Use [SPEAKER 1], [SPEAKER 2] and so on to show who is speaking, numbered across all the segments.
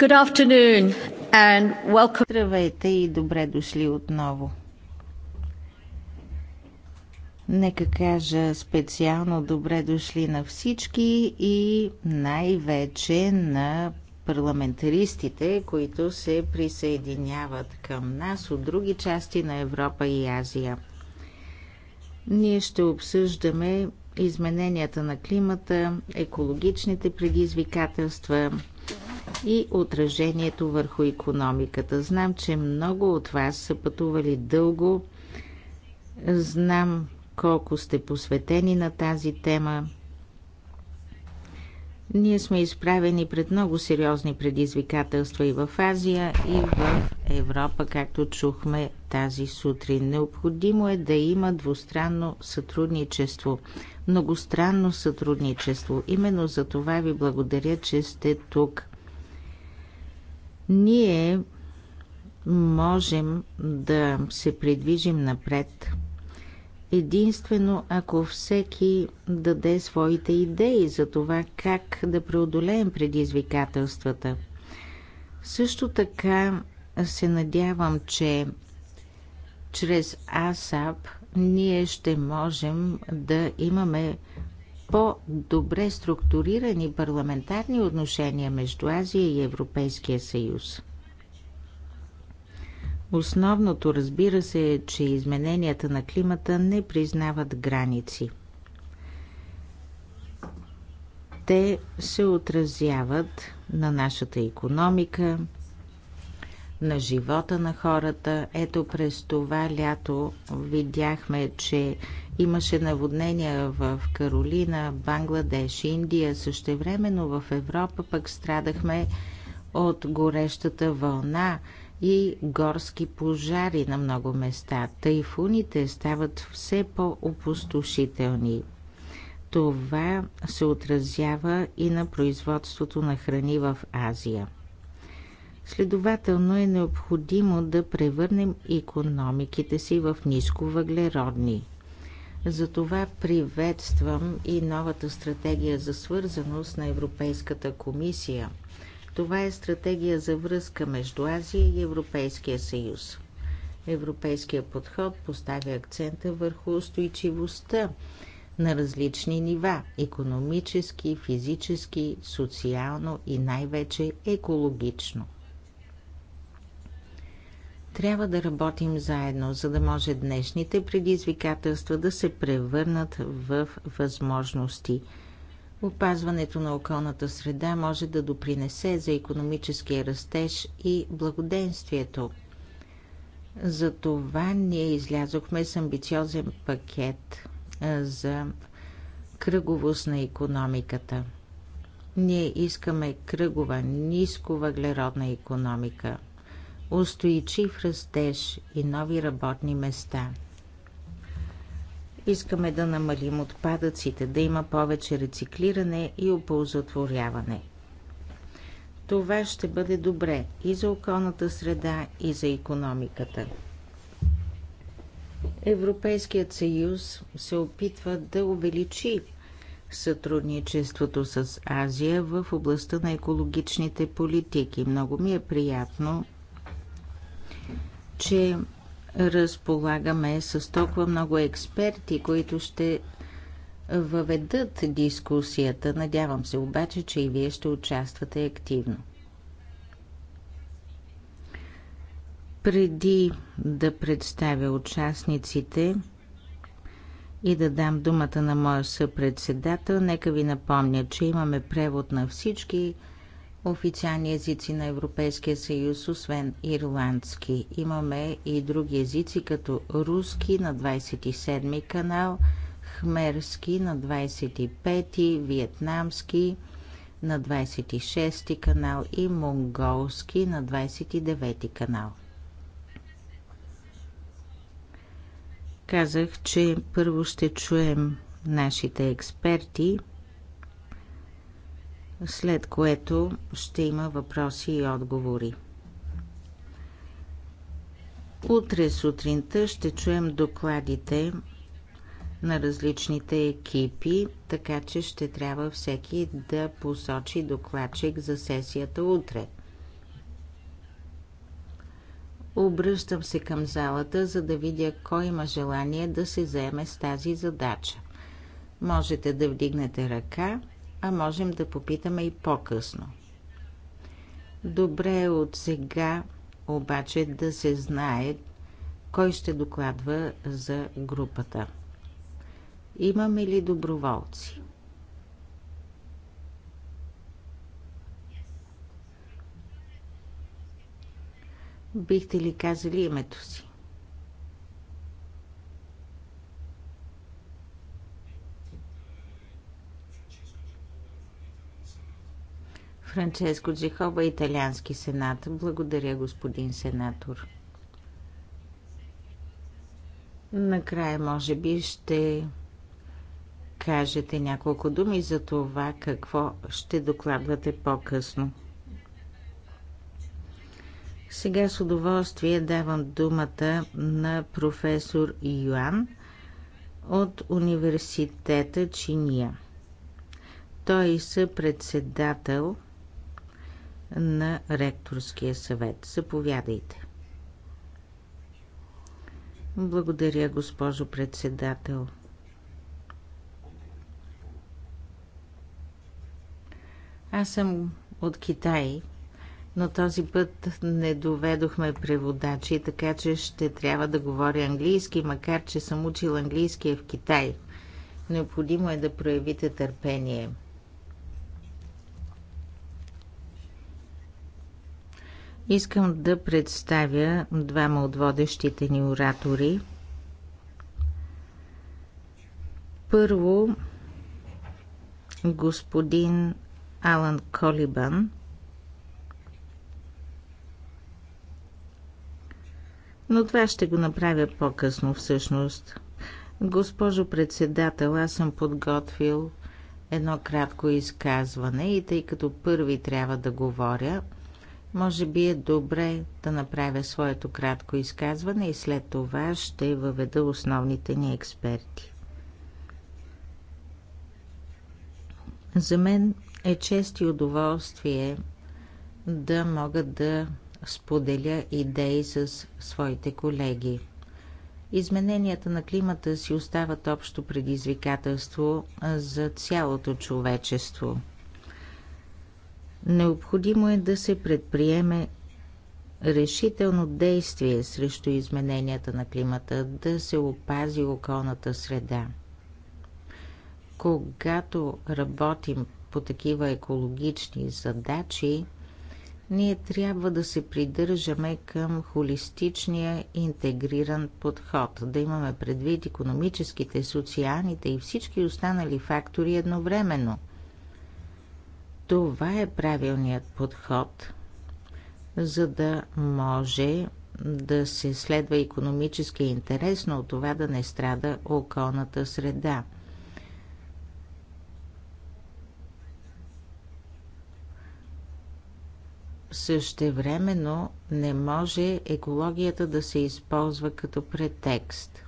[SPEAKER 1] Good afternoon and welcome. Здравейте и добре дошли отново. Нека кажа специално добре дошли на всички и най-вече на парламентаристите, които се присъединяват към нас от други части на Европа и Азия. Ние ще обсъждаме измененията на климата, екологичните предизвикателства и отражението върху економиката. Знам, че много от вас са пътували дълго. Знам колко сте посветени на тази тема. Ние сме изправени пред много сериозни предизвикателства и в Азия, и в Европа, както чухме тази сутрин. Необходимо е да има двустранно сътрудничество, многостранно сътрудничество. Именно за това ви благодаря, че сте тук. Ние можем да се придвижим напред – единствено ако всеки даде своите идеи за това как да преодолеем предизвикателствата. Също така се надявам, че чрез АСАП ние ще можем да имаме по-добре структурирани парламентарни отношения между Азия и Европейския съюз. Основното, разбира се, е, че измененията на климата не признават граници. Те се отразяват на нашата економика, на живота на хората. Ето през това лято видяхме, че имаше наводнения в Каролина, Бангладеш, Индия. Същевременно в Европа пък страдахме от горещата вълна – и горски пожари на много места. Тайфуните стават все по-опустошителни. Това се отразява и на производството на храни в Азия. Следователно е необходимо да превърнем економиките си в нисковъглеродни. Затова приветствам и новата стратегия за свързаност на Европейската комисия – това е стратегия за връзка между Азия и Европейския съюз. Европейският подход поставя акцента върху устойчивостта на различни нива – економически, физически, социално и най-вече екологично. Трябва да работим заедно, за да може днешните предизвикателства да се превърнат в възможности – Опазването на околната среда може да допринесе за економическия растеж и благоденствието. Затова ние излязохме с амбициозен пакет за кръговост на економиката. Ние искаме кръгова, ниско въглеродна економика, устойчив растеж и нови работни места – Искаме да намалим отпадъците, да има повече рециклиране и оползотворяване. Това ще бъде добре и за околната среда, и за економиката. Европейският съюз се опитва да увеличи сътрудничеството с Азия в областта на екологичните политики. Много ми е приятно, че разполагаме с толкова много експерти, които ще въведат дискусията. Надявам се обаче, че и вие ще участвате активно. Преди да представя участниците и да дам думата на моя съпредседател, нека ви напомня, че имаме превод на всички официални езици на Европейския съюз, освен ирландски. Имаме и други езици, като руски на 27-ми канал, хмерски на 25-ти, виетнамски на 26-ти канал и монголски на 29-ти канал. Казах, че първо ще чуем нашите експерти – след което ще има въпроси и отговори. Утре сутринта ще чуем докладите на различните екипи, така че ще трябва всеки да посочи докладчик за сесията утре. Обръщам се към залата, за да видя кой има желание да се заеме с тази задача. Можете да вдигнете ръка – а можем да попитаме и по-късно. Добре е от сега обаче да се знае кой ще докладва за групата. Имаме ли доброволци? Бихте ли казали името си? Франческо Джихова, Италиански сенат. Благодаря, господин сенатор. Накрая, може би, ще кажете няколко думи за това, какво ще докладвате по-късно. Сега с удоволствие давам думата на професор Йоан от университета Чиния. Той е председател на ректорския съвет. Заповядайте. Благодаря, госпожо председател. Аз съм от Китай, но този път не доведохме преводачи, така че ще трябва да говоря английски, макар че съм учил английския в Китай. Необходимо е да проявите търпение. Искам да представя двама от водещите ни оратори. Първо, господин Алан Колибан, но това ще го направя по-късно всъщност. Госпожо председател, аз съм подготвил едно кратко изказване и тъй като първи трябва да говоря – може би е добре да направя своето кратко изказване и след това ще въведа основните ни експерти. За мен е чест и удоволствие да мога да споделя идеи с своите колеги. Измененията на климата си остават общо предизвикателство за цялото човечество – Необходимо е да се предприеме решително действие срещу измененията на климата, да се опази околната среда. Когато работим по такива екологични задачи, ние трябва да се придържаме към холистичния интегриран подход, да имаме предвид економическите, социалните и всички останали фактори едновременно – това е правилният подход, за да може да се следва економически интерес, но от това да не страда околната среда. Същевременно не може екологията да се използва като претекст.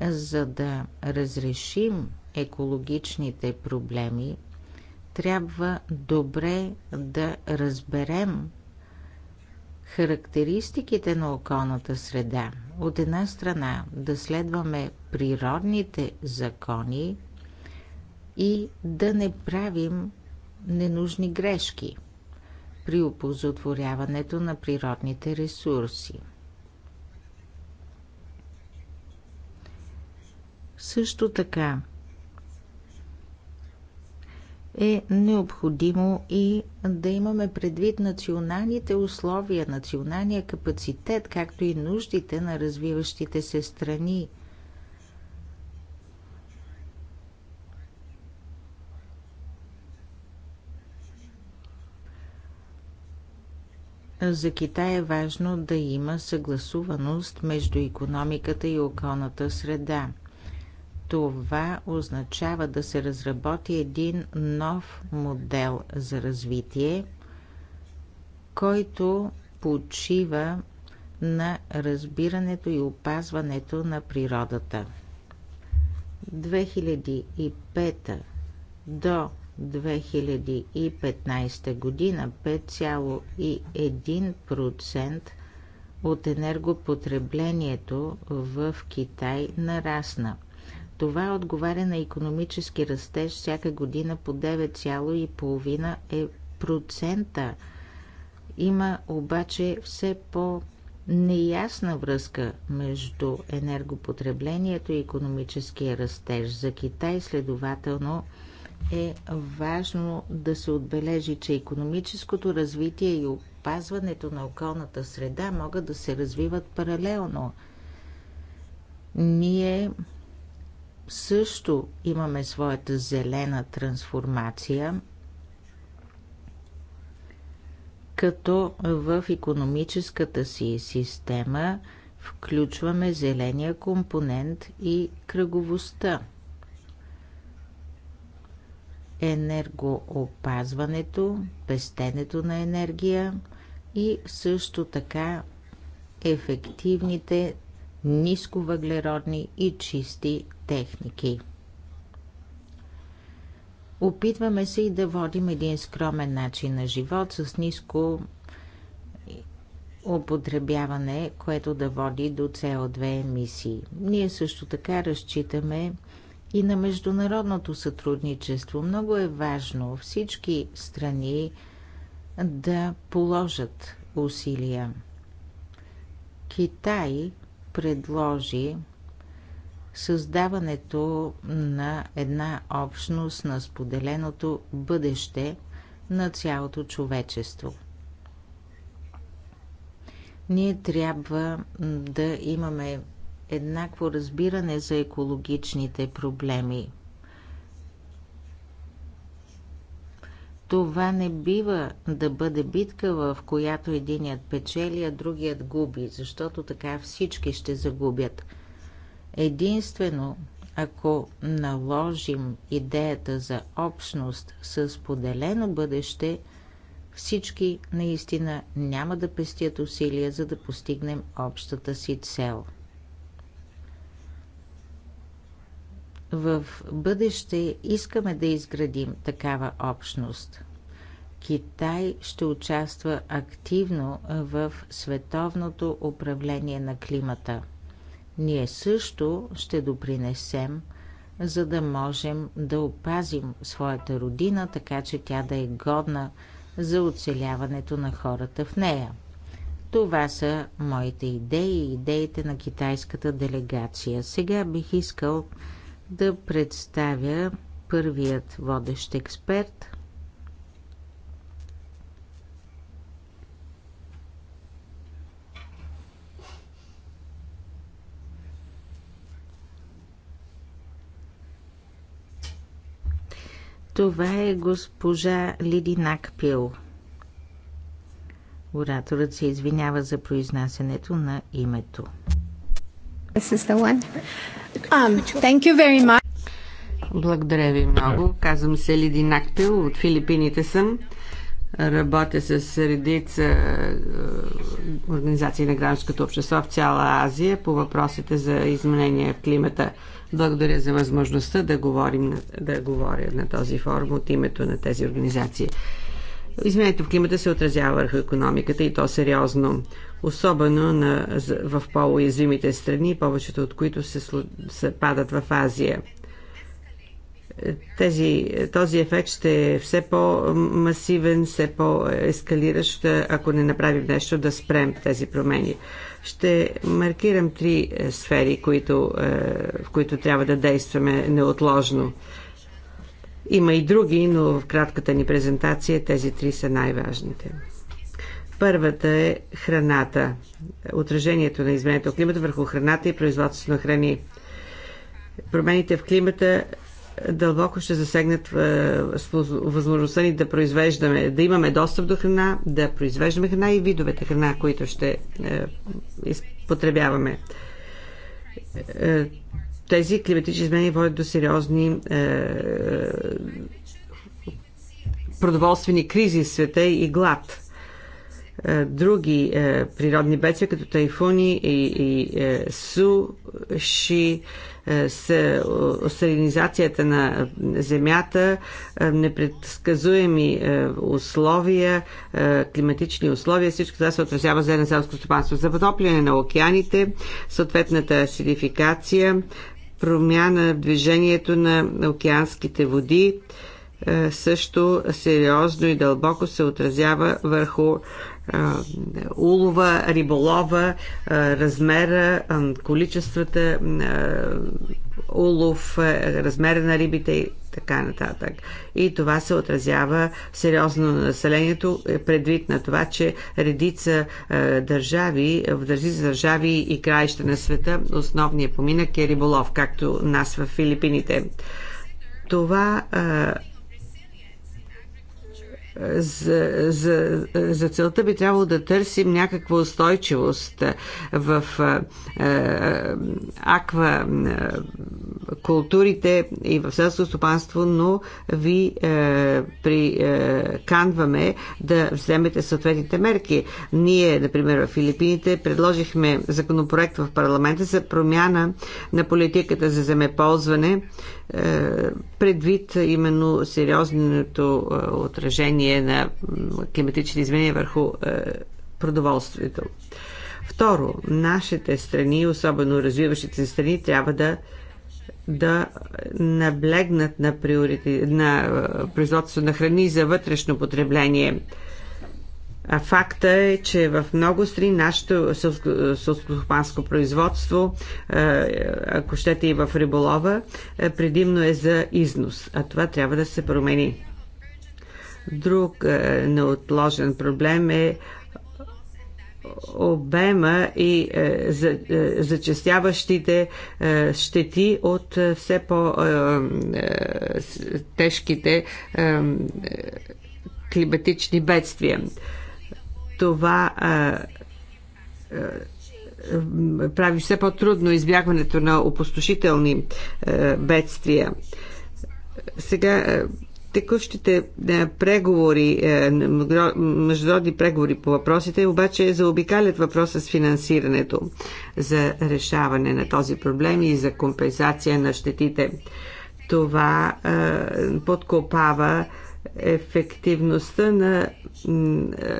[SPEAKER 1] За да разрешим екологичните проблеми, трябва добре да разберем характеристиките на околната среда. От една страна да следваме природните закони и да не правим ненужни грешки при опозотворяването на природните ресурси. Също така е необходимо и да имаме предвид националните условия, националния капацитет, както и нуждите на развиващите се страни. За Китай е важно да има съгласуваност между економиката и околната среда – това означава да се разработи един нов модел за развитие, който почива на разбирането и опазването на природата. 2005 до 2015 година 5,1% от енергопотреблението в Китай нарасна. Това отговаря на економически растеж всяка година по 9,5%. Има обаче все по- неясна връзка между енергопотреблението и економическия растеж. За Китай следователно е важно да се отбележи, че економическото развитие и опазването на околната среда могат да се развиват паралелно. Ние също имаме своята зелена трансформация, като в економическата си система включваме зеления компонент и кръговостта. Енергоопазването, пестенето на енергия и също така ефективните нисковъглеродни и чисти техники. Опитваме се и да водим един скромен начин на живот с ниско употребяване, което да води до CO2 емисии. Ние също така разчитаме и на международното сътрудничество. Много е важно всички страни да положат усилия. Китай предложи създаването на една общност на споделеното бъдеще на цялото човечество. Ние трябва да имаме еднакво разбиране за екологичните проблеми – Това не бива да бъде битка, в която единият печели, а другият губи, защото така всички ще загубят. Единствено, ако наложим идеята за общност с поделено бъдеще, всички наистина няма да пестят усилия, за да постигнем общата си цел. В бъдеще искаме да изградим такава общност. Китай ще участва активно в световното управление на климата. Ние също ще допринесем, за да можем да опазим своята родина, така че тя да е годна за оцеляването на хората в нея. Това са моите идеи и идеите на китайската делегация. Сега бих искал да представя първият водещ експерт. Това е госпожа Лиди Накпил. Ораторът се извинява за произнасянето на името.
[SPEAKER 2] Um, Благодаря ви много. Казвам се Лиди Накпил, от Филипините съм. Работя с редица е, организации на гражданското общество в цяла Азия по въпросите за изменение в климата. Благодаря за възможността да, говорим, да говоря на този форум от името на тези организации. Изменението в климата се отразява върху економиката и то сериозно, особено на, в по-уязвимите страни, повечето от които се, се падат в Азия. Тези, този ефект ще е все по-масивен, все по-ескалиращ, ако не направим нещо да спрем тези промени. Ще маркирам три сфери, които, е, в които трябва да действаме неотложно. Има и други, но в кратката ни презентация тези три са най-важните. Първата е храната. Отражението на изменението на климата върху храната и производството на храни. Промените в климата дълбоко ще засегнат е, възможността ни да произвеждаме, да имаме достъп до храна, да произвеждаме храна и видовете храна, които ще е, потребяваме. Е, тези климатични измени водят до сериозни е, продоволствени кризи в света и глад. Е, други е, природни бедствия, като тайфуни и, и е, суши, е, с е, остерилизацията на земята, непредсказуеми условия, климатични условия, всичко това се отразява за на селско стопанство. За потопляне на океаните, съответната сидификация, промяна в движението на океанските води е, също сериозно и дълбоко се отразява върху улова, риболова, размера, количествата улов, размера на рибите и така нататък. И това се отразява сериозно на населението, е, предвид на това, че редица държави, в редица държави и краища на света основният поминък е риболов, както нас в Филипините. Това е, за, за, за целта би трябвало да търсим някаква устойчивост в е, аква културите и в селското стопанство, но ви е, приканваме е, да вземете съответните мерки. Ние, например, в Филипините предложихме законопроект в парламента за промяна на политиката за земеползване е, предвид именно сериозното отражение влияние на климатични изменения върху е, продоволствието. Второ, нашите страни, особено развиващите се страни, трябва да да наблегнат на, приорити... на е, производство на храни за вътрешно потребление. А факта е, че в много страни нашето селскохопанско производство, е, ако щете и в риболова, предимно е за износ. А това трябва да се промени. Друг е, неотложен проблем е обема и е, е, зачастяващите щети от все по-тежките климатични бедствия. Това прави все по-трудно избягването на опустошителни бедствия. Сега текущите е, преговори, е, международни преговори по въпросите, обаче заобикалят въпроса с финансирането за решаване на този проблем и за компенсация на щетите. Това е, подкопава ефективността на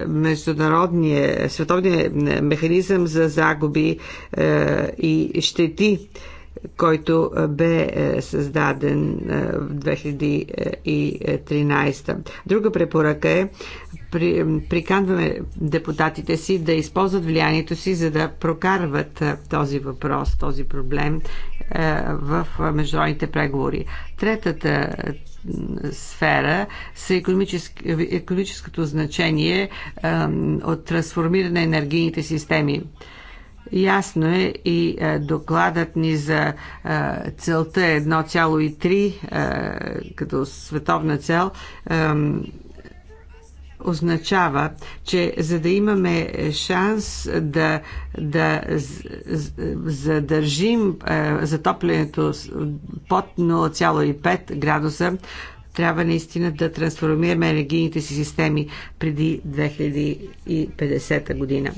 [SPEAKER 2] международния световния механизъм за загуби и щети който бе е, създаден в 2013. Друга препоръка е при, приканваме депутатите си да използват влиянието си, за да прокарват този въпрос, този проблем в международните преговори. Третата сфера са економическото значение от трансформиране на енергийните системи. Ясно е и е, докладът ни за е, целта 1,3 е като световна цел означава, че за да имаме шанс да, да задържим затоплянето под 0,5 градуса, трябва наистина да трансформираме енергийните си системи преди 2050 година.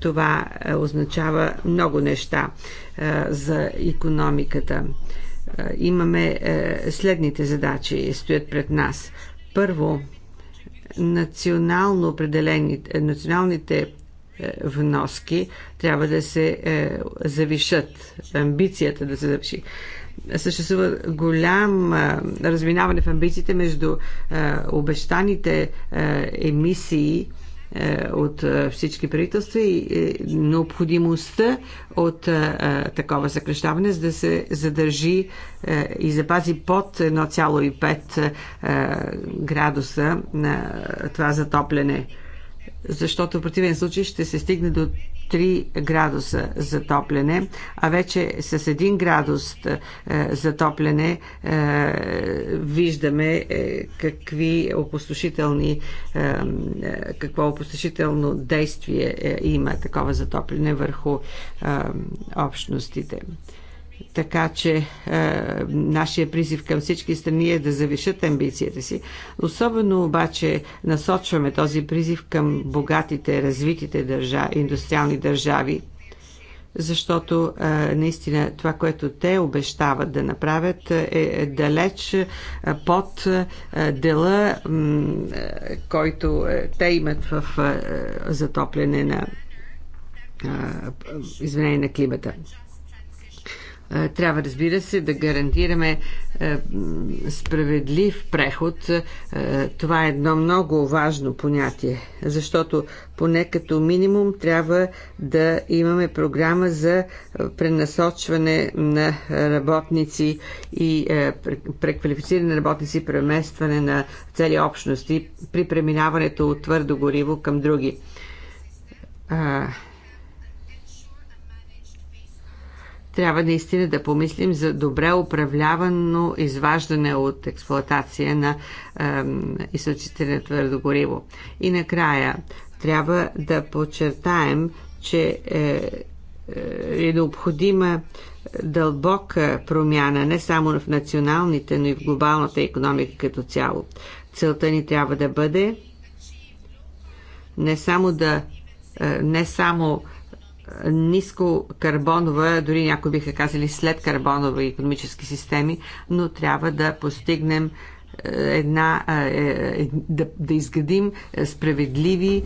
[SPEAKER 2] Това е, означава много неща е, за економиката. Е, имаме следните задачи, стоят пред нас. Първо, национално определените, националните вноски трябва да се завишат, амбицията да се завиши съществува голям разминаване в амбициите между обещаните емисии е, от е, всички правителства и е, необходимостта от такова съкрещаване, за да се задържи и запази под 1,5 градуса на това затопляне. Защото в противен случай ще се стигне до 3 градуса затопляне, а вече с 1 градус е, затопляне е, виждаме е, какви опустошителни, какво опустошително действие има такова затопляне върху общностите. Така че е, нашия призив към всички страни е да завишат амбицията си. Особено обаче насочваме този призив към богатите, развитите държави, индустриални държави, защото а, е, наистина това, което те обещават да направят е далеч е, под е, дела, който те имат в затопляне на извинение на климата. Е, трябва, разбира се, да гарантираме е, справедлив преход. Е, това е едно много важно понятие, защото поне като минимум трябва да имаме програма за пренасочване на работници и преквалифициране на работници и преместване на цели общности при преминаването от твърдо гориво към други. трябва наистина да помислим за добре управлявано изваждане от експлоатация на е, източите на твърдо гориво. И накрая трябва да подчертаем, че е, е, е необходима дълбока промяна не само в националните, но и в глобалната економика като цяло. Целта ни трябва да бъде не само да е, не само ниско карбонова, дори някои биха казали след карбонова економически системи, но трябва да постигнем е, една, е, е, да, да изградим справедливи,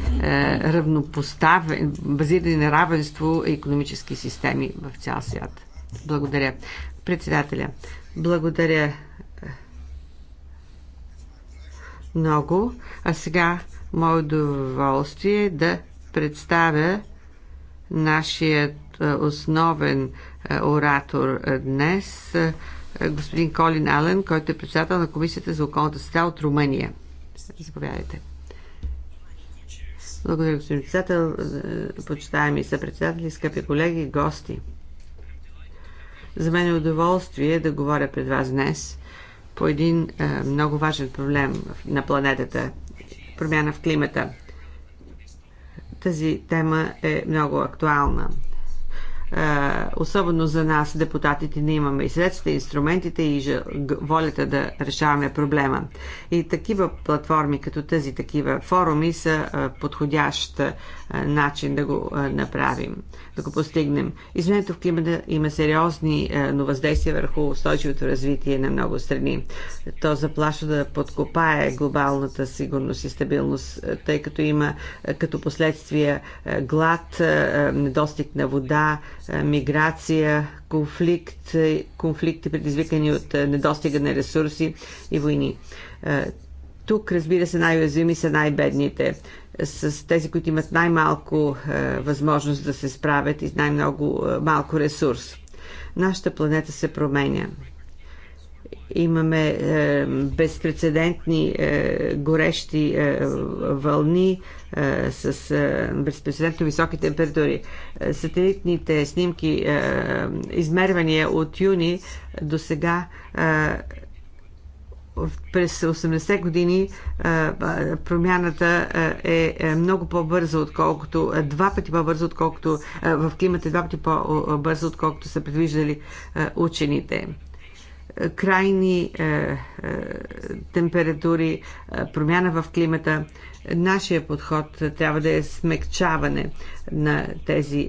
[SPEAKER 2] равнопоставени, базирани на равенство економически системи в цял свят. Благодаря. Председателя, благодаря много. А сега мое удоволствие да представя нашият е, основен е, оратор е, днес, господин Колин Ален, който е председател на Комисията за околната среда от Румъния. Заповядайте. Благодаря, господин председател, почитаеми председатели, скъпи колеги, гости. За мен е удоволствие да говоря пред вас днес по един много важен проблем на планетата промяна в климата – тази тема е много актуална е, особено за нас, депутатите, не имаме и средствата, и инструментите, и волята да решаваме проблема. И такива платформи, като тази, такива форуми са е, подходящ е, начин да го направим да го постигнем. Изменението в климата има сериозни е, новоздействия върху устойчивото развитие на много страни. То заплашва да подкопае глобалната сигурност и стабилност, е, тъй като има е, като последствия глад, недостиг на вода, миграция, конфликт, конфликти предизвикани от недостига на ресурси и войни. Тук, разбира се, най-уязвими са най-бедните с тези, които имат най-малко е, възможност да се справят и най-много е, малко ресурс. Нашата планета се променя имаме е, безпредседентни е, горещи е, вълни е, с е, безпредседентно високи температури. Е, сателитните снимки, е, измервания от юни до сега е, през 80-те години промяната е, е много по-бърза, отколкото е, два пъти по-бърза, отколкото в климата е два пъти по-бърза, отколкото са предвиждали учените крайни е, температури, промяна в климата. Нашия подход трябва да е смекчаване на тези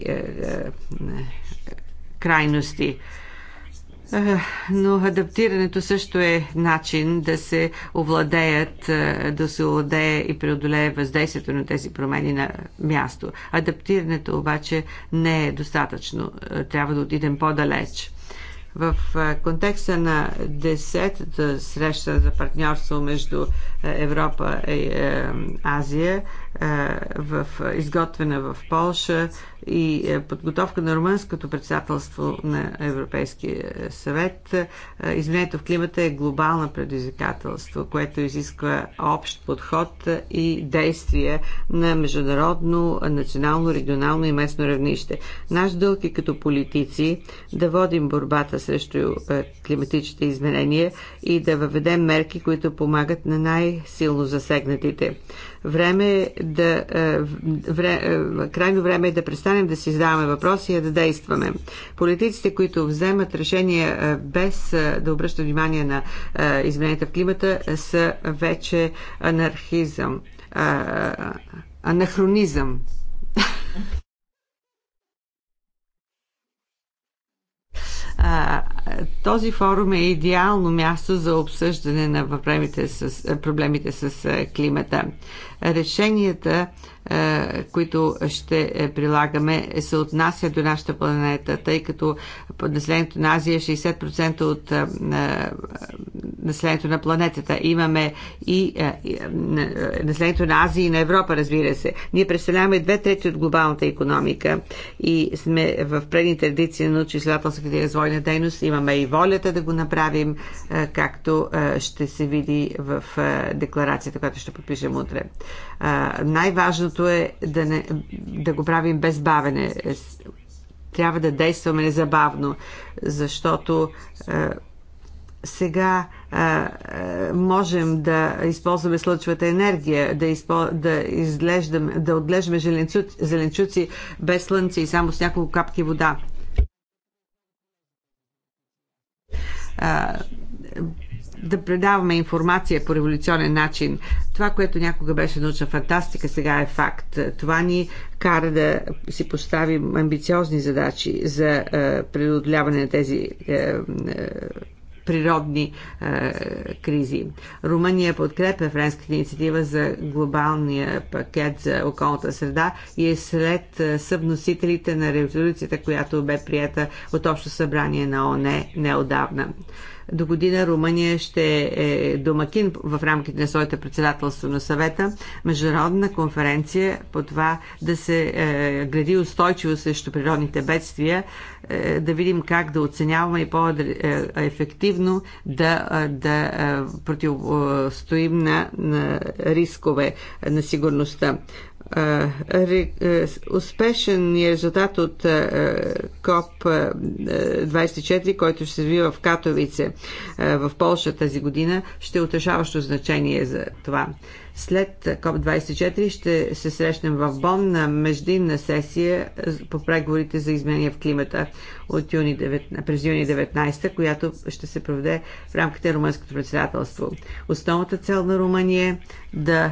[SPEAKER 2] крайности. Но адаптирането също е начин да се овладеят, да се овладее и преодолее въздействието на тези промени на място. Адаптирането обаче не е достатъчно. Трябва да отидем по-далеч. В контекста на 10-та среща за партньорство между Европа и Азия, е, в, изготвена в Польша и е, подготовка на румънското председателство на Европейския съвет. Е, Изменението в климата е глобално предизвикателство, което изисква общ подход и действия на международно, национално, регионално и местно равнище. Наш дълг е като политици да водим борбата срещу климатичните изменения и да въведем мерки, които помагат на най-силно засегнатите. Време е да, е, вре, е, крайно време е да престанем да си задаваме въпроси и да действаме. Политиците, които вземат решения е, без да обръщат внимание на измененията в климата, са вече анархизъм, анахронизъм. А, този форум е идеално място за обсъждане на проблемите с, проблемите с климата решенията, е, които ще е, прилагаме, се отнасят до нашата планета, тъй като населението на Азия е 60% от е, населението на планетата. Имаме и населението на Азия и на Европа, разбира се. Ние представляваме две трети от глобалната економика и сме в предни традиции на научно-изследователската и развойна дейност. Имаме и волята да го направим, както ще се види в декларацията, която ще подпишем утре най-важното е да, не, да го правим без бавене. Трябва да действаме незабавно, защото сега а, можем да използваме слънчевата енергия, да, изпо, да, изглеждаме, да отглеждаме зеленчуци, зеленчуци без слънце и само с няколко капки вода. А, да предаваме информация по революционен начин. Това, което някога беше научна фантастика, сега е факт. Това ни кара да си поставим амбициозни задачи за е, преодоляване на тези е, е, природни е, кризи. Румъния подкрепя френската инициатива за глобалния пакет за околната среда и е сред съвносителите на резолюцията, която бе прията от Общо събрание на ОНЕ неодавна. До година Румъния ще е домакин в рамките на своята председателство на съвета международна конференция по това да се е, гради устойчиво срещу природните бедствия, е, да видим как да оценяваме и по-ефективно е, да, да противостоим на, на рискове на сигурността. Е, успешен е резултат от е, КОП-24, който ще се развива в Катовице в Польша тази година, ще е отрешаващо значение за това. След КОП-24 ще се срещнем в Бон на междинна сесия по преговорите за изменения в климата от юни 9, през юни 19, която ще се проведе в рамките на румънското председателство. Основната цел на Румъния е да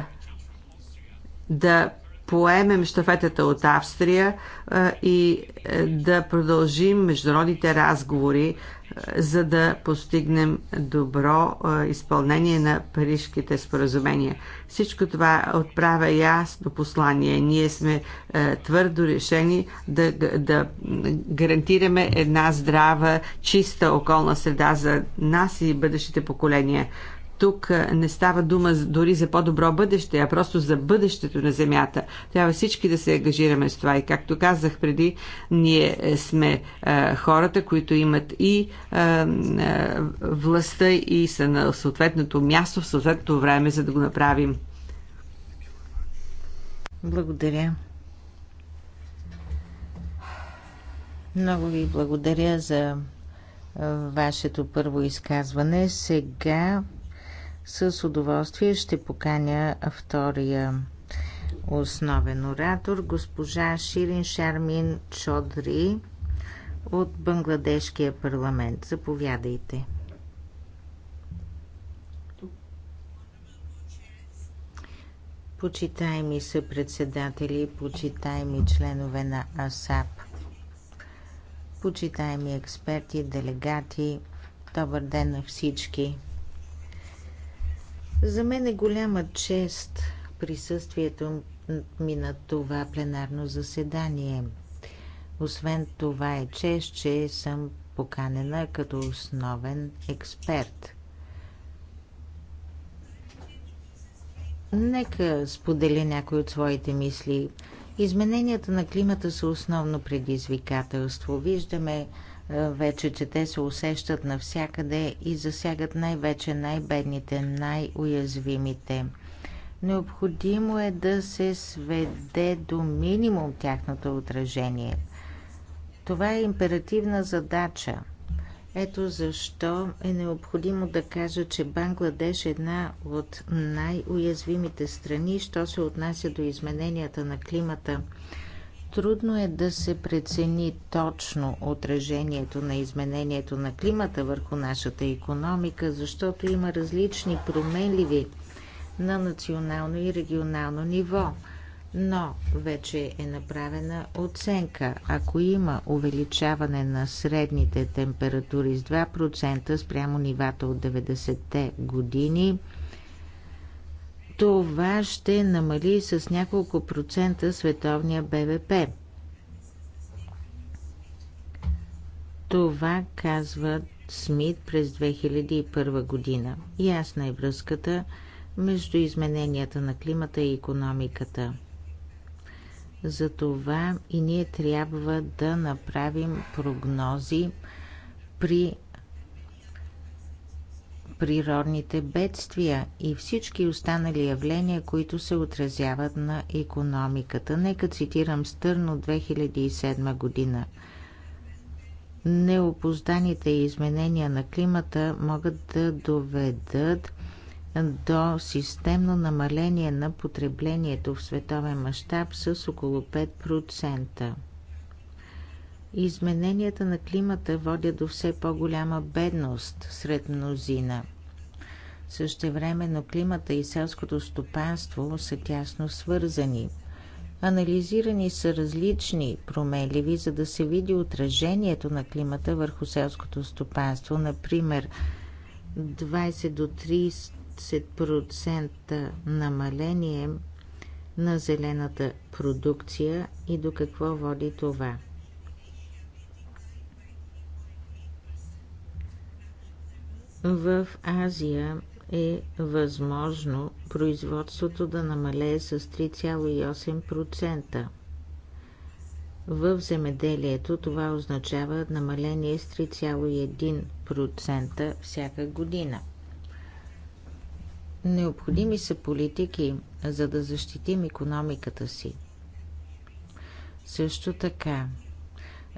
[SPEAKER 2] да поемем щафетата от Австрия и е, да продължим международните разговори, е, за да постигнем добро е, изпълнение на парижките споразумения. Всичко това отправя ясно послание. Ние сме твърдо решени да, да гарантираме една здрава, чиста околна среда за нас и бъдещите поколения. Тук не става дума дори за по-добро бъдеще, а просто за бъдещето на Земята. Трябва всички да се ангажираме с това. И както казах преди, ние е, сме е, хората, които имат и е, е, властта и са на съответното място в съответното време, за да го направим.
[SPEAKER 1] Благодаря. Много ви благодаря за вашето първо изказване. Сега с удоволствие ще поканя втория основен оратор, госпожа Ширин Шармин Чодри от Бангладешкия парламент. Заповядайте. Почитаеми са председатели, почитаеми членове на АСАП, почитаеми експерти, делегати, добър ден на всички. За мен е голяма чест присъствието ми на това пленарно заседание. Освен това е чест, че съм поканена като основен експерт. Нека споделя някои от своите мисли. Измененията на климата са основно предизвикателство. Виждаме е, вече, че те се усещат навсякъде и засягат най-вече най-бедните, най-уязвимите. Необходимо е да се сведе до минимум тяхното отражение. Това е императивна задача. Ето защо е необходимо да кажа, че Бангладеш е една от най-уязвимите страни, що се отнася до измененията на климата – Трудно е да се прецени точно отражението на изменението на климата върху нашата економика, защото има различни променливи на национално и регионално ниво. Но вече е направена оценка. Ако има увеличаване на средните температури с 2% спрямо нивата от 90-те години, това ще намали с няколко процента световния БВП. Това казва Смит през 2001 година. Ясна е връзката между измененията на климата и економиката. Затова и ние трябва да направим прогнози при природните бедствия и всички останали явления, които се отразяват на економиката. Нека цитирам Стърн от 2007 година. Неопозданите изменения на климата могат да доведат до системно намаление на потреблението в световен мащаб с около 5%. Измененията на климата водят до все по-голяма бедност сред мнозина. Същевременно климата и селското стопанство са тясно свързани. Анализирани са различни промеливи, за да се види отражението на климата върху селското стопанство. Например, 20 до 30% намаление на зелената продукция и до какво води това. В Азия е възможно производството да намалее с 3,8%. В земеделието това означава намаление с 3,1% всяка година. Необходими са политики, за да защитим економиката си. Също така,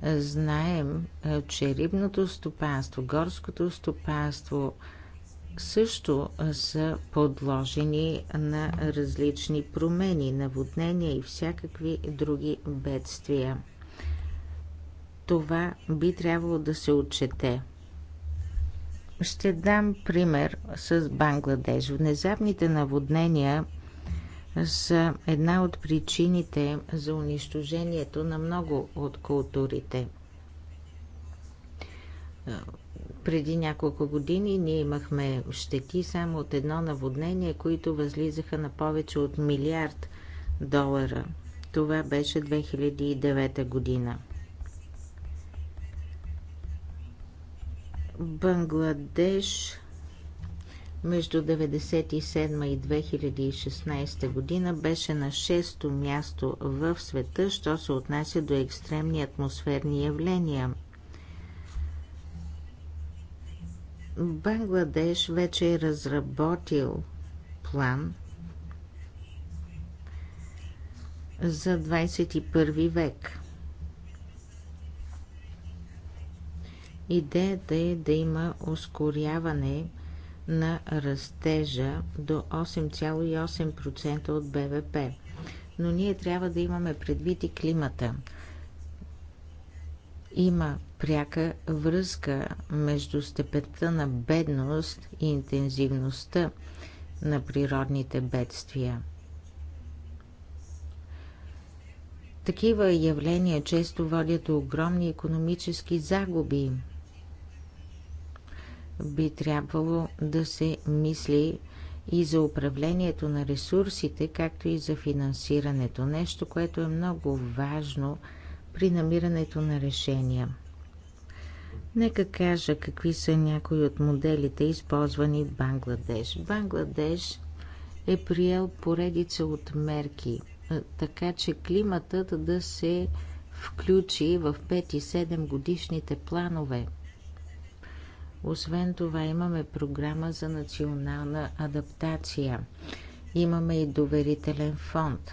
[SPEAKER 1] знаем, че рибното стопанство, горското стопанство – също са подложени на различни промени, наводнения и всякакви други бедствия. Това би трябвало да се отчете. Ще дам пример с Бангладеш. Внезапните наводнения са една от причините за унищожението на много от културите преди няколко години ние имахме щети само от едно наводнение, които възлизаха на повече от милиард долара. Това беше 2009 година. Бангладеш между 1997 и 2016 година беше на 6-то място в света, що се отнася до екстремни атмосферни явления – Бангладеш вече е разработил план за 21 век. Идеята е да има ускоряване на растежа до 8,8% от БВП. Но ние трябва да имаме предвид и климата. Има пряка връзка между степента на бедност и интензивността на природните бедствия. Такива явления често водят до огромни економически загуби. Би трябвало да се мисли и за управлението на ресурсите, както и за финансирането. Нещо, което е много важно при намирането на решения. Нека кажа какви са някои от моделите, използвани в Бангладеш. Бангладеш е приел поредица от мерки, така че климатът да се включи в 5 и 7 годишните планове. Освен това имаме програма за национална адаптация. Имаме и доверителен фонд,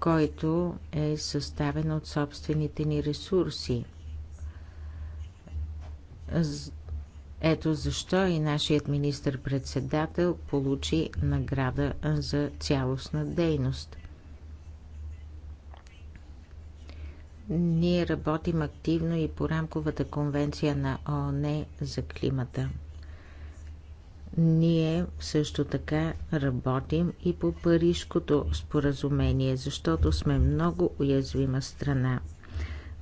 [SPEAKER 1] който е съставен от собствените ни ресурси – ето защо и нашият министр-председател получи награда за цялостна дейност. Ние работим активно и по рамковата конвенция на ООН за климата. Ние също така работим и по Парижкото споразумение, защото сме много уязвима страна.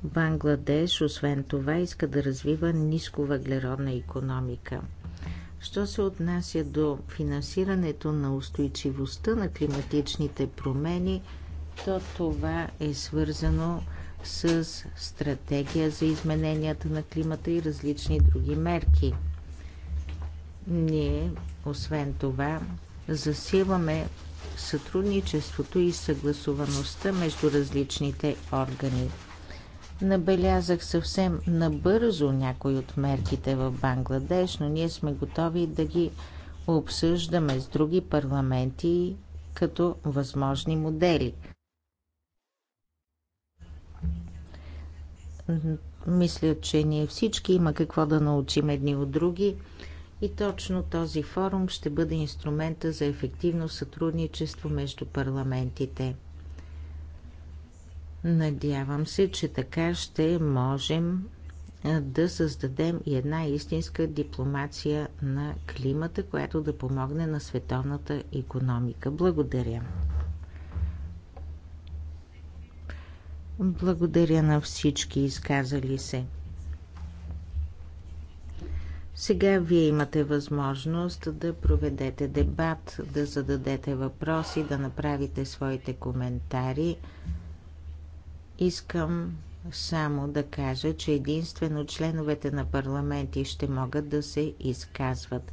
[SPEAKER 1] Бангладеш, освен това, иска да развива нисковъглеродна економика. Що се отнася до финансирането на устойчивостта на климатичните промени, то това е свързано с стратегия за измененията на климата и различни други мерки. Ние, освен това, засилваме сътрудничеството и съгласуваността между различните органи. Набелязах съвсем набързо някои от мерките в Бангладеш, но ние сме готови да ги обсъждаме с други парламенти като възможни модели. Мисля, че ние всички има какво да научим едни от други и точно този форум ще бъде инструмента за ефективно сътрудничество между парламентите. Надявам се, че така ще можем да създадем и една истинска дипломация на климата, която да помогне на световната економика. Благодаря. Благодаря на всички изказали се. Сега вие имате възможност да проведете дебат, да зададете въпроси, да направите своите коментари. Искам само да кажа, че единствено членовете на парламенти ще могат да се изказват.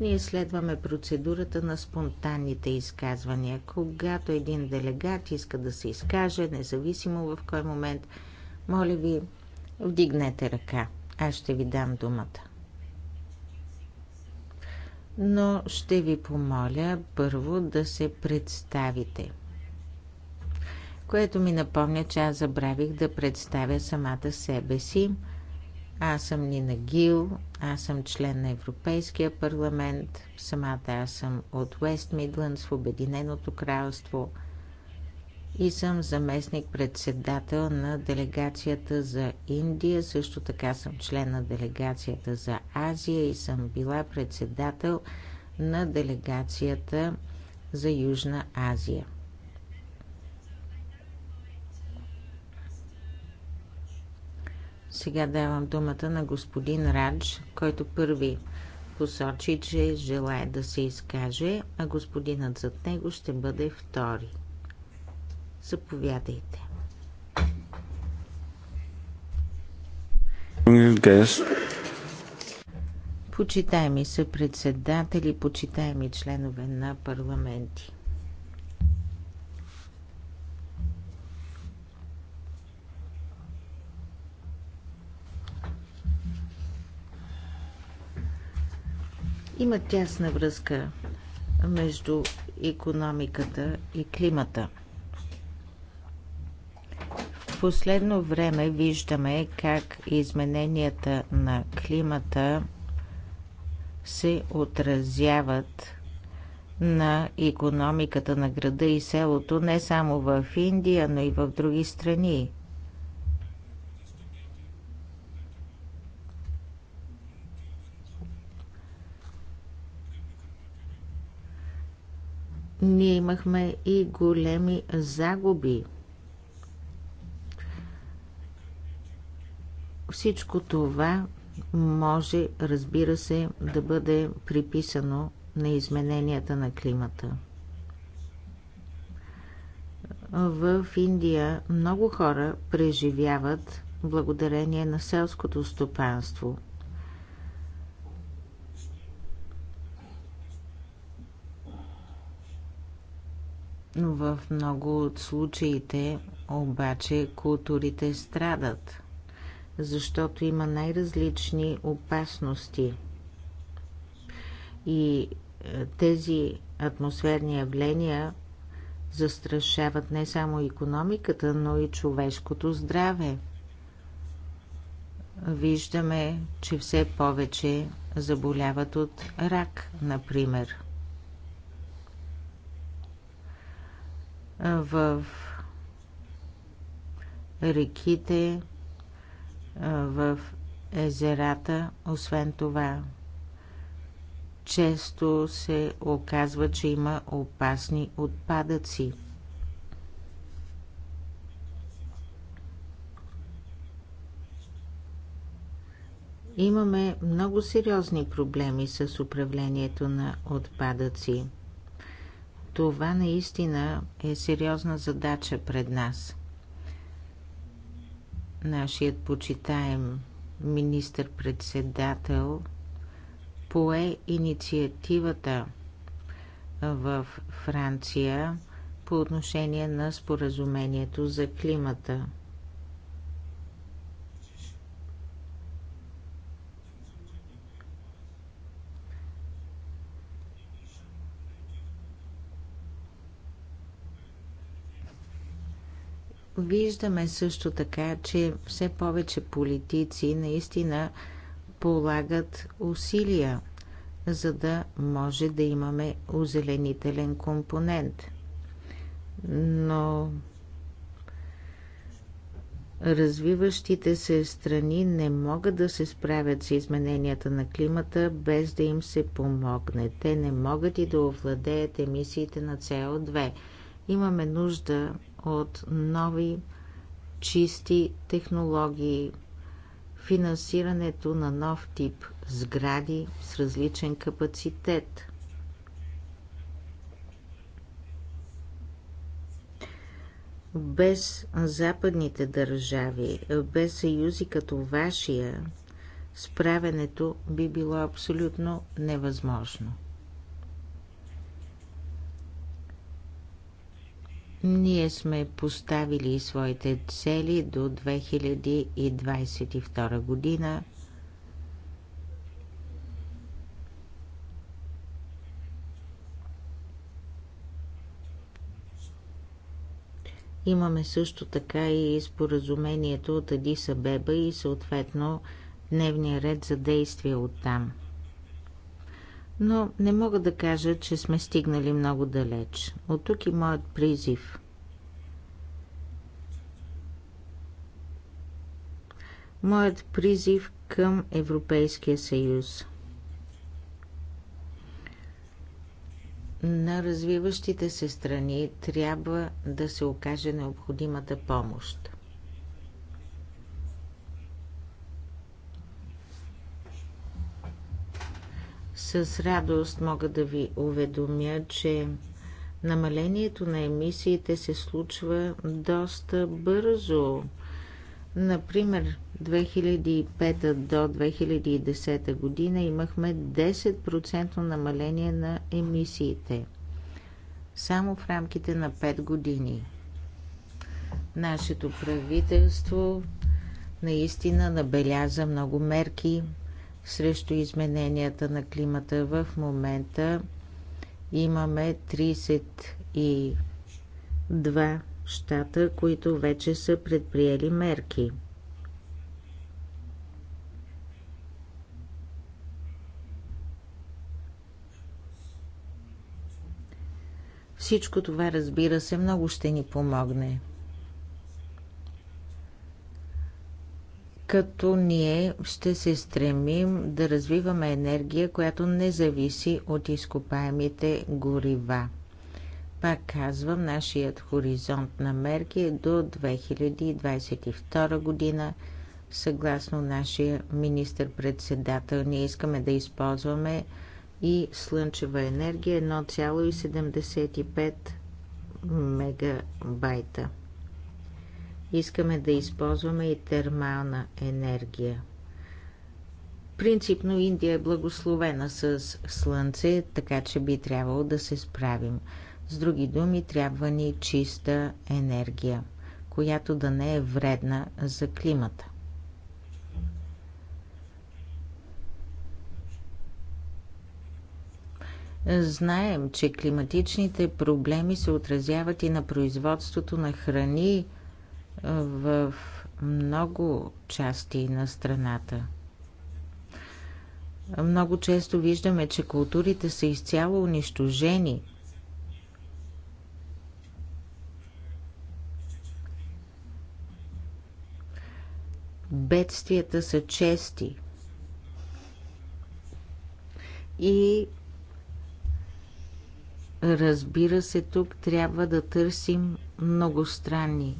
[SPEAKER 1] Ние следваме процедурата на спонтанните изказвания. Когато един делегат иска да се изкаже, независимо в кой момент, моля ви, вдигнете ръка. Аз ще ви дам думата. Но ще ви помоля първо да се представите – което ми напомня, че аз забравих да представя самата себе си. Аз съм Нина Гил, аз съм член на Европейския парламент, самата аз съм от Уест Мидландс в Обединеното кралство и съм заместник-председател на делегацията за Индия, също така съм член на делегацията за Азия и съм била председател на делегацията за Южна Азия. Сега давам думата на господин Радж, който първи посочи, че желая да се изкаже, а господинът зад него ще бъде втори. Заповядайте. Почитаеми са председатели, почитаеми членове на парламенти. Има тясна връзка между економиката и климата. В последно време виждаме как измененията на климата се отразяват на економиката на града и селото не само в Индия, но и в други страни. ние имахме и големи загуби. Всичко това може, разбира се, да бъде приписано на измененията на климата. В Индия много хора преживяват благодарение на селското стопанство – В много от случаите обаче културите страдат, защото има най-различни опасности. И е, тези атмосферни явления застрашават не само економиката, но и човешкото здраве. Виждаме, че все повече заболяват от рак, например – в реките, в езерата. Освен това, често се оказва, че има опасни отпадъци. Имаме много сериозни проблеми с управлението на отпадъци – това наистина е сериозна задача пред нас. Нашият почитаем министър-председател пое инициативата в Франция по отношение на споразумението за климата – Виждаме също така, че все повече политици наистина полагат усилия, за да може да имаме озеленителен компонент. Но развиващите се страни не могат да се справят с измененията на климата без да им се помогне. Те не могат и да овладеят емисиите на CO2. Имаме нужда от нови чисти технологии, финансирането на нов тип сгради с различен капацитет. Без западните държави, без съюзи като вашия, справенето би било абсолютно невъзможно. Ние сме поставили своите цели до 2022 година. Имаме също така и споразумението от Адиса Беба и съответно дневния ред за действие от там – но не мога да кажа, че сме стигнали много далеч. От тук и моят призив. Моят призив към Европейския съюз. На развиващите се страни трябва да се окаже необходимата помощ. С радост мога да ви уведомя, че намалението на емисиите се случва доста бързо. Например, 2005 до 2010 година имахме 10% намаление на емисиите. Само в рамките на 5 години. Нашето правителство наистина набеляза много мерки срещу измененията на климата. В момента имаме 32 щата, които вече са предприели мерки. Всичко това, разбира се, много ще ни помогне. като ние ще се стремим да развиваме енергия, която не зависи от изкопаемите горива. Пак казвам, нашият хоризонт на мерки е до 2022 година. Съгласно нашия министр-председател, ние искаме да използваме и слънчева енергия 1,75 мегабайта искаме да използваме и термална енергия. Принципно Индия е благословена с слънце, така че би трябвало да се справим. С други думи, трябва ни чиста енергия, която да не е вредна за климата. Знаем, че климатичните проблеми се отразяват и на производството на храни – в много части на страната. Много често виждаме, че културите са изцяло унищожени. Бедствията са чести. И разбира се, тук трябва да търсим многостранни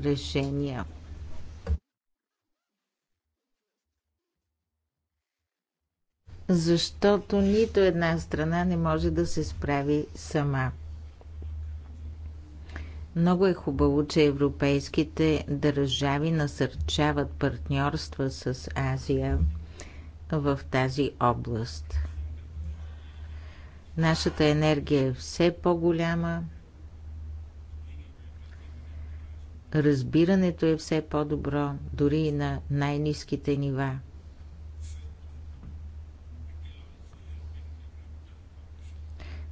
[SPEAKER 1] решения. Защото нито една страна не може да се справи сама. Много е хубаво, че европейските държави насърчават партньорства с Азия в тази област. Нашата енергия е все по-голяма, Разбирането е все по-добро, дори и на най-низките нива.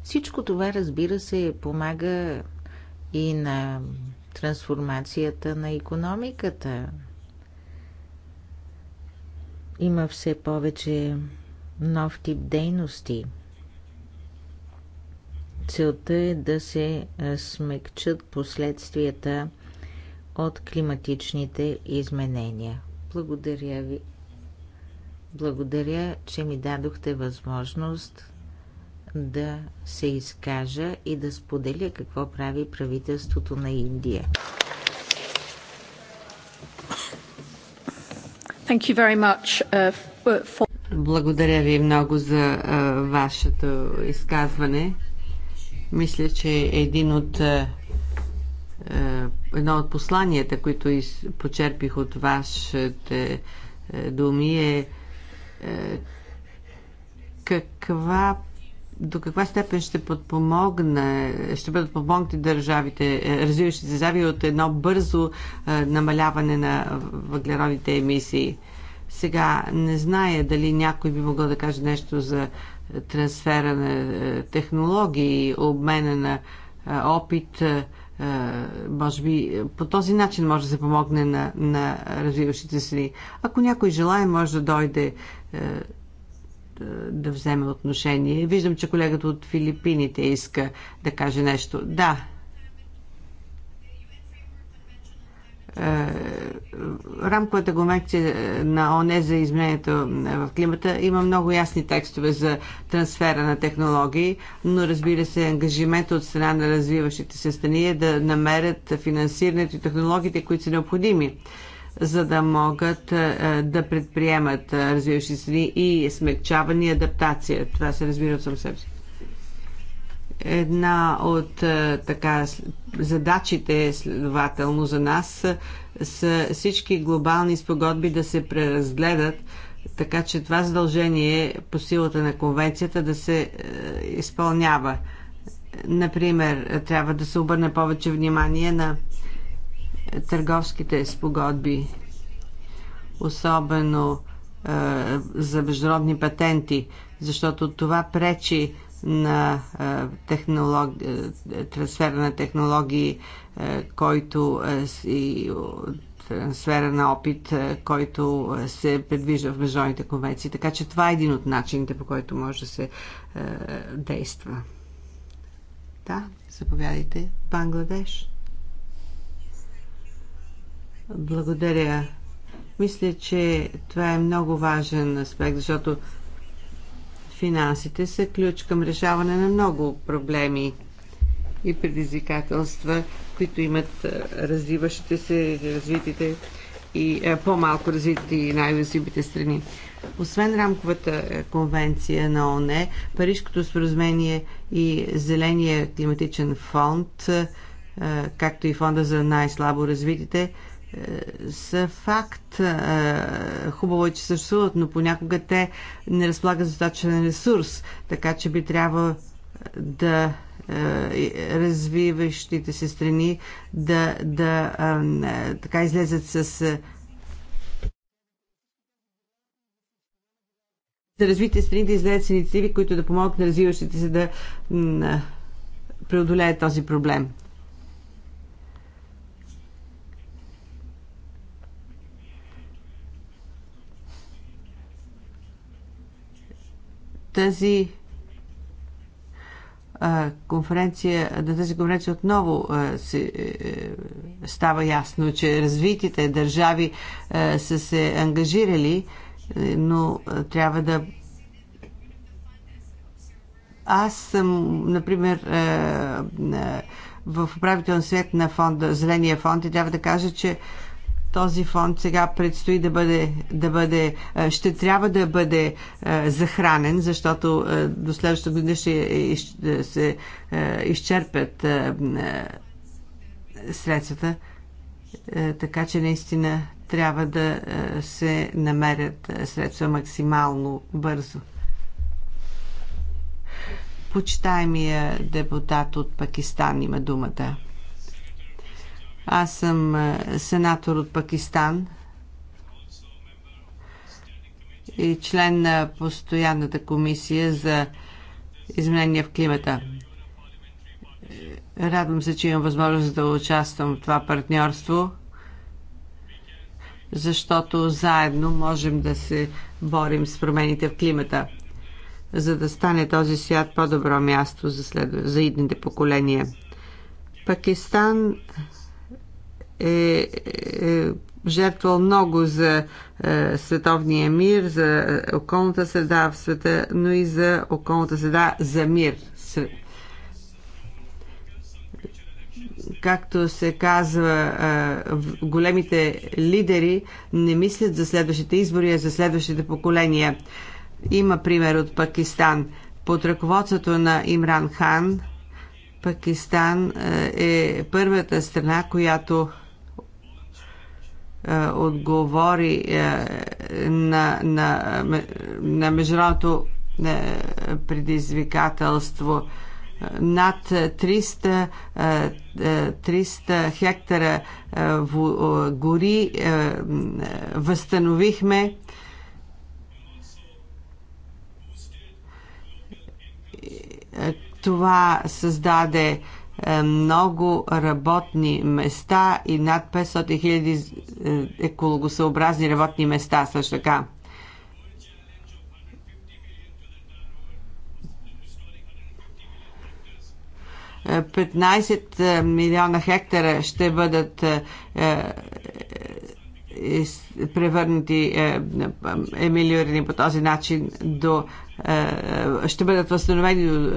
[SPEAKER 1] Всичко това, разбира се, помага и на трансформацията на економиката. Има все повече нов тип дейности. Целта е да се смекчат последствията от климатичните изменения. Благодаря ви. Благодаря, че ми дадохте възможност да се изкажа и да споделя какво прави правителството на Индия.
[SPEAKER 2] Thank you very much, uh, for... Благодаря ви много за uh, вашето изказване. Мисля, че един от uh, е, едно от посланията, които почерпих от вашите е, думи е, е каква до каква степен ще подпомогна, ще бъдат помогнати държавите, развиващите държави от едно бързо намаляване на въглеродните емисии. Сега не зная дали някой би могъл да каже нещо за трансфера на технологии, обмена на опит, може би по този начин може да се помогне на, на развиващите страни. Ако някой желая, може да дойде да вземе отношение. Виждам, че колегата от Филипините иска да каже нещо. Да, Е, рамковата конвенция е, на ОНЕ за изменението е, в климата има много ясни текстове за трансфера на технологии, но разбира се, ангажимент от страна на развиващите се страни е да намерят финансирането и технологиите, които са необходими за да могат да предприемат развиващи страни и смягчаване и адаптация. Това се разбира от съм себе си. Една от е, така задачите, следователно за нас, е, са всички глобални спогодби да се преразгледат, така че това задължение по силата на конвенцията да се е, изпълнява. Например, трябва да се обърне повече внимание на търговските спогодби, особено е, за международни патенти, защото това пречи на технолог... трансфер на технологии, който и трансфера на опит, който се предвижда в международните конвенции. Така че това е един от начините, по който може да се действа. Да, заповядайте. Бангладеш. Благодаря. Мисля, че това е много важен аспект, защото Финансите са ключ към решаване на много проблеми и предизвикателства, които имат развиващите се, развитите и по-малко развитите и най-уязвимите страни. Освен рамковата конвенция на ОНЕ, Парижското споразумение и Зеления климатичен фонд, както и фонда за най-слабо развитите, са факт. Хубаво е, че съществуват, но понякога те не разполагат достатъчен ресурс, така че би трябва да развиващите се страни да, да така излезат с да развитие страни да излезат с инициативи, които да помогнат на развиващите се да преодолеят този проблем. тази конференция, на тази конференция отново се, е, е, става ясно, че развитите държави са се ангажирали, е, но трябва да. Аз съм, например, в управителен свет на фонда, Зеления фонд и трябва да кажа, че този фонд сега предстои да бъде, да бъде е, ще трябва да бъде е, захранен, защото е, до следващата година ще се изчерпят средствата. Така че наистина трябва да се намерят средства максимално бързо. Почитаемия депутат от Пакистан има думата. Аз съм е, сенатор от Пакистан и член на постоянната комисия за изменения в климата. Радвам се, че имам възможност да участвам в това партньорство, защото заедно можем да се борим с промените в климата, за да стане този свят по-добро място за, след... за идните поколения. Пакистан е, е жертвал много за е, световния мир, за околната среда в света, но и за околната среда за мир. Както се казва, е, големите лидери не мислят за следващите избори, а за следващите поколения. Има пример от Пакистан. Под ръководството на Имран Хан, Пакистан е, е първата страна, която е, отговори е, на, на, на международното е, предизвикателство. Над 300, 300 хектара гори възстановихме. Това създаде е, много работни места и над 500 хиляди е, екологосъобразни работни места също така. Uh, е, 15 милиона хектара ще бъдат превърнати, емилиорени по този начин до ще бъдат възстановени до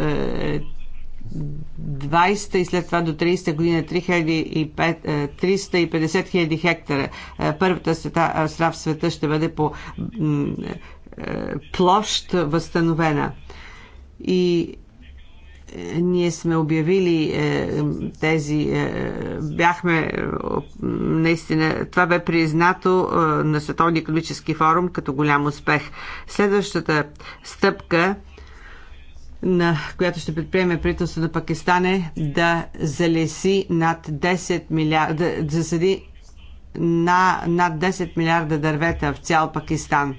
[SPEAKER 2] 20 и след това до 30 година 350 е, хиляди хектара. Е, Първата е, страна в света ще бъде по площ възстановена. И ние сме обявили е, тези. Е, бяхме. Е, наистина, това бе признато е, на Световния економически форум като голям успех. Следващата стъпка на която ще предприеме правителството на Пакистан е да залеси над 10 милиарда, да засади на над 10 милиарда дървета в цял Пакистан.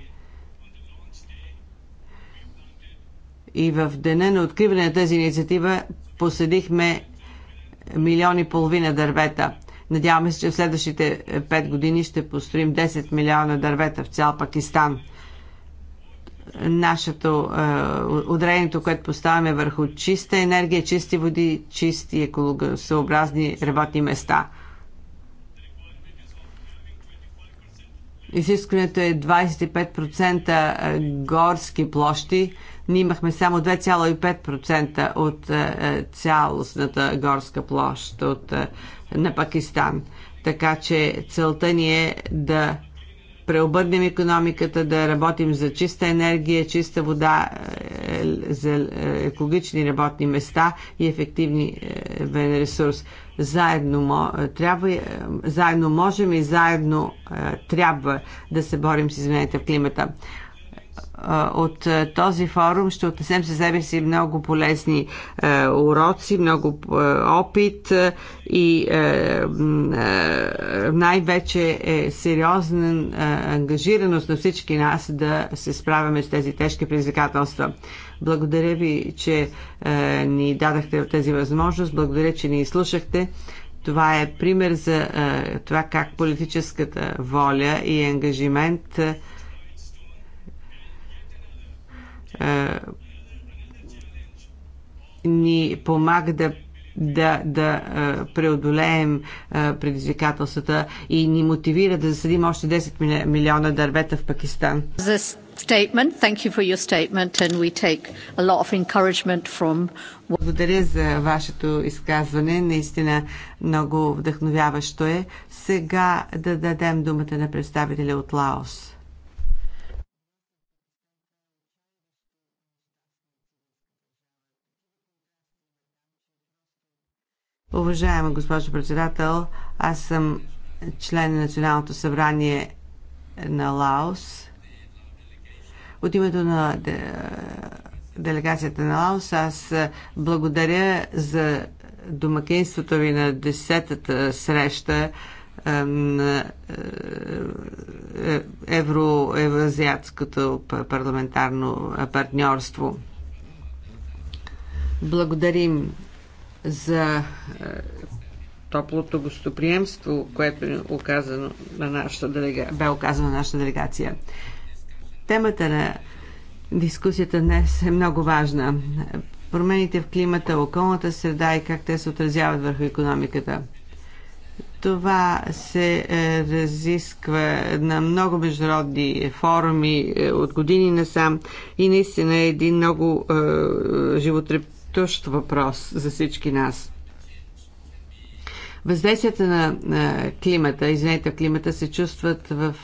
[SPEAKER 2] И в деня на откриване на тази инициатива посадихме милиони и половина дървета. Надяваме се, че в следващите 5 години ще построим 10 милиона дървета в цял Пакистан нашето е, ударението, което поставяме върху чиста енергия, чисти води, чисти екологосъобразни работни места. Изискването е 25% е, горски площи. Ние имахме само 2,5% от е, цялостната горска площ от, на Пакистан. Така че целта ни е да преобърнем економиката, да работим за чиста енергия, чиста вода, е, за е, екологични работни места и ефективни е, ресурс. Заедно, трябва, заедно можем и заедно трябва да се борим с измененията в климата от този форум ще отнесем със себе си много полезни е, уроци, много е, опит е, и най-вече е сериозна ангажираност на всички нас да се справяме с тези тежки предизвикателства. Благодаря ви, че ни дадахте тази възможност. Благодаря, че ни изслушахте. Това е пример за това как политическата воля и ангажимент ни помага да да, да преодолеем предизвикателствата и ни мотивира да засадим още 10 милиона дървета в Пакистан. From... Благодаря за вашето изказване. Наистина много вдъхновяващо е. Сега да дадем думата на представителя от Лаос. Уважаема госпожо председател, аз съм член на Националното събрание на Лаос. От името на делегацията на Лаос аз благодаря за домакинството ви на 10-та среща на е, е, евроазиатското парламентарно партньорство. Благодарим за е, топлото гостоприемство, което е оказано на нашата делега... бе оказано на нашата делегация. Темата на дискусията днес е много важна. Промените в климата, околната среда и как те се отразяват върху економиката. Това се е, разисква на много международни форуми е, от години насам и наистина е един много е, животреп тъщ въпрос за всички нас. Въздействията на климата, извинете, климата се чувстват в,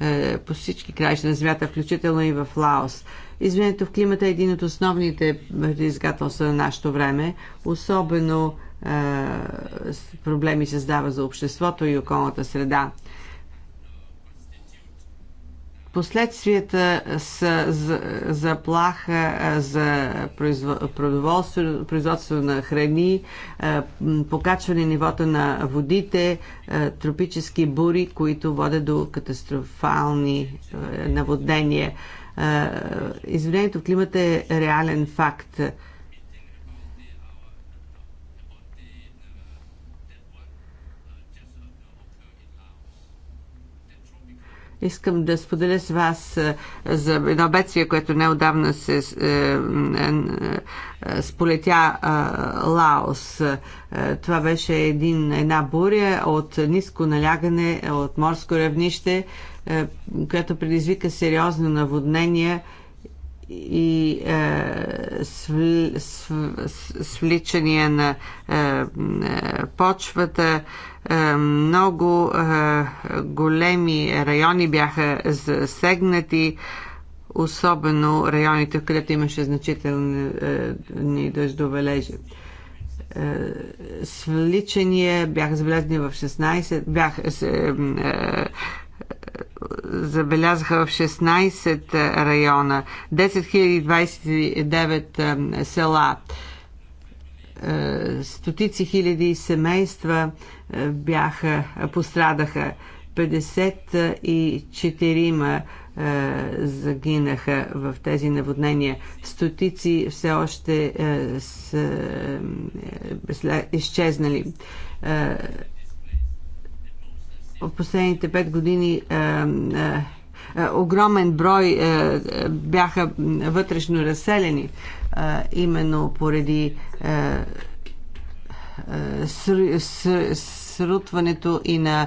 [SPEAKER 2] е, е, по всички краища на земята, включително и в Лаос. Изменението в климата е един от основните предизвикателства на нашето време, особено е, проблеми създава за обществото и околната среда. Последствията са заплаха за производство, производство на храни, покачване нивото на водите, тропически бури, които водят до катастрофални наводнения. Изменението в климата е реален факт. Искам да споделя с вас е, за едно бедствие, което неодавна се е, е, сполетя Лаос. Това беше един, една буря от ниско налягане, от морско равнище, което предизвика сериозно наводнение и е, св, св, свличания на е, почвата, е, много е, големи райони бяха засегнати особено районите, където имаше значителни е, дъждовележи. Свличания бяха забелязани в 16, бяха, забелязаха в 16 района, 10 029 села стотици хиляди семейства е, бяха, пострадаха. 54 е, загинаха в тези наводнения. Стотици все още е, са изчезнали. В последните 5 години е, огромен брой е, бяха вътрешно разселени е, именно поради срутването и на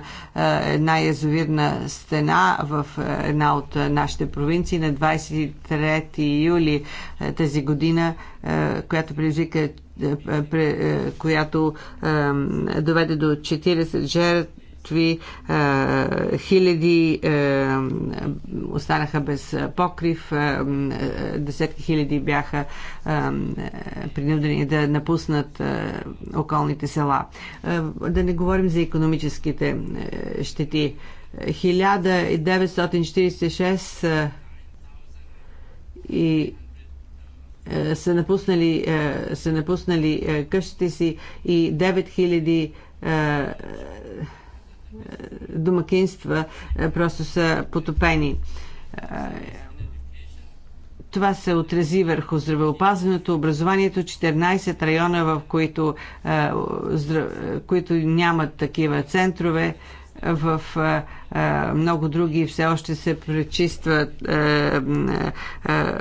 [SPEAKER 2] една язовирна стена в една от нашите провинции на 23 юли тази година, която предизвика която доведе до 40 жертви жертви, хиляди останаха без покрив, десетки хиляди бяха принудени да напуснат околните села. Да не говорим за економическите щети. 1946 и са напуснали, са напуснали къщите си и 9000 домакинства е, просто са потопени. Е, това се отрази върху здравеопазването, образованието, 14 района, в които, е, които нямат такива центрове в а, а, много други все още се пречистват а, а,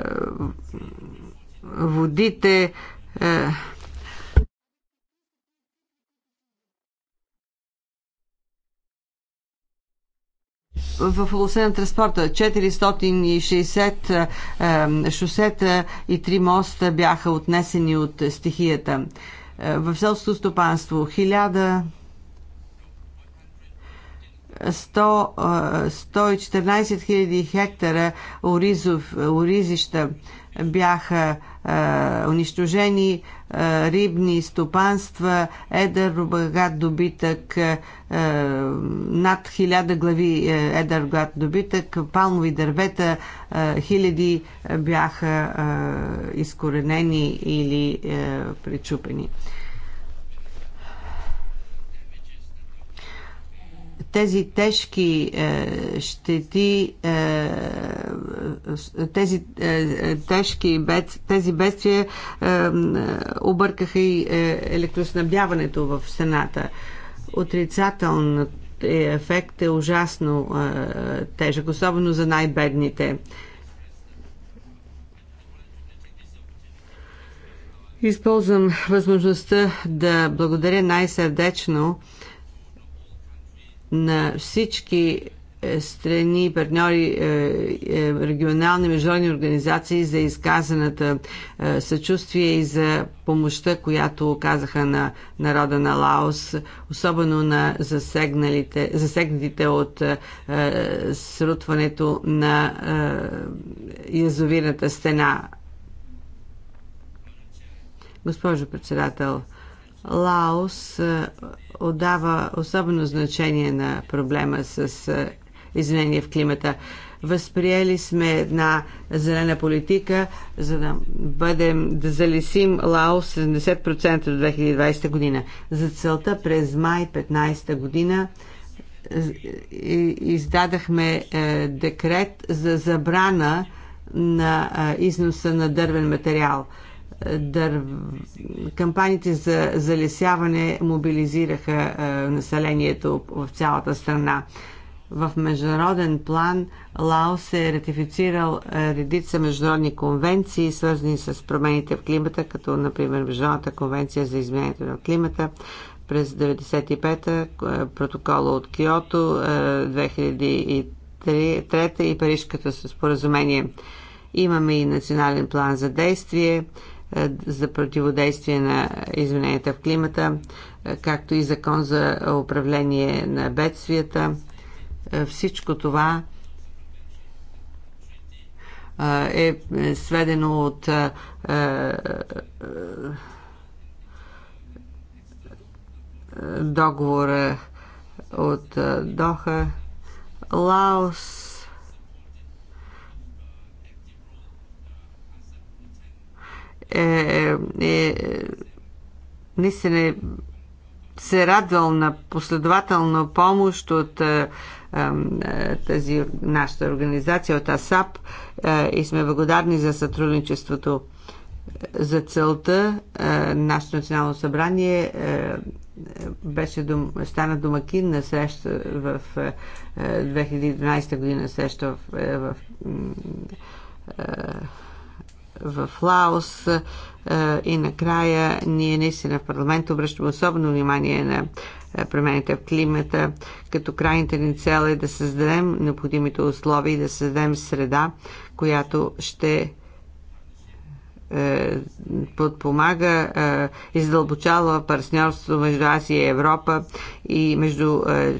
[SPEAKER 2] водите. А, в областта на транспорта 460 шосета и три моста бяха отнесени от стихията. В селското стопанство 1000 100, 114 000 хектара оризов, оризища бяха е, унищожени е, рибни стопанства, едър богат добитък, е, над хиляда глави е, едър богат добитък, палмови дървета, е, хиляди бяха е, изкоренени или е, причупени. тези тежки е, щети, е, тези е, тежки бед, тези бедствия е, объркаха и е, електроснабдяването в стената. Отрицателният ефект е ужасно е, тежък, особено за най-бедните. Използвам възможността да благодаря най-сърдечно на всички е, страни, партньори, е, е, регионални, международни организации за изказаната съчувствие и за помощта, която оказаха на народа на Лаос, особено на засегналите, засегнатите от срутването на язовирната стена. Госпожо председател, Лаос е, отдава особено значение на проблема с е, изменение в климата. Възприели сме една зелена политика, за да бъдем, да залесим Лаос 70% до 2020 година. За целта през май 15 година е, издадахме декрет за забрана на износа на дървен материал – дърв... кампаниите за залесяване мобилизираха а, е, населението в цялата страна. В международен план Лаос е ратифицирал е, редица международни конвенции, свързани с промените в климата, като например Международната конвенция за изменението на климата, през 1995 та е, протокола от Киото, 2003 и Парижката споразумение. Имаме и национален план за действие е, за противодействие на измененията в климата, е, както и закон за управление на бедствията. Е, всичко това е сведено от договора от Доха. Лаос е, е, се не се радвал на последователна помощ от е, е, тази нашата организация, от АСАП е, и сме благодарни за сътрудничеството. За целта е, нашето национално събрание е, беше дом, стана домакин на среща в е, 2012 е, година среща в, е, в е, в Лаос е, и накрая ние наистина в парламент обръщаме особено внимание на е, промените в климата, като крайните ни цел е да създадем необходимите условия и да създадем среда, която ще е, подпомага е, издълбочава партньорство между Азия и Европа и между е,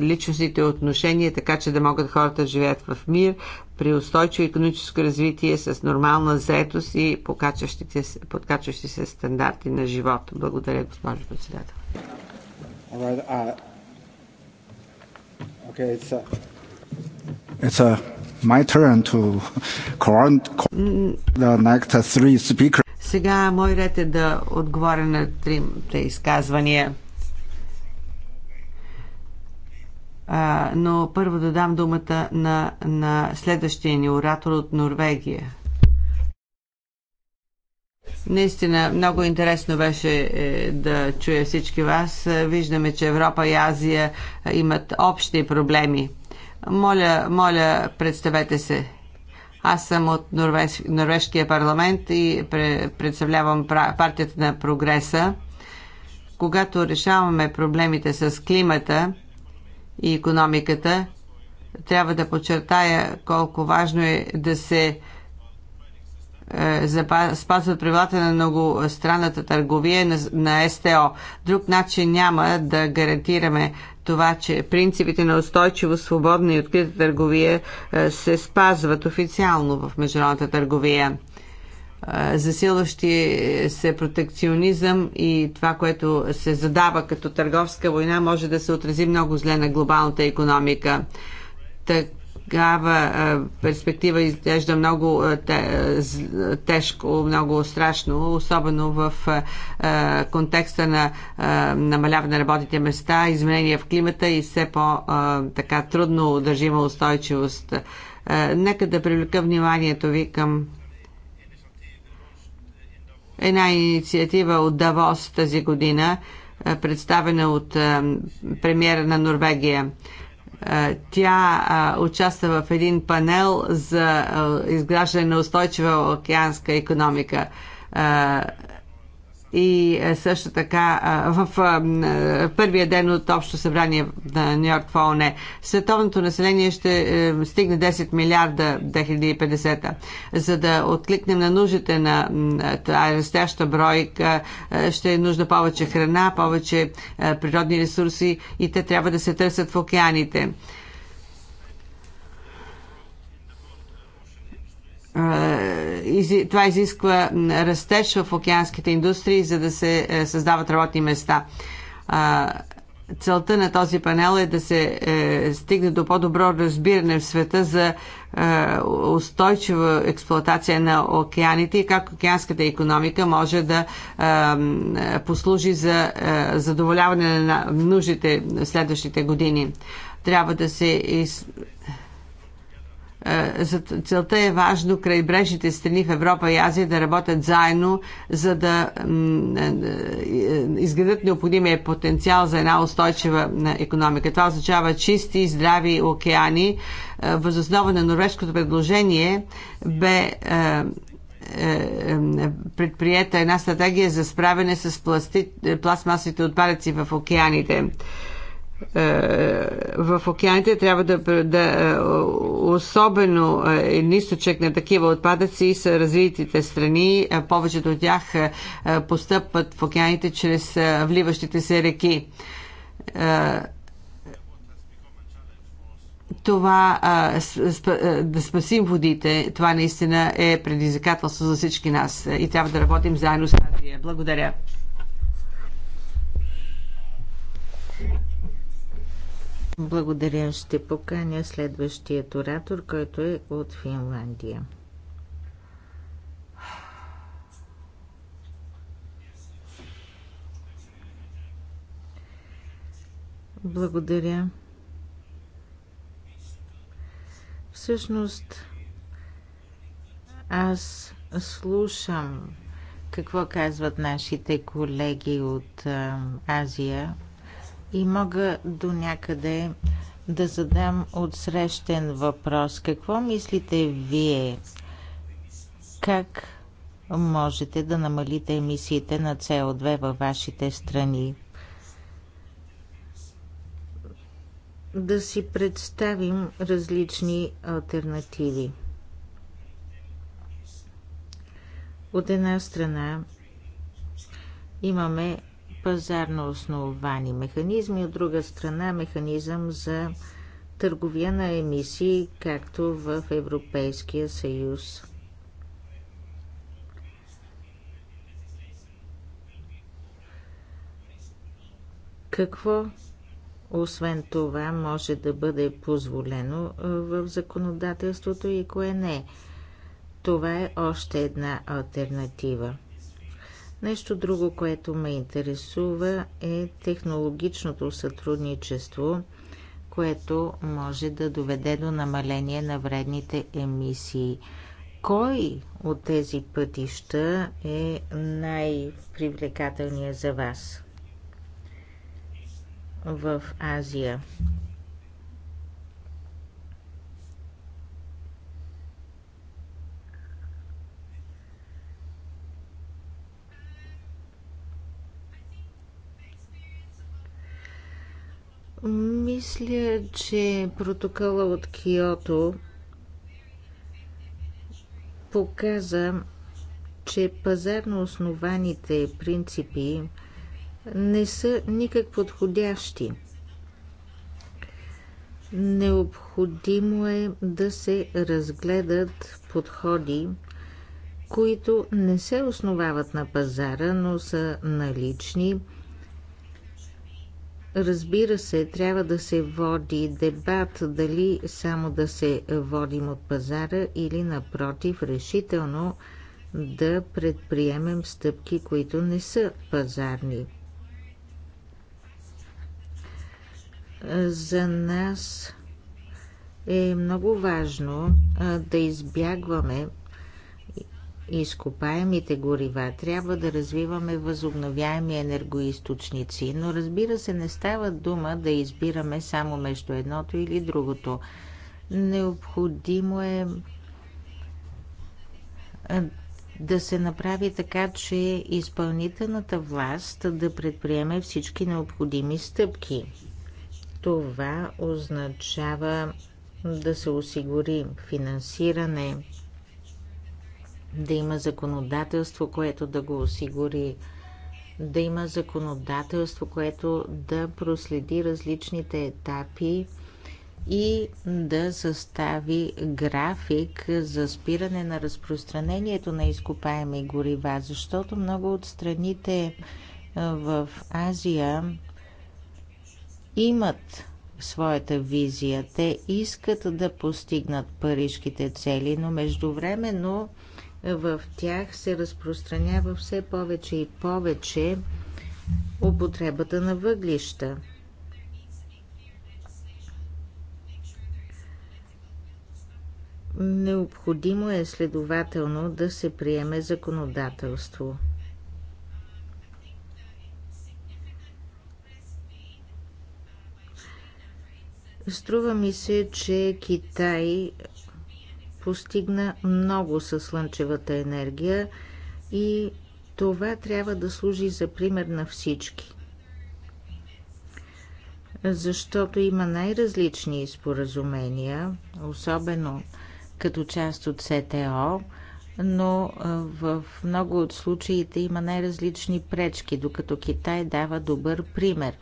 [SPEAKER 2] личностните отношения, така че да могат хората да живеят в мир, при устойчиво економическо развитие с нормална заетост и подкачващи се стандарти на живот. Благодаря, госпожо председател. Uh, uh,
[SPEAKER 3] It's uh, my turn to the next three speakers.
[SPEAKER 2] Сега мой ред е да отговоря на тримте изказвания. но първо да дам думата на, на следващия ни оратор от Норвегия. Наистина, много интересно беше е, да чуя всички вас. Виждаме, че Европа и Азия имат общи проблеми. Моля, моля, представете се. Аз съм от Норвеж... Норвежкия парламент и представлявам партията на прогреса. Когато решаваме проблемите с климата и економиката, трябва да подчертая колко важно е да се е, спазват правилата на многостранната търговия на, на СТО. Друг начин няма да гарантираме това, че принципите на устойчиво, свободна и открита търговия е, се спазват официално в международната търговия. Е, засилващи се протекционизъм и това, което се задава като търговска война, може да се отрази много зле на глобалната економика. Так, такава перспектива изглежда много тежко, много страшно, особено в контекста на намаляване на работните места, изменения в климата и все по-така трудно удържима устойчивост. Нека да привлека вниманието ви към една инициатива от Давос тази година, представена от премьера на Норвегия – тя участва в един панел за изграждане на устойчива океанска економика и е, също така в е, първия ден от Общо събрание на Нью Йорк в ООН. Световното население ще е, стигне 10 милиарда 2050 За да откликнем на нуждите на тази растяща бройка, ще е нужда повече храна, повече природни ресурси и те трябва да се търсят в океаните. това изисква растеж в океанските индустрии, за да се е, създават работни места. Целта на този панел е да се е, стигне до по-добро разбиране в света за е, устойчива експлоатация на океаните и как океанската економика може да послужи за задоволяване на нуждите следващите години. Трябва да се из е, за целта е важно крайбрежните страни в Европа и Азия да работят заедно, за да е, е, изградат необходимия потенциал за една устойчива економика. Това означава чисти и здрави океани. Възоснова на норвежското предложение бе предприета една стратегия за справяне с пластмасовите отпадъци в океаните. Е, в океаните трябва да, да е, особено е, един източник на такива отпадъци са развитите страни. Повечето от тях постъпват в океаните чрез вливащите се реки. Това да спасим водите, това наистина е предизвикателство за всички нас и трябва да работим заедно с Азия. Благодаря.
[SPEAKER 1] Благодаря. Ще поканя следващият оратор, който е от Финландия. Благодаря. Всъщност, аз слушам какво казват нашите колеги от Азия и мога до някъде да задам отсрещен въпрос. Какво мислите вие? Как можете да намалите емисиите на CO2 във вашите страни? Да си представим различни альтернативи. От една страна имаме пазарно основани механизми, от друга страна механизъм за търговия на емисии, както в Европейския съюз. Какво освен това може да бъде позволено в законодателството и кое не? Това е още една альтернатива – Нещо друго, което ме интересува е технологичното сътрудничество, което може да доведе до намаление на вредните емисии. Кой от тези пътища е най-привлекателният за вас в Азия? Мисля, че протокола от Киото показа, че пазарно основаните принципи не са никак подходящи. Необходимо е да се разгледат подходи, които не се основават на пазара, но са налични – Разбира се, трябва да се води дебат дали само да се водим от пазара или напротив решително да предприемем стъпки, които не са пазарни. За нас е много важно да избягваме изкопаемите горива. Трябва да развиваме възобновяеми енергоисточници, но разбира се не става дума да избираме само между едното или другото. Необходимо е, е да се направи така, че изпълнителната власт да предприеме всички необходими стъпки. Това означава да се осигури финансиране, да има законодателство, което да го осигури, да има законодателство, което да проследи различните етапи и да състави график за спиране на разпространението на изкопаеми горива, защото много от страните в Азия имат своята визия. Те искат да постигнат парижките цели, но междувременно в тях се разпространява все повече и повече употребата на въглища. Необходимо е следователно да се приеме законодателство. Струва ми се, че Китай постигна много със слънчевата енергия и това трябва да служи за пример на всички. Защото има най-различни споразумения, особено като част от СТО, но в много от случаите има най-различни пречки, докато Китай дава добър пример.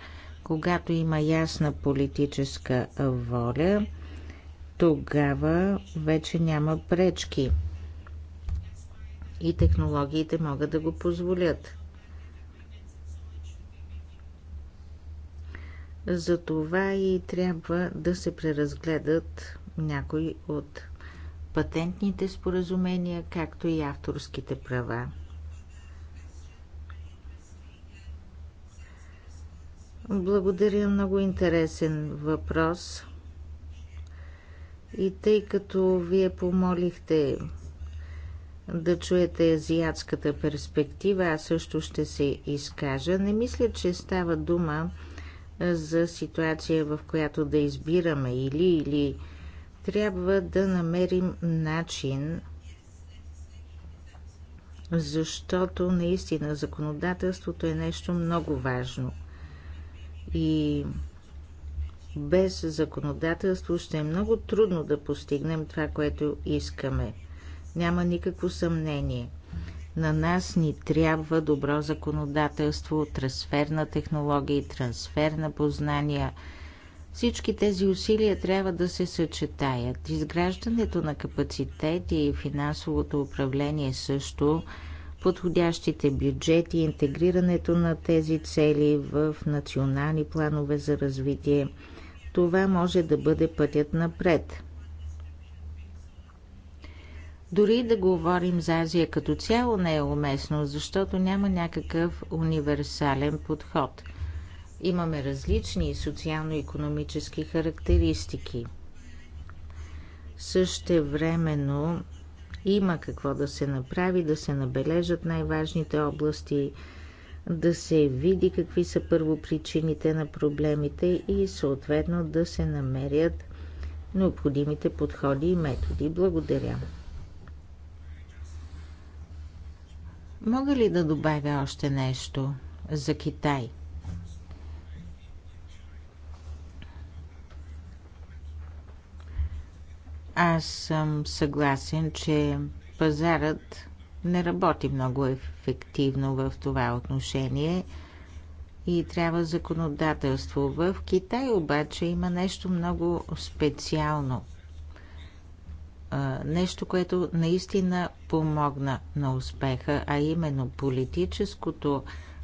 [SPEAKER 1] Когато има ясна политическа воля, тогава вече няма пречки и технологиите могат да го позволят. Затова и трябва да се преразгледат някои от патентните споразумения, както и авторските права. Благодаря, много интересен въпрос – и тъй като вие помолихте да чуете азиатската перспектива, аз също ще се изкажа. Не мисля, че става дума за ситуация, в която да избираме или или трябва да намерим начин, защото наистина законодателството е нещо много важно. И без законодателство ще е много трудно да постигнем това, което искаме. Няма никакво съмнение. На нас ни трябва добро законодателство, трансфер на технологии, трансфер на познания. Всички тези усилия трябва да се съчетаят. Изграждането на капацитет и финансовото управление също подходящите бюджети, интегрирането на тези цели в национални планове за развитие – това може да бъде пътят напред. Дори да говорим за Азия като цяло не е уместно, защото няма някакъв универсален подход. Имаме различни социално-економически характеристики. времено има какво да се направи, да се набележат най-важните области – да се види какви са първопричините на проблемите и съответно да се намерят необходимите подходи и методи. Благодаря. Мога ли да добавя още нещо за Китай? Аз съм съгласен, че пазарът не работи много ефективно в това отношение и трябва законодателство. В Китай обаче има нещо много специално. Нещо, което наистина помогна на успеха, а именно политическото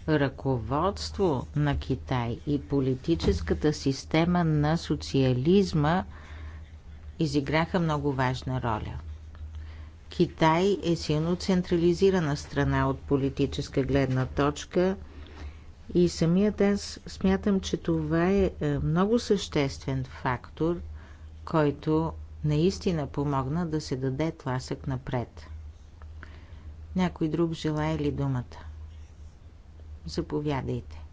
[SPEAKER 1] ръководство на Китай и политическата система на социализма изиграха много важна роля. Китай е силно централизирана страна от политическа гледна точка и самият аз смятам, че това е, е много съществен фактор, който наистина помогна да се даде тласък напред. Някой друг желая ли думата? Заповядайте.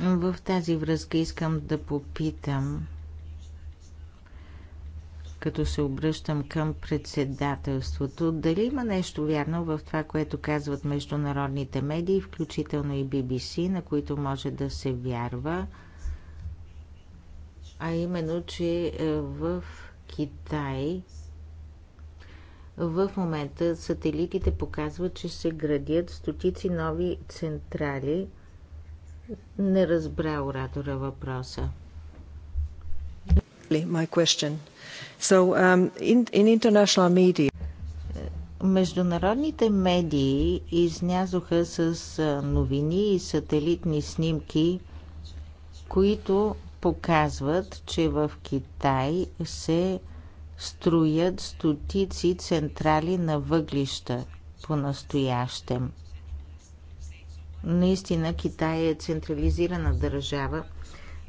[SPEAKER 1] В тази връзка искам да попитам, като се обръщам към председателството, дали има нещо вярно в това, което казват международните медии, включително и BBC, на които може да се вярва, а именно, че е, в Китай в момента сателитите показват, че се градят стотици нови централи – не разбра оратора въпроса. My question. So, um, in, in international media... Международните медии изнязоха с новини и сателитни снимки, които показват, че в Китай се строят стотици централи на въглища по-настоящем. Наистина Китай е централизирана държава,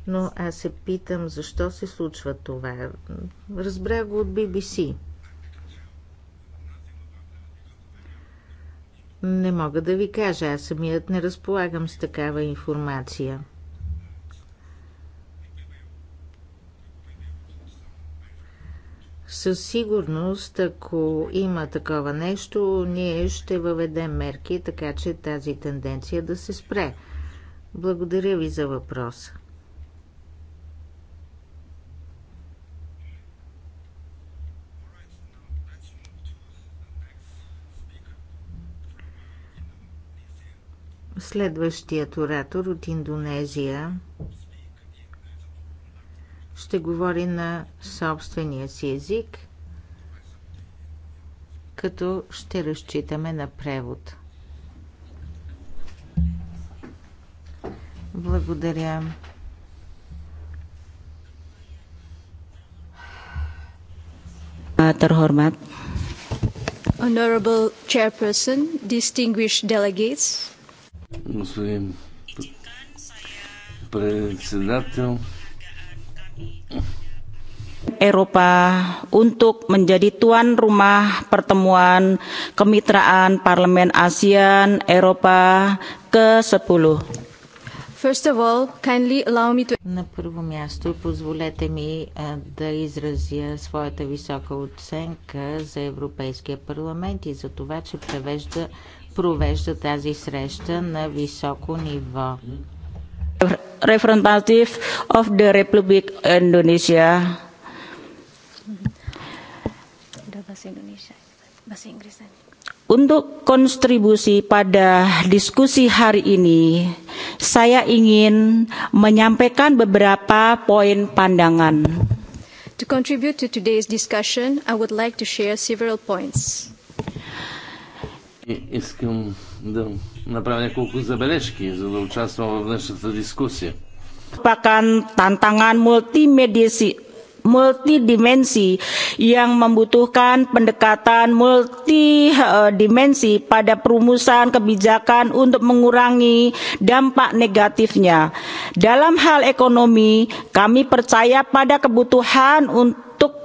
[SPEAKER 1] но аз се питам защо се случва това. Разбрах го от BBC. Не мога да ви кажа, аз самият не разполагам с такава информация. Със сигурност, ако има такова нещо, ние ще въведем мерки, така че тази тенденция да се спре. Благодаря ви за въпроса. Следващият оратор от Индонезия ще говори на собствения си език, като ще разчитаме на превод. Благодаря.
[SPEAKER 3] Хормат.
[SPEAKER 4] Honorable Chairperson, distinguished
[SPEAKER 3] delegates.
[SPEAKER 5] Господин председател,
[SPEAKER 3] Eropa untuk menjadi tuan rumah pertemuan kemitraan Parlemen ASEAN Eropa ke-10.
[SPEAKER 1] First of all, kindly allow me to... На първо място, позволете ми да изразя своята висока оценка за Европейския парламент и за това, че превежда, провежда тази среща на високо ниво
[SPEAKER 3] representative of the Republik Indonesia. Untuk kontribusi pada diskusi hari ini, saya ingin menyampaikan beberapa poin pandangan.
[SPEAKER 4] To contribute to today's discussion, I would like to share several points.
[SPEAKER 5] Искам да направя няколко забележки, за да участвам в днешната дискусия.
[SPEAKER 3] Пакан тантанган мултимедиси multidimensi yang membutuhkan pendekatan multidimensi pada perumusan kebijakan untuk mengurangi dampak negatifnya. Dalam hal ekonomi, kami percaya pada kebutuhan untuk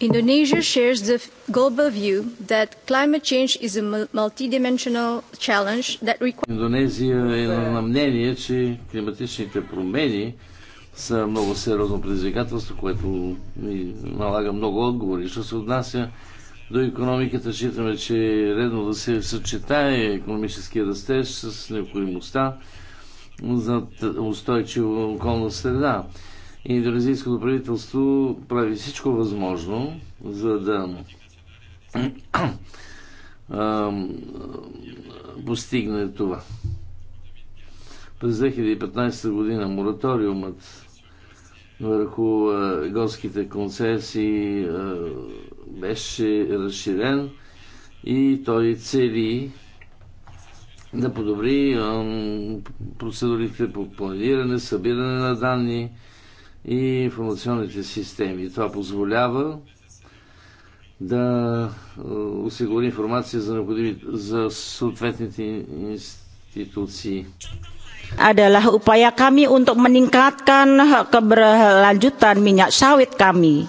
[SPEAKER 4] Indonesia shares the global view that climate change is a multidimensional challenge that requires...
[SPEAKER 5] Индонезия е на мнение, че климатичните промени са много сериозно предизвикателство, което ни налага много отговори. Що се отнася до економиката, считаме, че е редно да се съчетае економическия растеж с необходимостта за устойчива околна среда. Индонезийското правителство прави всичко възможно, за да постигне това. През 2015 година мораториумът върху горските концесии беше разширен и той цели да подобри процедурите по планиране, събиране на данни, и информационните системи. Това позволява да е, осигури информация за, за съответните институции.
[SPEAKER 3] adalah upaya kami untuk meningkatkan keberlanjutan minyak sawit kami.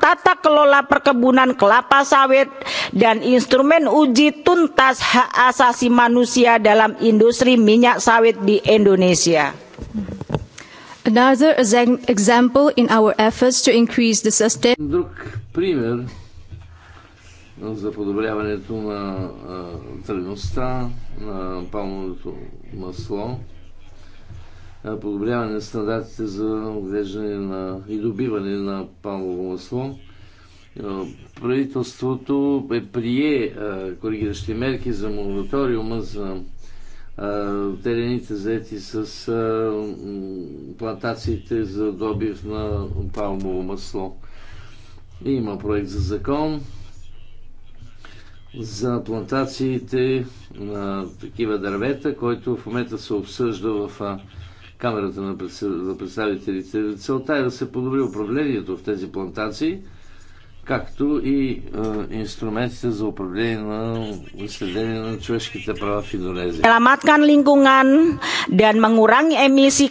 [SPEAKER 3] tata kelola perkebunan kelapa sawit dan instrumen uji tuntas hak asasi manusia dalam industri minyak sawit di Indonesia.
[SPEAKER 4] Another example in our efforts to increase the sustain...
[SPEAKER 5] Друг пример за подобряването на тръгността на палмовото масло подобряване на стандартите за отглеждане на и добиване на палмово масло. Правителството е прие коригиращи мерки за мораториума за терените заети с плантациите за добив на палмово масло. Има проект за закон за плантациите на такива дървета, който в момента се обсъжда в Камерата на представителите. Целта е да се подобри управлението в тези плантации, както и а, е, инструментите за управление на изследение на човешките права в Индонезия.
[SPEAKER 3] Menyelamatkan mengurangi emisi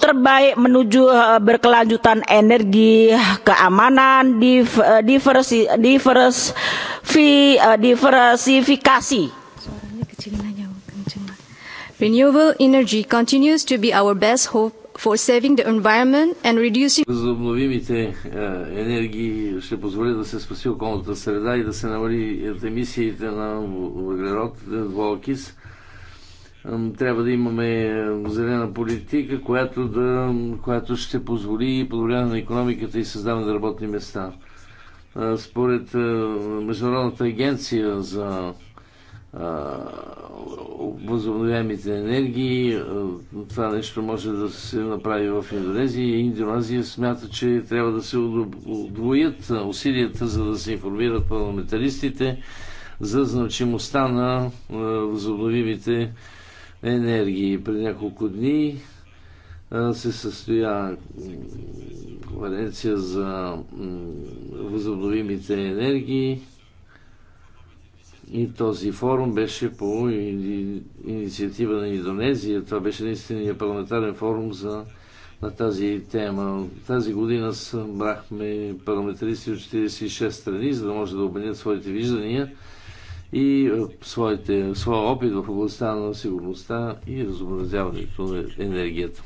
[SPEAKER 3] terbaik menuju berkelanjutan energi keamanan diversi divers diversifikasi Renewable energy continues to be our best hope for saving
[SPEAKER 4] the environment and reducing
[SPEAKER 5] Възобновимите енергии ще позволят да се спаси околната среда и да се намали емисиите на въглерод, двуокис трябва да имаме зелена политика, която, да, която ще позволи подобряване на економиката и създаване на работни места. Според Международната агенция за възобновяемите енергии, това нещо може да се направи в Индонезия и Индонезия смята, че трябва да се удвоят усилията, за да се информират парламентаристите за значимостта на възобновимите енергии енергии. при няколко дни се състоя конференция за възобновимите енергии и този форум беше по инициатива на Индонезия. Това беше наистина парламентарен форум за, на тази тема. Тази година събрахме парламентаристи от 46 страни, за да може да обменят своите виждания и своите, своя опит в областта на сигурността и разобразяването на енергията.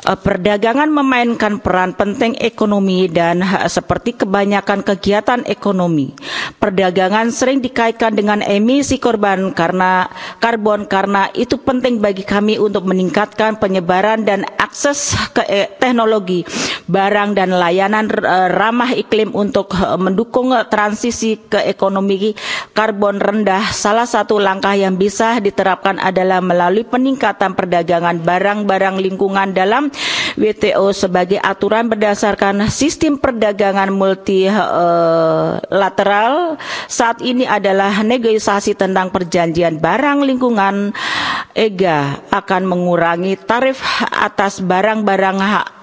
[SPEAKER 3] Perdagangan memainkan peran penting ekonomi dan seperti kebanyakan kegiatan ekonomi, perdagangan sering dikaitkan dengan emisi korban karena karbon karena itu penting bagi kami untuk meningkatkan penyebaran dan akses ke teknologi, barang dan layanan ramah iklim untuk mendukung transisi ke ekonomi karbon karbon rendah, salah satu langkah yang bisa diterapkan adalah melalui peningkatan perdagangan barang-barang lingkungan dalam WTO sebagai aturan berdasarkan sistem perdagangan multilateral. Saat ini adalah negosiasi tentang perjanjian barang lingkungan EGA akan mengurangi tarif atas barang-barang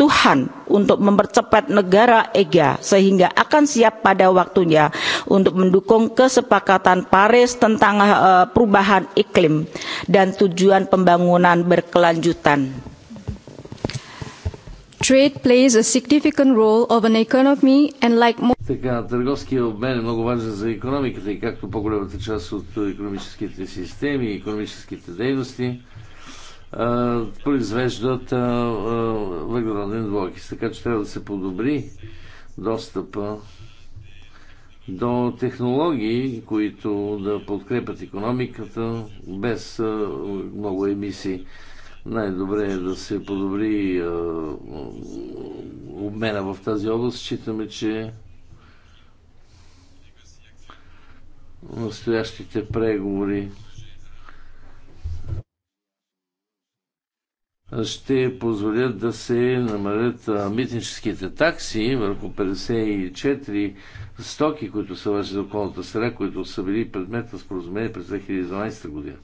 [SPEAKER 3] Tuhan untuk mempercepat negara EGA sehingga akan siap pada waktunya untuk mendukung kesepakatan Paris tentang uh, perubahan iklim dan tujuan pembangunan berkelanjutan.
[SPEAKER 4] Trade plays a significant role of an economy and like more...
[SPEAKER 5] Така, търговския обмен е много важен за економиката и както по-голямата част от економическите системи и економическите дейности – произвеждат въглероден двойки. Така че трябва да се подобри достъпа до технологии, които да подкрепят економиката без много емисии. Най-добре е да се подобри обмена в тази област. Считаме, че настоящите преговори ще позволят да се намалят митническите такси върху 54 стоки, които са важни за околната среда, които са били предмет на споразумение през 2012 година.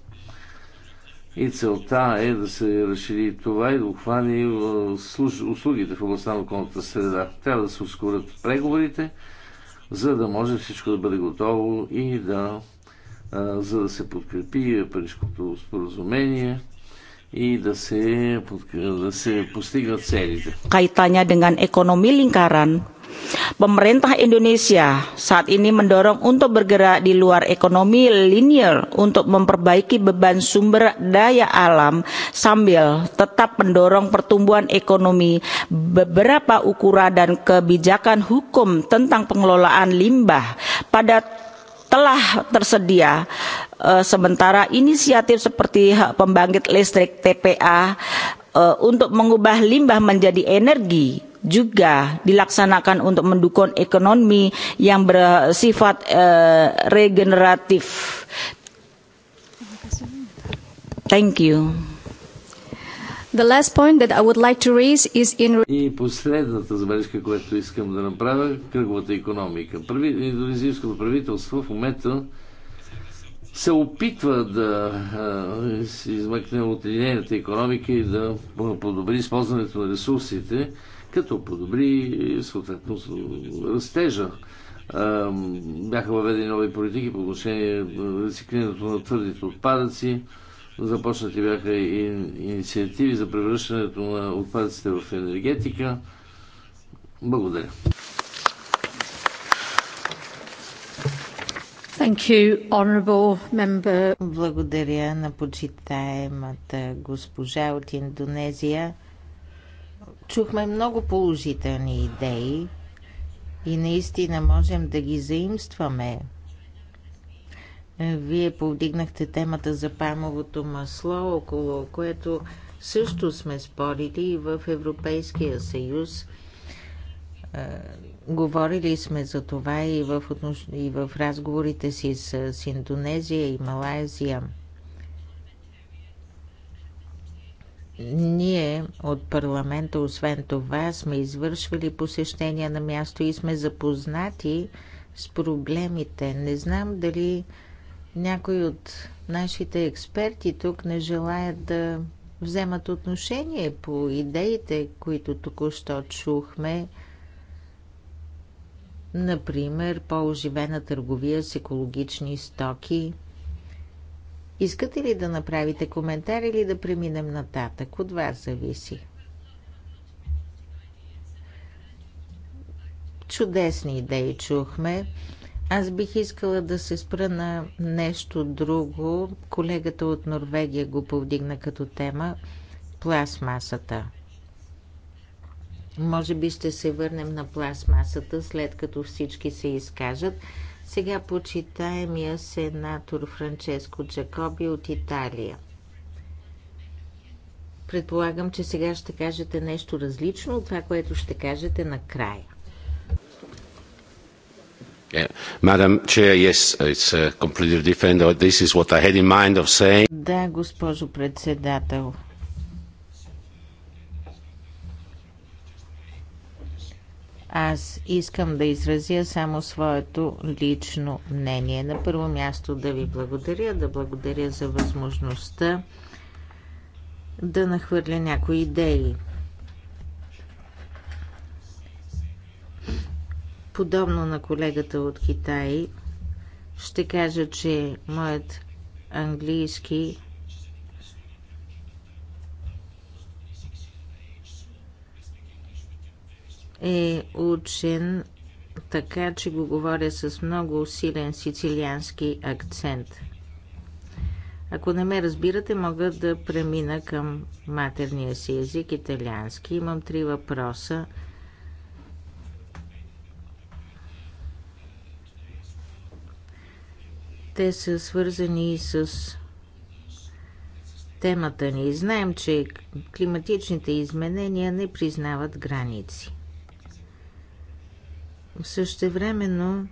[SPEAKER 5] И целта е да се разшири това и да охвани услугите в областта на околната среда. Трябва да се ускорят преговорите, за да може всичко да бъде готово и да за да се подкрепи Парижското споразумение и да се, да се постигнат целите.
[SPEAKER 3] Кайтanya dengan ekonomi lingkaran, Pemerintah Indonesia saat ini mendorong untuk bergerak di luar ekonomi linear untuk memperbaiki beban sumber daya alam sambil tetap mendorong pertumbuhan ekonomi. Beberapa ukuran dan kebijakan hukum tentang pengelolaan limbah pada telah tersedia sementara inisiatif seperti hak pembangkit listrik TPA untuk mengubah limbah menjadi energi juga dilaksanakan untuk mendukung ekonomi yang bersifat regeneratif. Thank you. The last point that I would like to raise is in...
[SPEAKER 5] И последната забележка, която искам да направя, кръговата економика. Индонезийското правителство в момента се опитва да се измъкне от линейната економика и да подобри използването на ресурсите, като подобри съответно растежа. бяха въведени нови политики по отношение на рециклирането на твърдите отпадъци, Започнати бяха и инициативи за превръщането на отпадъците в енергетика. Благодаря.
[SPEAKER 1] You, Благодаря на почитаемата госпожа от Индонезия. Чухме много положителни идеи и наистина можем да ги заимстваме. Вие повдигнахте темата за памовото масло, около което също сме спорили и в Европейския съюз. Е, говорили сме за това и в, отнош... и в разговорите си с, с Индонезия и Малайзия. Ние от парламента, освен това, сме извършвали посещения на място и сме запознати с проблемите. Не знам дали някои от нашите експерти тук не желаят да вземат отношение по идеите, които току-що чухме. Например, по-оживена търговия с екологични стоки. Искате ли да направите коментар или да преминем нататък? От вас зависи. Чудесни идеи чухме. Аз бих искала да се спра на нещо друго. Колегата от Норвегия го повдигна като тема пластмасата. Може би ще се върнем на пластмасата, след като всички се изкажат. Сега почитаемия сенатор Франческо Джакоби от Италия. Предполагам, че сега ще кажете нещо различно от това, което ще кажете накрая.
[SPEAKER 5] Madam Chair, yes, it's completely different. This is what I had in mind of saying.
[SPEAKER 1] Да, госпожо председател. Аз искам да изразя само своето лично мнение. На първо място да ви благодаря, да благодаря за възможността да нахвърля някои идеи. Подобно на колегата от Китай, ще кажа, че моят английски е учен така, че го говоря с много силен сицилиански акцент. Ако не ме разбирате, мога да премина към матерния си език италиански. Имам три въпроса Те са свързани и с темата ни. Знаем, че климатичните изменения не признават граници. Същевременно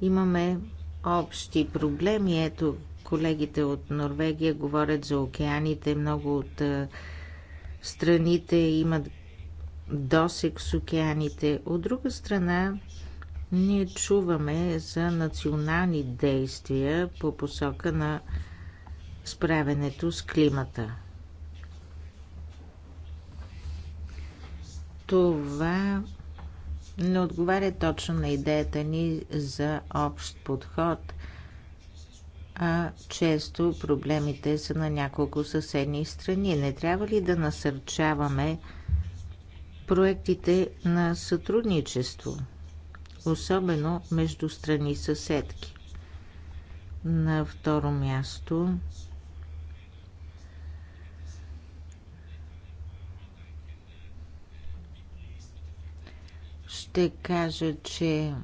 [SPEAKER 1] имаме общи проблеми. Ето, колегите от Норвегия говорят за океаните. Много от страните имат досек с океаните. От друга страна, ние чуваме за национални действия по посока на справянето с климата. Това не отговаря точно на идеята ни за общ подход, а често проблемите са на няколко съседни страни. Не трябва ли да насърчаваме проектите на сътрудничество? особено между страни съседки. На второ място ще кажа, че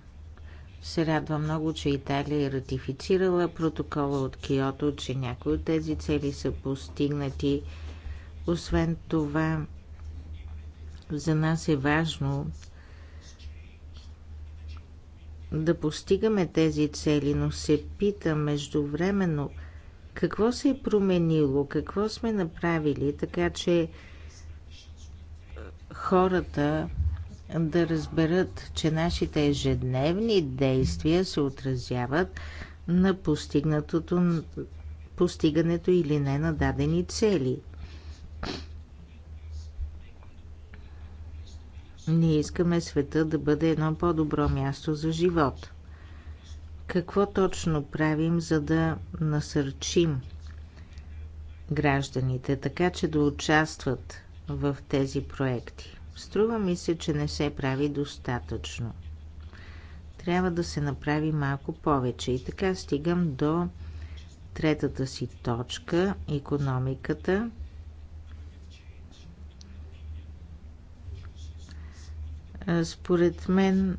[SPEAKER 1] се радва много, че Италия е ратифицирала протокола от Киото, че някои от тези цели са постигнати. Освен това, за нас е важно да постигаме тези цели, но се пита междувременно какво се е променило, какво сме направили, така че хората да разберат, че нашите ежедневни действия се отразяват на постигнатото, постигането или не на дадени цели. Ние искаме света да бъде едно по-добро място за живот. Какво точно правим, за да насърчим гражданите, така че да участват в тези проекти? Струва ми се, че не се прави достатъчно. Трябва да се направи малко повече. И така стигам до третата си точка економиката Според мен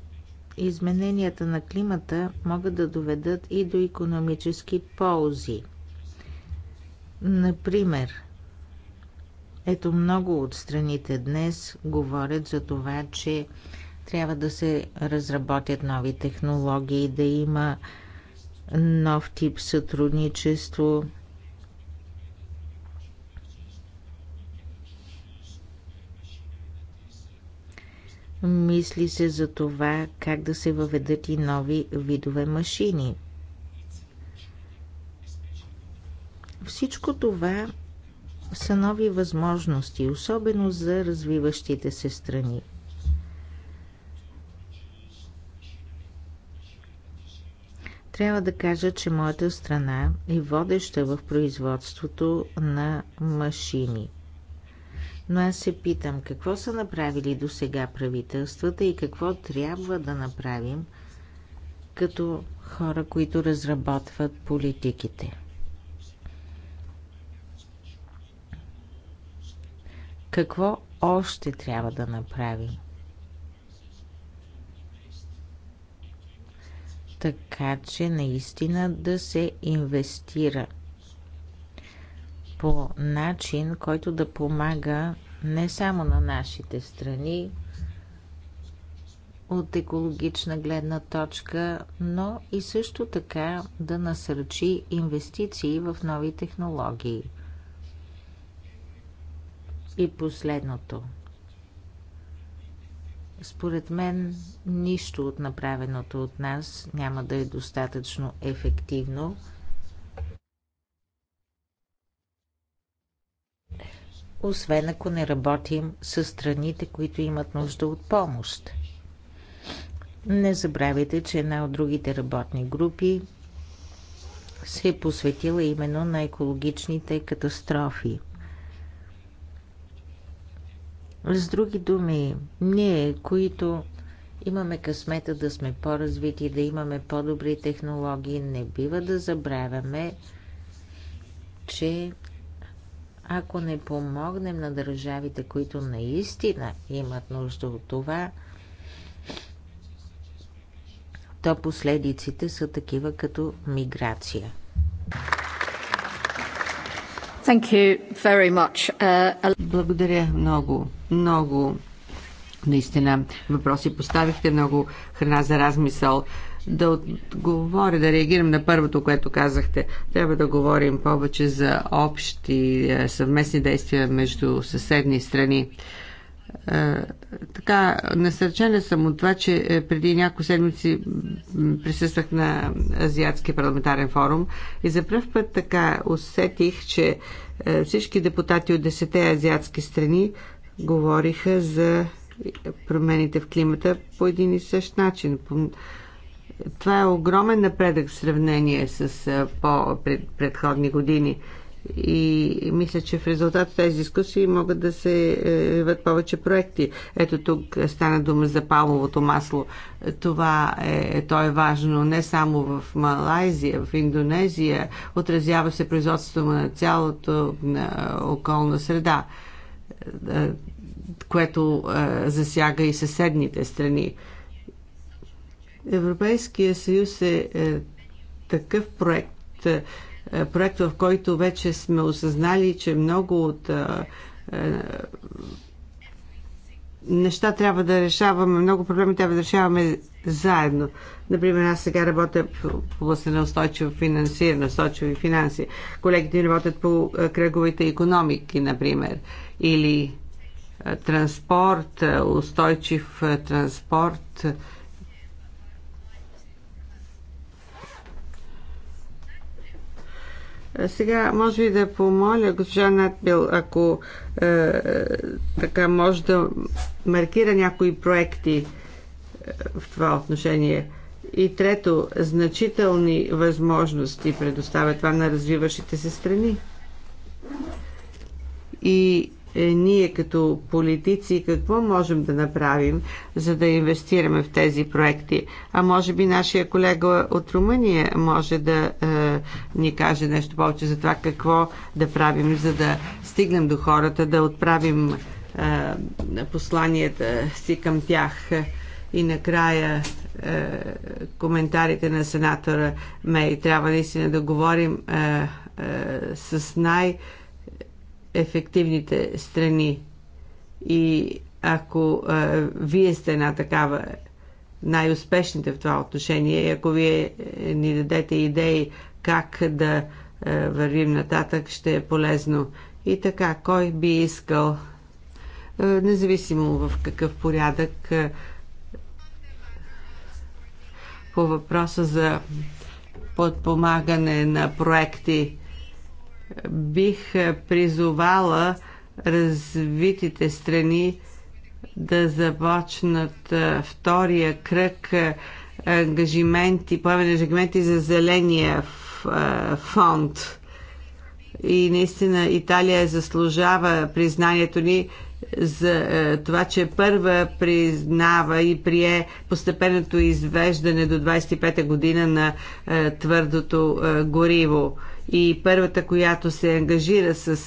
[SPEAKER 1] измененията на климата могат да доведат и до економически ползи. Например, ето много от страните днес говорят за това, че трябва да се разработят нови технологии, да има нов тип сътрудничество – Мисли се за това как да се въведат и нови видове машини. Всичко това са нови възможности, особено за развиващите се страни. Трябва да кажа, че моята страна е водеща в производството на машини – но аз се питам, какво са направили до сега правителствата и какво трябва да направим като хора, които разработват политиките. Какво още трябва да направим? Така че наистина да се инвестира – по начин, който да помага не само на нашите страни от екологична гледна точка, но и също така да насърчи инвестиции в нови технологии. И последното. Според мен нищо от направеното от нас няма да е достатъчно ефективно – освен ако не работим с страните, които имат нужда от помощ. Не забравяйте, че една от другите работни групи се е посветила именно на екологичните катастрофи. С други думи, ние, които имаме късмета да сме по-развити, да имаме по-добри технологии, не бива да забравяме, че ако не помогнем на държавите, които наистина имат нужда от това, то последиците са такива като миграция.
[SPEAKER 2] Thank you very much. Uh... Благодаря много, много. Наистина, въпроси поставихте много храна за размисъл да отговоря, да реагирам на първото, което казахте. Трябва да говорим повече за общи е, съвместни действия между съседни страни е, така, насърчена съм от това, че е, преди няколко седмици присъствах на Азиатския парламентарен форум и за първ път така усетих, че всички депутати от 10 азиатски страни говориха за промените в климата по един и същ начин. По това е огромен напредък в сравнение с по-предходни години. И мисля, че в резултат от тези дискусии могат да се явят е, повече проекти. Ето тук стана дума за паловото масло. Това е, е, то е важно не само в Малайзия, в Индонезия. Отразява се производството на цялото на околна среда, е, което засяга и съседните страни. Европейския съюз е, е такъв проект, е, проект, в който вече сме осъзнали, че много от е, е, неща трябва да решаваме, много проблеми трябва да решаваме заедно. Например, аз сега работя в областта на устойчиво финансиране, устойчиви финанси. Колегите ми работят по е, кръговите економики, например, или е, транспорт, е, устойчив транспорт, Сега може и да помоля госпожа Натбил, ако е, така може да маркира някои проекти е, в това отношение. И трето, значителни възможности предоставя това на развиващите се страни. И е, ние като политици какво можем да направим, за да инвестираме в тези проекти. А може би нашия колега от Румъния може да е, ни каже нещо повече за това какво да правим, за да стигнем до хората, да отправим е, посланията си към тях. И накрая е, коментарите на сенатора Мей. Трябва наистина да говорим е, е, с най- ефективните страни. И ако а, вие сте една такава най-успешните в това отношение, и ако вие е, ни дадете идеи как да а, е, вървим нататък, ще е полезно. И така, кой би искал, а, е, независимо в какъв порядък, а, по въпроса за подпомагане на проекти бих е, призовала развитите страни да започнат е, втория кръг е, ангажименти, поемен ангажименти за зеления фонд. И наистина Италия заслужава признанието ни за това, че първа признава и прие постепенното извеждане до 25-та година на твърдото гориво и първата, която се ангажира с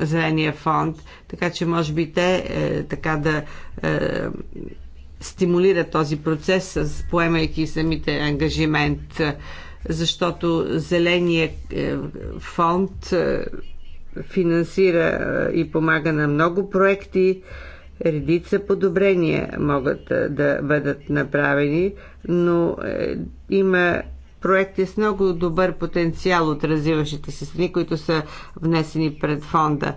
[SPEAKER 2] Зеления фонд, така че може би те е, така да е, стимулират този процес, поемайки самите ангажимент, е, защото Зеления е, фонд е, финансира и помага на много проекти. Редица подобрения могат да бъдат направени, но има проекти е с много добър потенциал от развиващите се страни, които са внесени пред фонда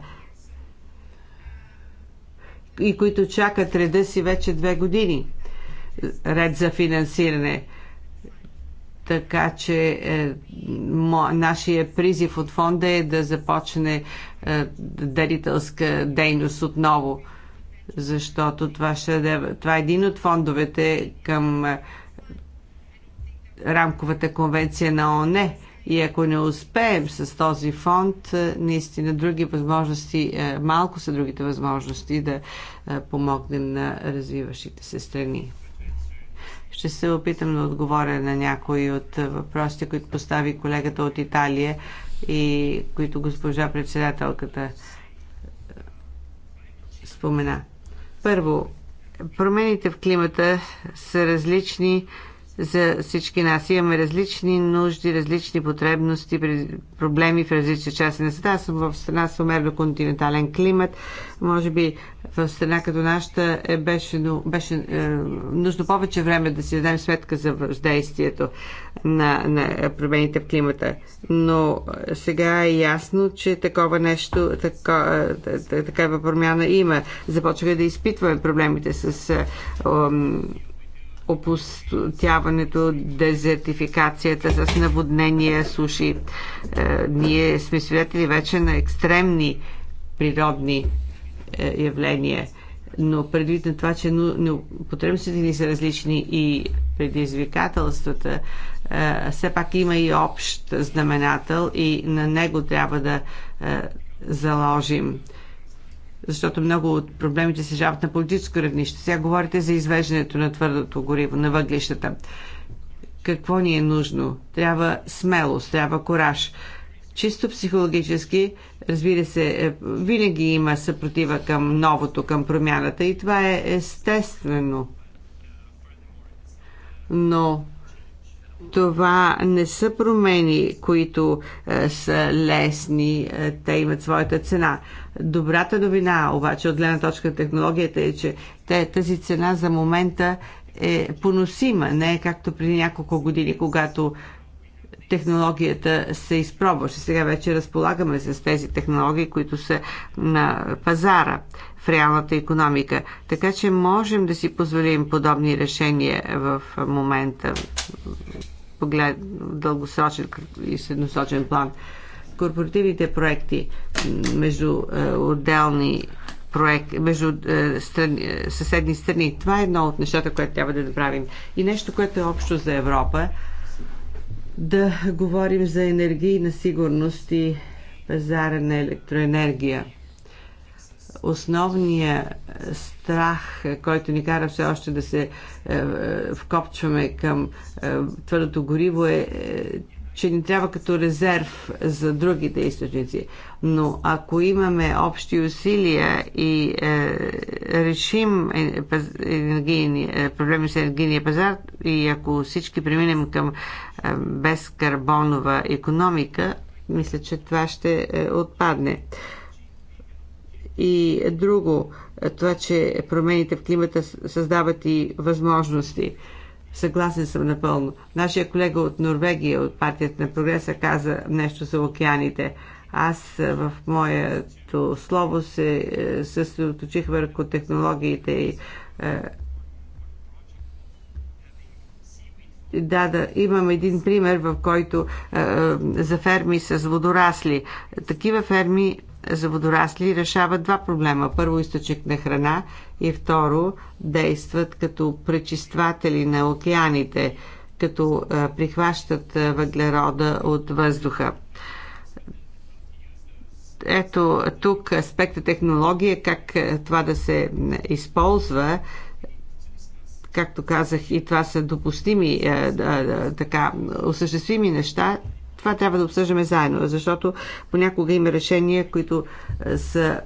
[SPEAKER 2] и които чакат реда си вече две години. Ред за финансиране. Така че е, мо, нашия призив от фонда е да започне е, дарителска дейност отново, защото това, ще, това е един от фондовете към е, рамковата конвенция на ОНЕ. И ако не успеем с този фонд, е, наистина други възможности, е, малко са другите възможности да е, помогнем на развиващите се страни. Ще се опитам да отговоря на някои от въпросите, които постави колегата от Италия и които госпожа председателката спомена. Първо, промените в климата са различни за всички нас. Имаме различни нужди, различни потребности, проблеми в различни части на света. Аз съм в страна с умерно континентален климат. Може би в страна като нашата е беше, беше е, нужно повече време да си дадем сметка за въздействието на, на промените в климата. Но е, сега е ясно, че такова нещо, тако, е, такава промяна има. Започваме да изпитваме проблемите с е, е, опустяването, дезертификацията с наводнения, суши. Е, ние сме свидетели вече на екстремни природни е, явления но предвид на това, че потребностите ни са различни и предизвикателствата, е, все пак има и общ знаменател и на него трябва да заложим защото много от проблемите се жават на политическо равнище. Сега говорите за извеждането на твърдото гориво, на въглищата. Какво ни е нужно? Трябва смелост, трябва кораж. Чисто психологически, разбира се, е, винаги има съпротива към новото, към промяната и това е естествено. Но това не са промени, които е, са лесни, е, те имат своята цена. Добрата новина, обаче, от гледна точка на технологията е, че тази цена за момента е поносима, не е както преди няколко години, когато технологията се изпробваше. Сега вече разполагаме с тези технологии, които са на пазара в реалната економика. Така че можем да си позволим подобни решения в момента, поглед, дългосрочен и средносрочен план корпоративните проекти между е, отделни проект между е, страни, е, съседни страни. Това е едно от нещата, което трябва да направим. И нещо, което е общо за Европа, да говорим за енергийна сигурност и пазара на електроенергия. Основният е, страх, който ни кара все още да се е, е, вкопчваме към е, твърдото гориво е, е че ни трябва като резерв за другите източници. Но ако имаме общи усилия и е, решим е, е, проблеми с енергийния пазар и ако всички преминем към е, безкарбонова економика, мисля, че това ще е, отпадне. И друго, е, това, че промените в климата създават и възможности. Е, Съгласен съм напълно. Нашия колега от Норвегия, от партията на прогреса, каза нещо за океаните. Аз е, в моето слово се е, съсредоточих върху технологиите и е, да, да, имам един пример, в който е, за ферми с водорасли. Такива ферми за водорасли решават два проблема. Първо, източник на храна и второ, действат като пречистватели на океаните, като прихващат въглерода от въздуха. Ето тук аспекта технология, как това да се използва, както казах, и това са допустими, така, осъществими неща, това трябва да обсъждаме заедно, защото понякога има решения, които е, са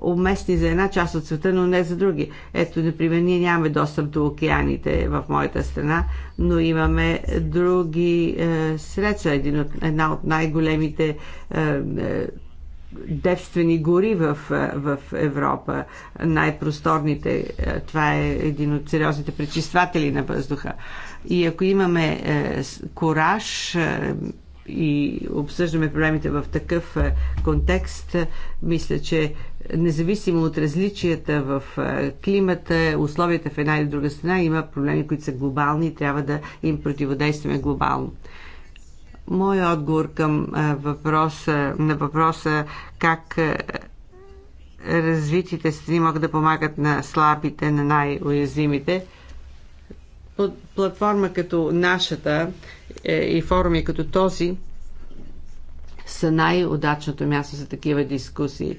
[SPEAKER 2] уместни за една част от света, но не за други. Ето, например, ние нямаме достъп до океаните в моята страна, но имаме други е, средства. Един от, една от най-големите е, е, девствени гори в, е, в Европа, най-просторните. Е, това е един от сериозните пречистватели на въздуха. И ако имаме е, кораж, е, и обсъждаме проблемите в такъв е, контекст, мисля, че независимо от различията в е, климата, условията в една или друга страна, има проблеми, които са глобални и трябва да им противодействаме глобално. Моя отговор към е, въпроса, на въпроса как развитите страни могат да помагат на слабите, на най-уязвимите. Платформа като нашата е, и форуми като този са най-удачното място за такива дискусии.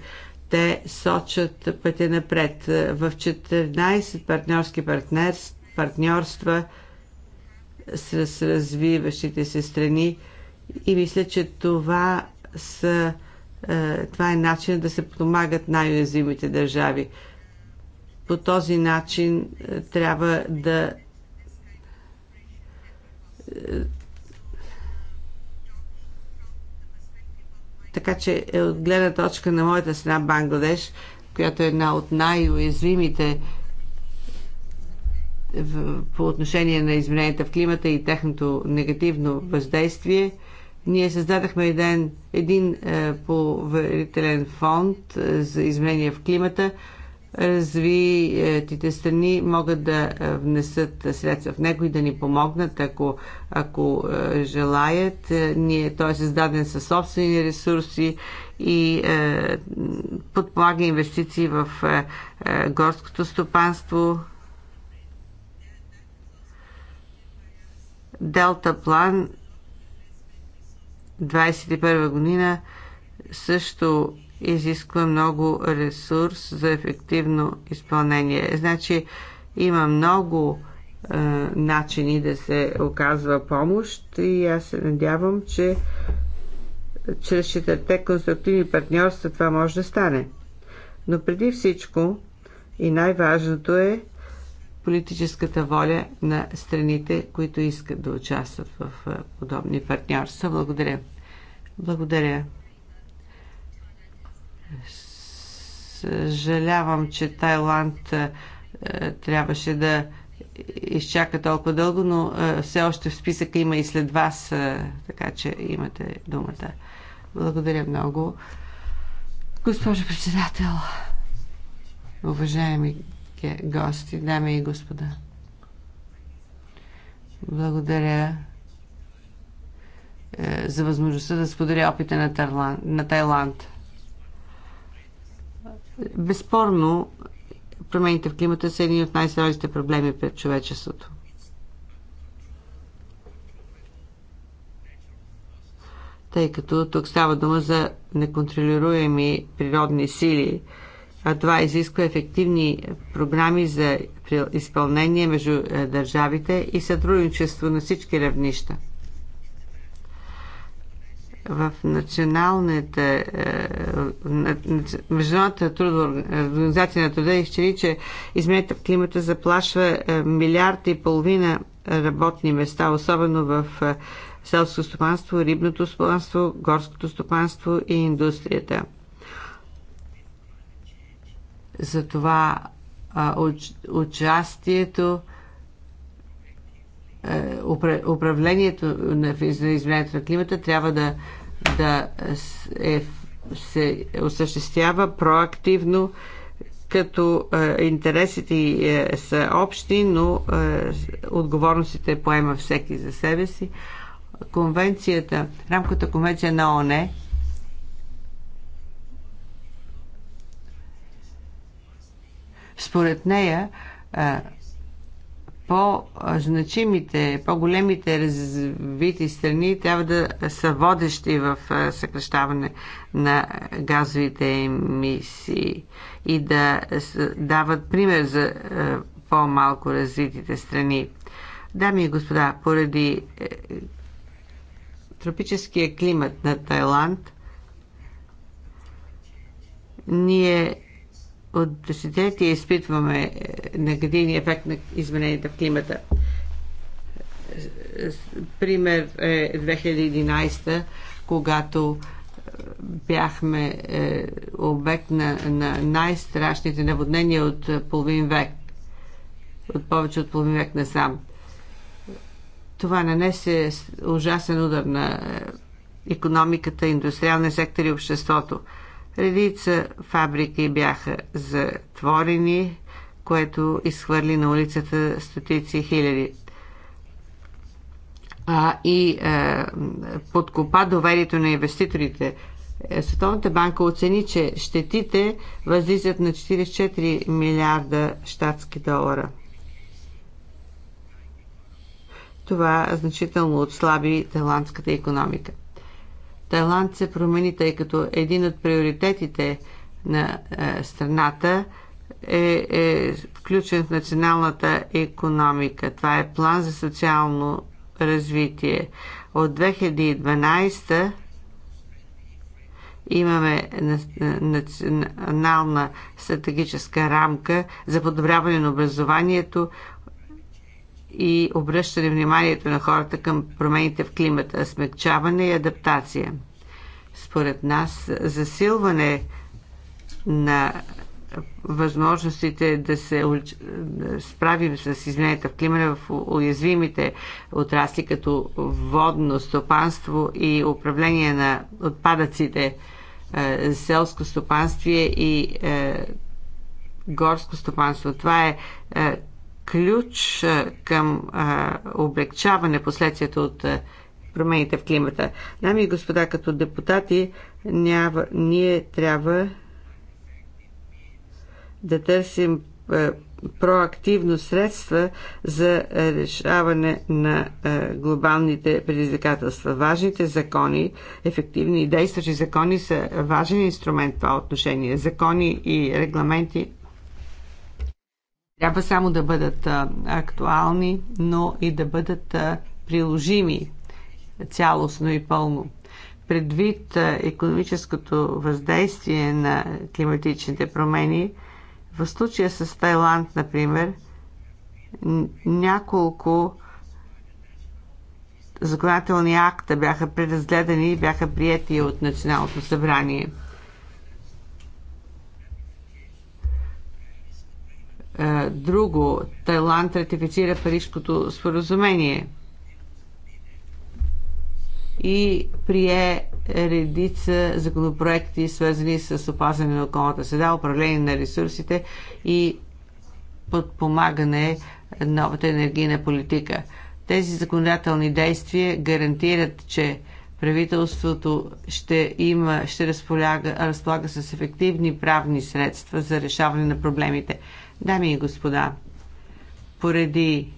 [SPEAKER 2] Те сочат пътя напред. В 14 партньорски партньорства с развиващите се страни и мисля, че това са е, това е начин да се подпомагат най-уязвимите държави. По този начин е, трябва да Така че е, от гледна точка на моята страна Бангладеш, която е една от най-уязвимите по отношение на измененията в климата и техното негативно въздействие, ние създадахме един, един е, поверителен фонд е, за изменения в климата, развитите страни могат да внесат средства в него и да ни помогнат, ако, ако желаят. Е, ние, той е създаден със собствени ресурси и е, подполага инвестиции в е, е, горското стопанство. Делта план 21 година също изисква много ресурс за ефективно изпълнение. Значи има много е, начини да се оказва помощ и аз се надявам, че чрез четирите конструктивни партньорства това може да стане. Но преди всичко и най-важното е политическата воля на страните, които искат да участват в е, подобни партньорства. Благодаря. Благодаря. Съжалявам, че Тайланд е, трябваше да изчака толкова дълго, но е, все още в списъка има и след вас, е, така че имате думата. Благодаря много. Госпожо председател, уважаеми гости, дами и господа, благодаря за възможността да споделя опита на Тайланд. Безспорно, промените в климата са едни от най-сериозните проблеми пред човечеството. Тъй като тук става дума за неконтролируеми природни сили, а това изисква ефективни програми за изпълнение между е, държавите и сътрудничество на всички равнища в националната е, Международната трудова организация на труда изчери, че изменението в климата заплашва е, милиард и половина работни места, особено в е, селско стопанство, рибното стопанство, горското стопанство и индустрията. Затова участието е, управлението на изменението на климата трябва да, да е, се осъществява проактивно, като е, интересите е, са общи, но е, отговорностите поема всеки за себе си. Конвенцията, рамката конвенция на ОНЕ според нея е, по-значимите, по-големите развити страни трябва да са водещи в съкръщаване на газовите емисии и да дават пример за по-малко развитите страни. Дами и господа, поради е, тропическия климат на Тайланд, ние от десетилетия изпитваме е, негативния ефект на измененията в климата. Е, пример е 2011, когато е, бяхме обект на, на най-страшните наводнения от половин век, от повече от половин век насам. Това нанесе ужасен удар на економиката, индустриалния сектор и обществото. Редица фабрики бяха затворени, което изхвърли на улицата стотици хиляди. А, и а, подкопа доверието на инвеститорите. Е, Световната банка оцени, че щетите възлизат на 44 милиарда щатски долара. Това значително отслаби таландската економика. Тайланд се промени, тъй като един от приоритетите на е, страната е, е включен в националната економика. Това е план за социално развитие. От 2012 имаме национална стратегическа рамка за подобряване на образованието, и обръщане вниманието на хората към промените в климата, смягчаване и адаптация. Според нас, засилване на възможностите да се справим с измененията в климата в уязвимите отрасли, като водно стопанство и управление на отпадъците, е, селско стопанство и е, горско стопанство. Това е, е ключ към облегчаване последствията от промените в климата. Дами и господа, като депутати, няма, ние трябва да търсим проактивно средства за решаване на глобалните предизвикателства. Важните закони, ефективни и действащи закони са важен инструмент в това отношение. Закони и регламенти трябва само да бъдат актуални, но и да бъдат приложими цялостно и пълно. Предвид економическото въздействие на климатичните промени, в случая с Тайланд, например, няколко законодателни акта бяха преразгледани и бяха прияти от Националното събрание – Е, друго, Тайланд ратифицира Парижското споразумение и прие редица законопроекти, свързани с опазване на околната среда, управление на ресурсите и подпомагане на новата енергийна политика. Тези законодателни действия гарантират, че правителството ще има, ще разполага, разполага с ефективни правни средства за решаване на проблемите. Дами и господа, поради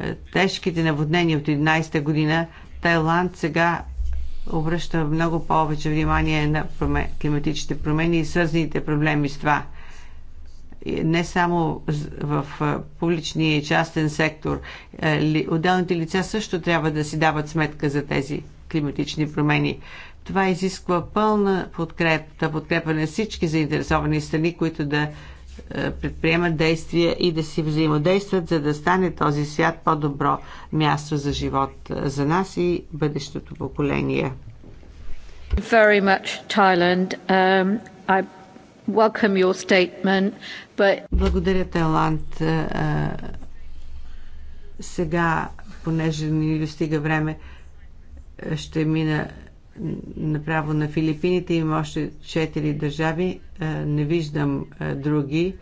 [SPEAKER 2] е, тежките наводнения от 11-та година, Тайланд сега обръща много повече внимание на климатичните промени и свързаните проблеми с това. Не само в е, публичния и частен сектор. Е, отделните лица също трябва да си дават сметка за тези климатични промени. Това изисква пълна подкрепа на всички заинтересовани страни, които да е, предприемат действия и да си взаимодействат, за да стане този свят по-добро място за живот е, за нас и бъдещото поколение.
[SPEAKER 1] Very much,
[SPEAKER 2] Thailand. Um, I welcome your statement, but... Благодаря, Тайланд. Е, сега, понеже ни достига време, ще мина направо на Филипините, има още 4 държави, не виждам други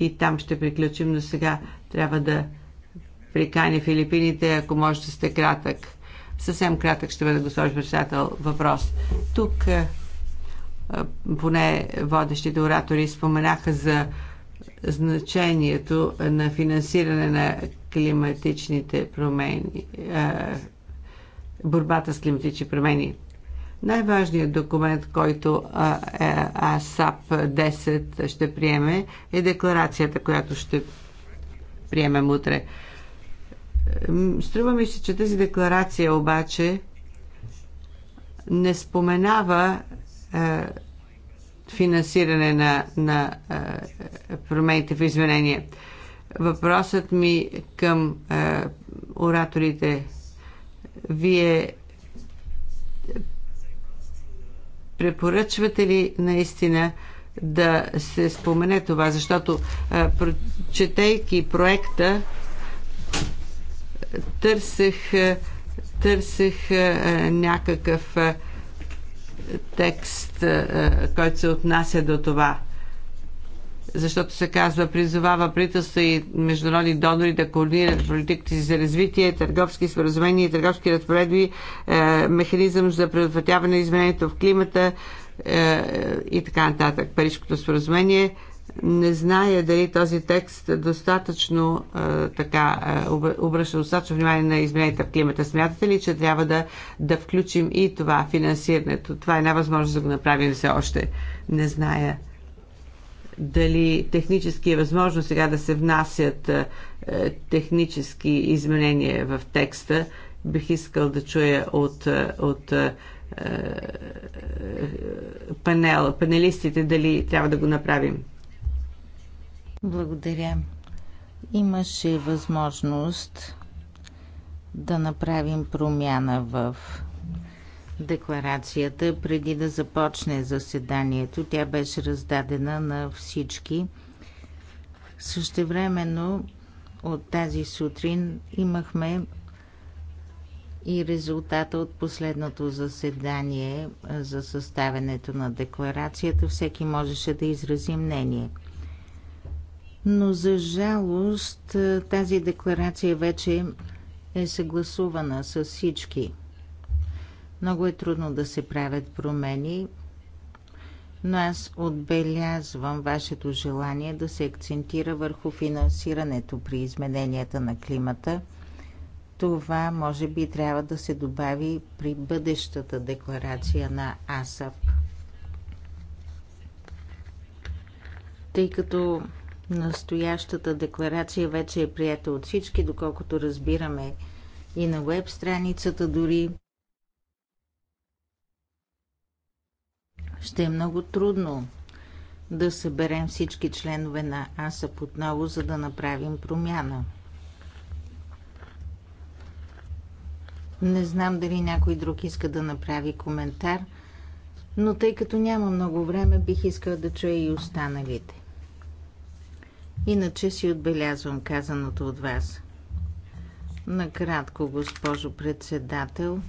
[SPEAKER 2] и там ще приключим, но сега трябва да прикани Филипините, ако можете да сте кратък. Съвсем кратък ще бъде, госпожа председател, въпрос. Тук поне водещите оратори споменаха за значението на финансиране на климатичните промени, борбата с климатични промени. Най-важният документ, който АСАП е, 10 ще приеме, е декларацията, която ще приемем утре. Струва ми се, че тази декларация обаче не споменава е, финансиране на, на е, промените в изменение. Въпросът ми към ораторите. Вие препоръчвате ли наистина да се спомене това, защото четейки проекта търсех, търсех някакъв текст, който се отнася до това защото се казва призовава правителства и международни донори да координират политиките си за развитие, търговски споразумения и търговски разпоредби, е, механизъм за предотвратяване на изменението в климата е, и така нататък. Парижското споразумение не зная дали този текст достатъчно е, така е, обръща достатъчно внимание на измененията в климата. Смятате ли, че трябва да, да включим и това финансирането? Това е една възможност да го направим все още. Не зная дали технически е възможно сега да се внасят е, технически изменения в текста. Бих искал да чуя от, е, от е, панел, панелистите дали трябва да го направим.
[SPEAKER 1] Благодаря. Имаше възможност да направим промяна в декларацията преди да започне заседанието. Тя беше раздадена на всички. Същевременно от тази сутрин имахме и резултата от последното заседание за съставянето на декларацията. Всеки можеше да изрази мнение. Но за жалост тази декларация вече е съгласувана с всички. Много е трудно да се правят промени, но аз отбелязвам вашето желание да се акцентира върху финансирането при измененията на климата. Това може би трябва да се добави при бъдещата декларация на АСАП. Тъй като настоящата декларация вече е прията от всички, доколкото разбираме и на веб страницата дори ще е много трудно да съберем всички членове на АСАП отново, за да направим промяна. Не знам дали някой друг иска да направи коментар, но тъй като няма много време, бих искал да чуя и останалите. Иначе си отбелязвам казаното от вас. Накратко, госпожо председател,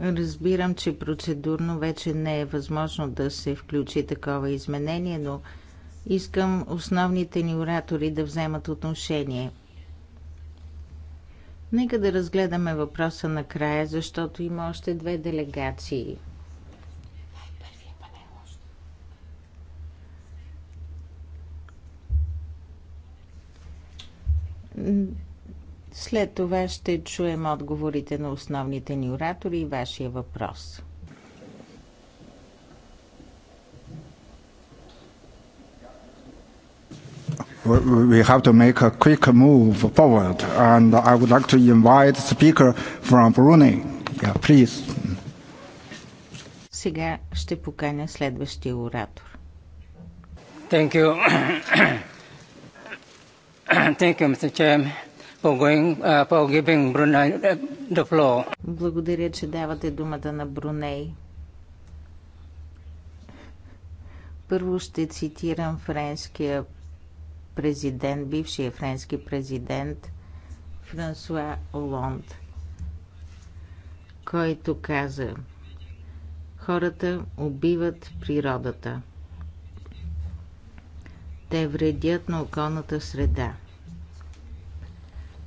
[SPEAKER 1] Разбирам, че процедурно вече не е възможно да се включи такова изменение, но искам основните ни оратори да вземат отношение. Нека да разгледаме въпроса накрая, защото има още две делегации. След това ще чуем отговорите на основните ни оратори и вашия въпрос.
[SPEAKER 3] we have to make a quick move forward. And I would like to invite speaker from Brunei. Yeah, please.
[SPEAKER 1] Сега ще поканя следващия оратор. Thank you. Thank you, Mr. Chairman. Uh, uh, Благодаря, че давате думата на Бруней. Първо ще цитирам френския президент, бившия френски президент Франсуа Олонд, който каза Хората убиват природата. Те вредят на околната среда.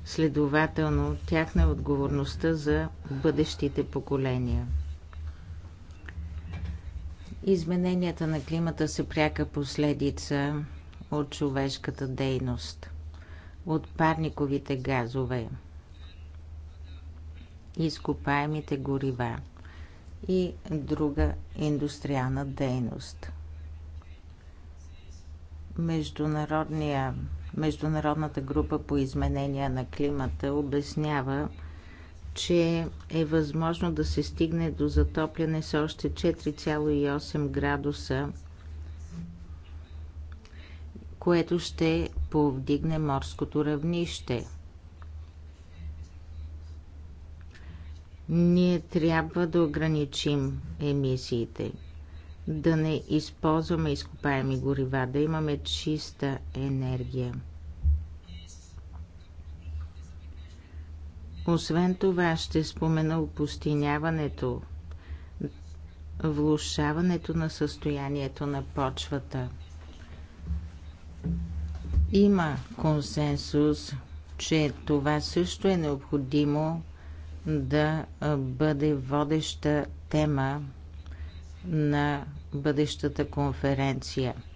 [SPEAKER 1] Следователно, тяхна е отговорността за бъдещите поколения. Измененията на климата са пряка последица от човешката дейност, от парниковите газове, изкопаемите горива и друга индустриална дейност. Международния Международната група по изменения на климата обяснява, че е възможно да се стигне до затопляне с още 4,8 градуса, което ще повдигне морското равнище. Ние трябва да ограничим емисиите, да не използваме изкопаеми горива, да имаме чиста енергия – Освен това ще спомена опустиняването, влушаването на състоянието на почвата. Има консенсус, че това също е необходимо да бъде водеща тема на бъдещата конференция –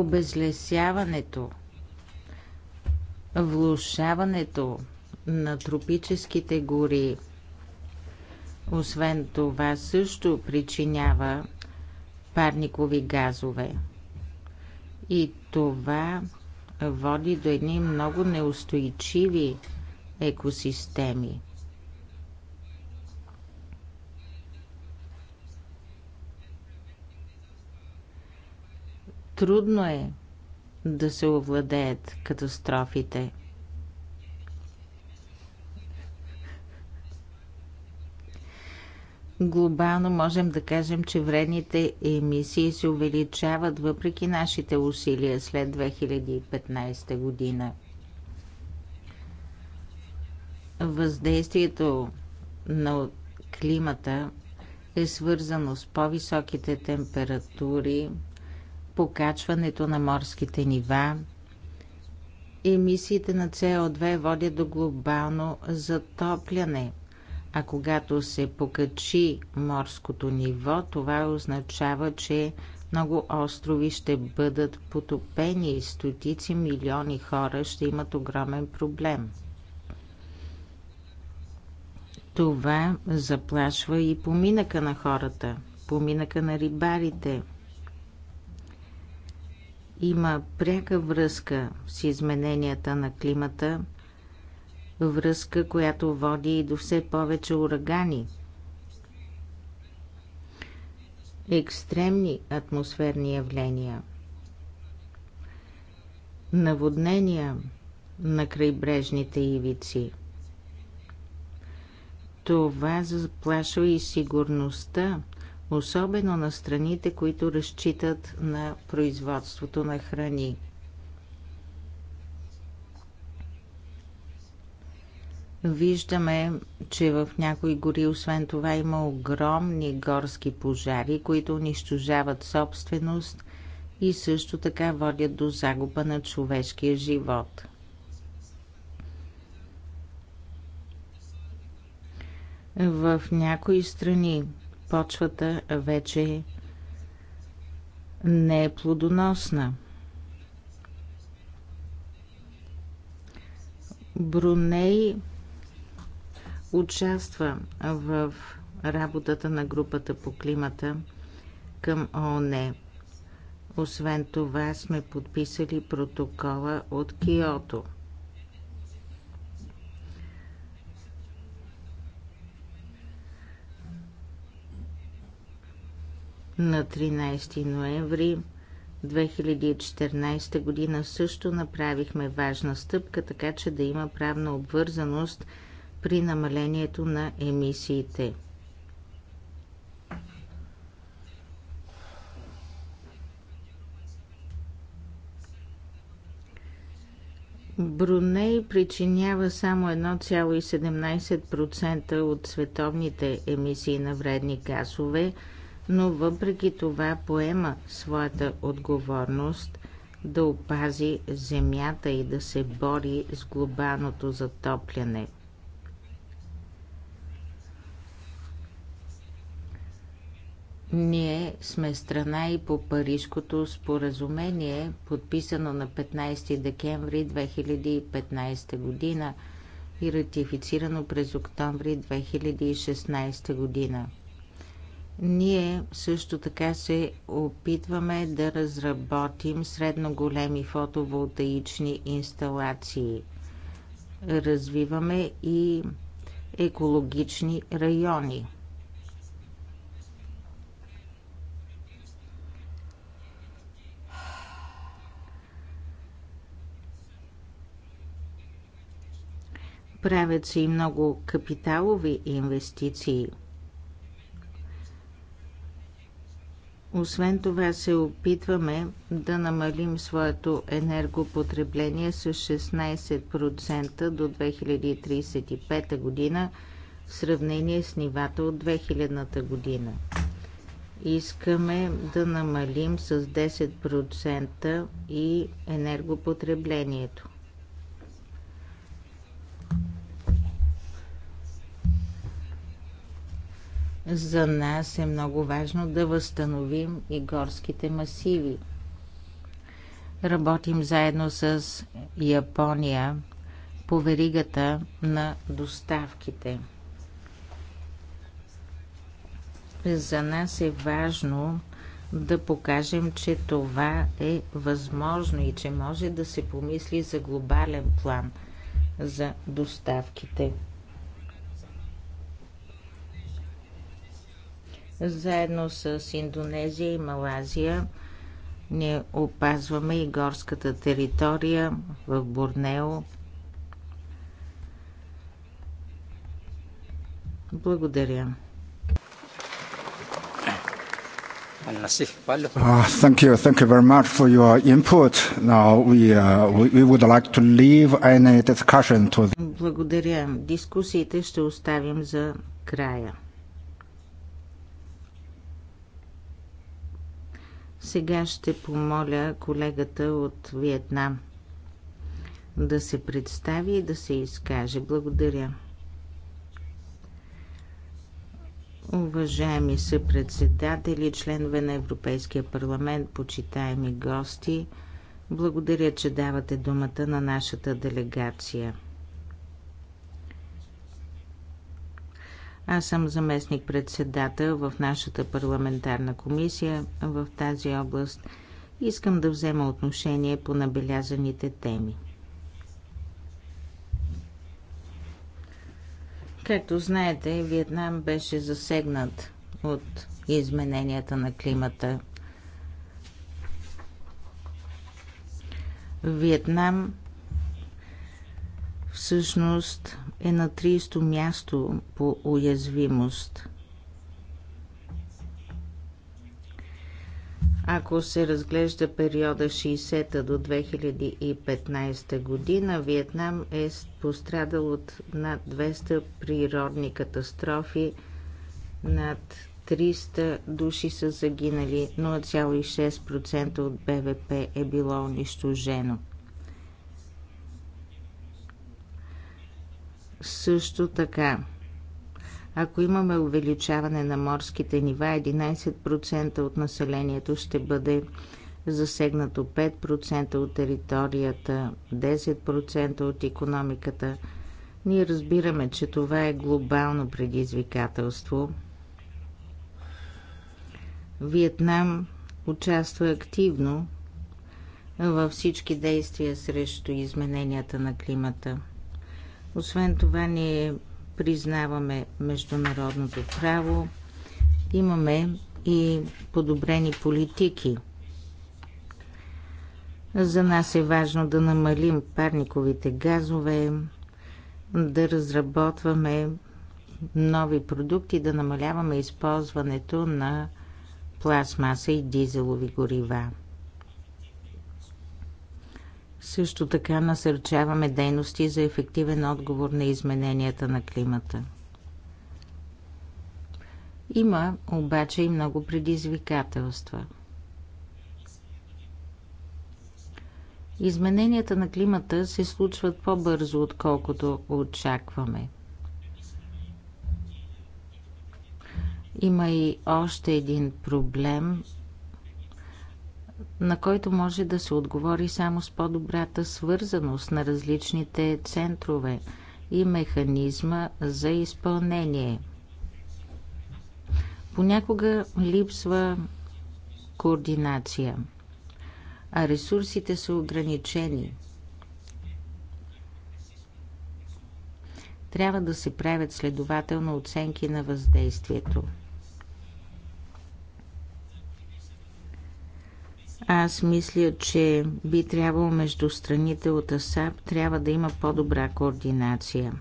[SPEAKER 1] обезлесяването, влушаването на тропическите гори. Освен това също причинява парникови газове. И това води до едни много неустойчиви екосистеми. Трудно е да се овладеят катастрофите. Глобално можем да кажем, че вредните емисии се увеличават въпреки нашите усилия след 2015 година. Въздействието на климата е свързано с по-високите температури, покачването на морските нива. Емисиите на CO2 водят до глобално затопляне. А когато се покачи морското ниво, това означава, че много острови ще бъдат потопени и стотици милиони хора ще имат огромен проблем. Това заплашва и поминъка на хората, поминъка на рибарите – има пряка връзка с измененията на климата, връзка, която води и до все повече урагани, екстремни атмосферни явления, наводнения на крайбрежните ивици. Това заплашва и сигурността особено на страните, които разчитат на производството на храни. Виждаме, че в някои гори освен това има огромни горски пожари, които унищожават собственост и също така водят до загуба на човешкия живот. В някои страни почвата вече не е плодоносна. Бруней участва в работата на групата по климата към ООН. Освен това сме подписали протокола от Киото – на 13 ноември 2014 година също направихме важна стъпка, така че да има правна обвързаност при намалението на емисиите. Бруней причинява само 1,17% от световните емисии на вредни газове – но въпреки това поема своята отговорност да опази земята и да се бори с глобалното затопляне. Ние сме страна и по Парижкото споразумение, подписано на 15 декември 2015 година и ратифицирано през октомври 2016 година. Ние също така се опитваме да разработим средно големи фотоволтаични инсталации. Развиваме и екологични райони. Правят се и много капиталови инвестиции – Освен това се опитваме да намалим своето енергопотребление с 16% до 2035 година в сравнение с нивата от 2000 година. Искаме да намалим с 10% и енергопотреблението. За нас е много важно да възстановим и горските масиви. Работим заедно с Япония по веригата на доставките. За нас е важно да покажем, че това е възможно и че може да се помисли за глобален план за доставките. Заедно с Индонезия и Малазия ние опазваме и горската територия в Борнео. Благодаря.
[SPEAKER 3] Uh, thank you. Thank you very much for your input. Now we, uh, we, we would like to leave any discussion
[SPEAKER 1] to. Благодаря. Дискусиите ще оставим за края. Сега ще помоля колегата от Виетнам да се представи и да се изкаже. Благодаря. Уважаеми съпредседатели, членове на Европейския парламент, почитаеми гости, благодаря, че давате думата на нашата делегация – Аз съм заместник-председател в нашата парламентарна комисия в тази област. Искам да взема отношение по набелязаните теми. Както знаете, Виетнам беше засегнат от измененията на климата. Виетнам всъщност е на 30-то място по уязвимост. Ако се разглежда периода 60-та до 2015 година, Виетнам е пострадал от над 200 природни катастрофи, над 300 души са загинали, 0,6% от БВП е било унищожено. Също така, ако имаме увеличаване на морските нива, 11% от населението ще бъде засегнато 5% от територията, 10% от економиката. Ние разбираме, че това е глобално предизвикателство. Виетнам участва активно във всички действия срещу измененията на климата. Освен това, ние признаваме международното право, имаме и подобрени политики. За нас е важно да намалим парниковите газове, да разработваме нови продукти, да намаляваме използването на пластмаса и дизелови горива. Също така насърчаваме дейности за ефективен отговор на измененията на климата. Има обаче и много предизвикателства. Измененията на климата се случват по-бързо, отколкото очакваме. Има и още един проблем на който може да се отговори само с по-добрата свързаност на различните центрове и механизма за изпълнение. Понякога липсва координация, а ресурсите са ограничени. Трябва да се правят следователно оценки на въздействието – Аз мисля, че би трябвало между страните от АСАП трябва да има по-добра координация,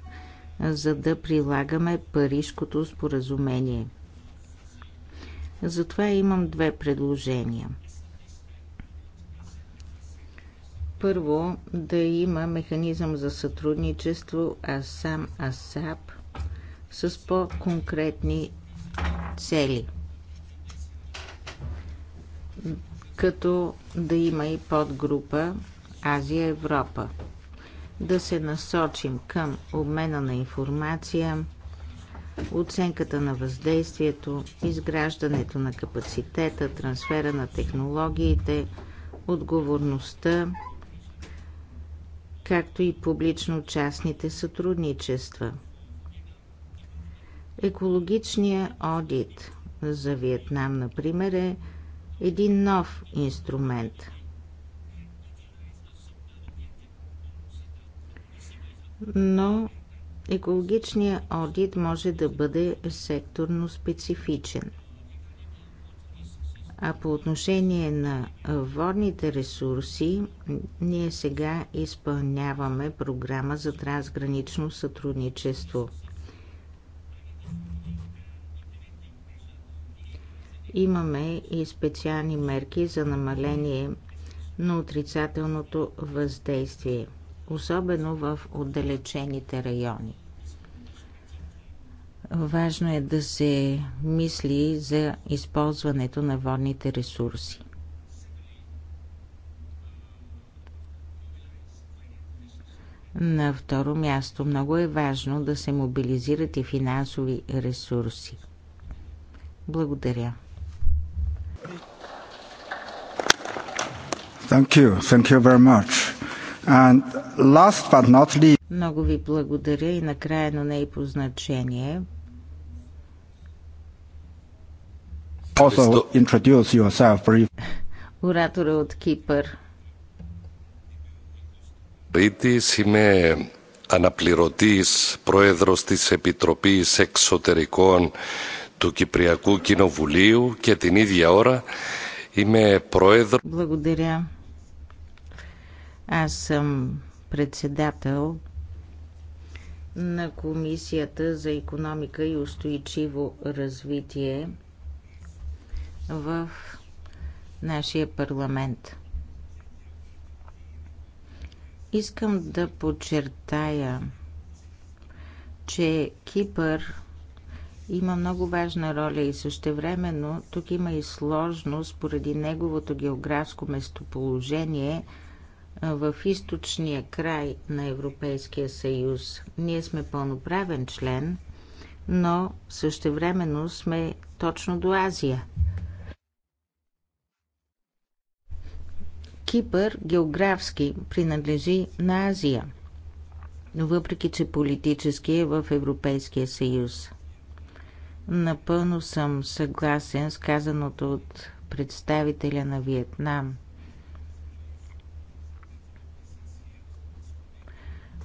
[SPEAKER 1] за да прилагаме Парижкото споразумение. Затова имам две предложения. Първо, да има механизъм за сътрудничество АСАМ АСАП с по-конкретни цели – като да има и подгрупа Азия-Европа. Да се насочим към обмена на информация, оценката на въздействието, изграждането на капацитета, трансфера на технологиите, отговорността, както и публично-частните сътрудничества. Екологичният одит за Виетнам, например, е един нов инструмент. Но екологичният одит може да бъде секторно специфичен. А по отношение на водните ресурси, ние сега изпълняваме програма за трансгранично сътрудничество – Имаме и специални мерки за намаление на отрицателното въздействие, особено в отдалечените райони. Важно е да се мисли за използването на водните ресурси. На второ място много е важно да се мобилизират и финансови ресурси. Благодаря.
[SPEAKER 3] Thank you. Thank you very much. And last but not least...
[SPEAKER 1] Много ви благодаря и накрая, но не и по значение.
[SPEAKER 5] Also introduce yourself briefly.
[SPEAKER 1] Оратора от Кипър.
[SPEAKER 5] Ρήτης, είμαι αναπληρωτής πρόεδρος της Επιτροπής Εξωτερικών του Κυπριακού Κοινοβουλίου και την ίδια ώρα είμαι πρόεδρο. Благодаря.
[SPEAKER 1] Аз съм председател на Комисията за економика и устойчиво развитие в нашия парламент. Искам да подчертая, че Кипър има много важна роля и същевременно тук има и сложност поради неговото географско местоположение в източния край на Европейския съюз. Ние сме пълноправен член, но същевременно сме точно до Азия. Кипър географски принадлежи на Азия, въпреки че политически е в Европейския съюз. Напълно съм съгласен с казаното от представителя на Виетнам.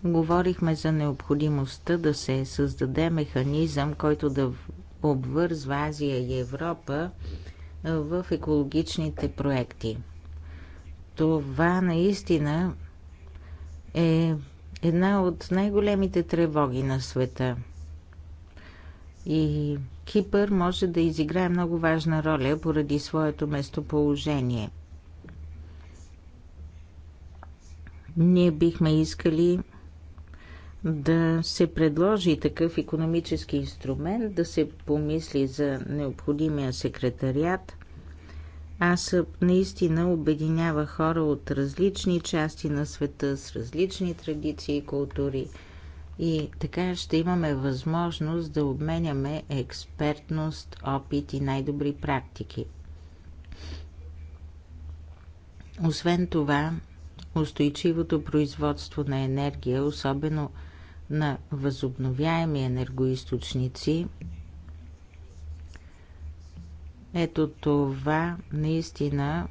[SPEAKER 1] Говорихме за необходимостта да се създаде механизъм, който да обвързва Азия и Европа в екологичните проекти. Това наистина е една от най-големите тревоги на света. И Кипър може да изиграе много важна роля поради своето местоположение. Ние бихме искали да се предложи такъв економически инструмент, да се помисли за необходимия секретариат. Аз наистина обединява хора от различни части на света, с различни традиции и култури – и така ще имаме възможност да обменяме експертност, опит и най-добри практики. Освен това, устойчивото производство на енергия, особено на възобновяеми енергоисточници, ето това наистина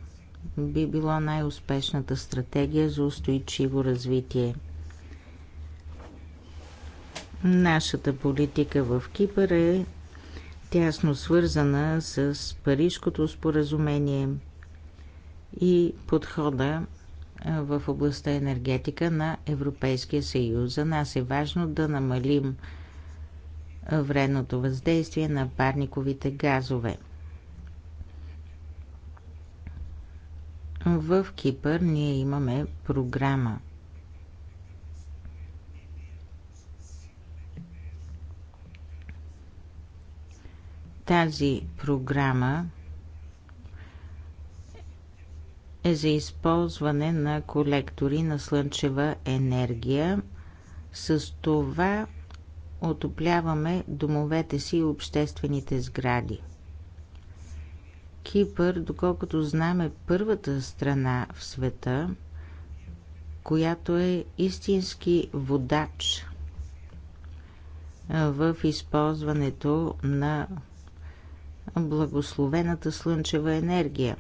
[SPEAKER 1] би било най-успешната стратегия за устойчиво развитие – Нашата политика в Кипър е тясно свързана с Парижкото споразумение и подхода в областта енергетика на Европейския съюз. За нас е важно да намалим вредното въздействие на парниковите газове. В Кипър ние имаме програма – Тази програма е за използване на колектори на слънчева енергия. С това отопляваме домовете си и обществените сгради. Кипър, доколкото знам, е първата страна в света, която е истински водач в използването на благословената слънчева енергия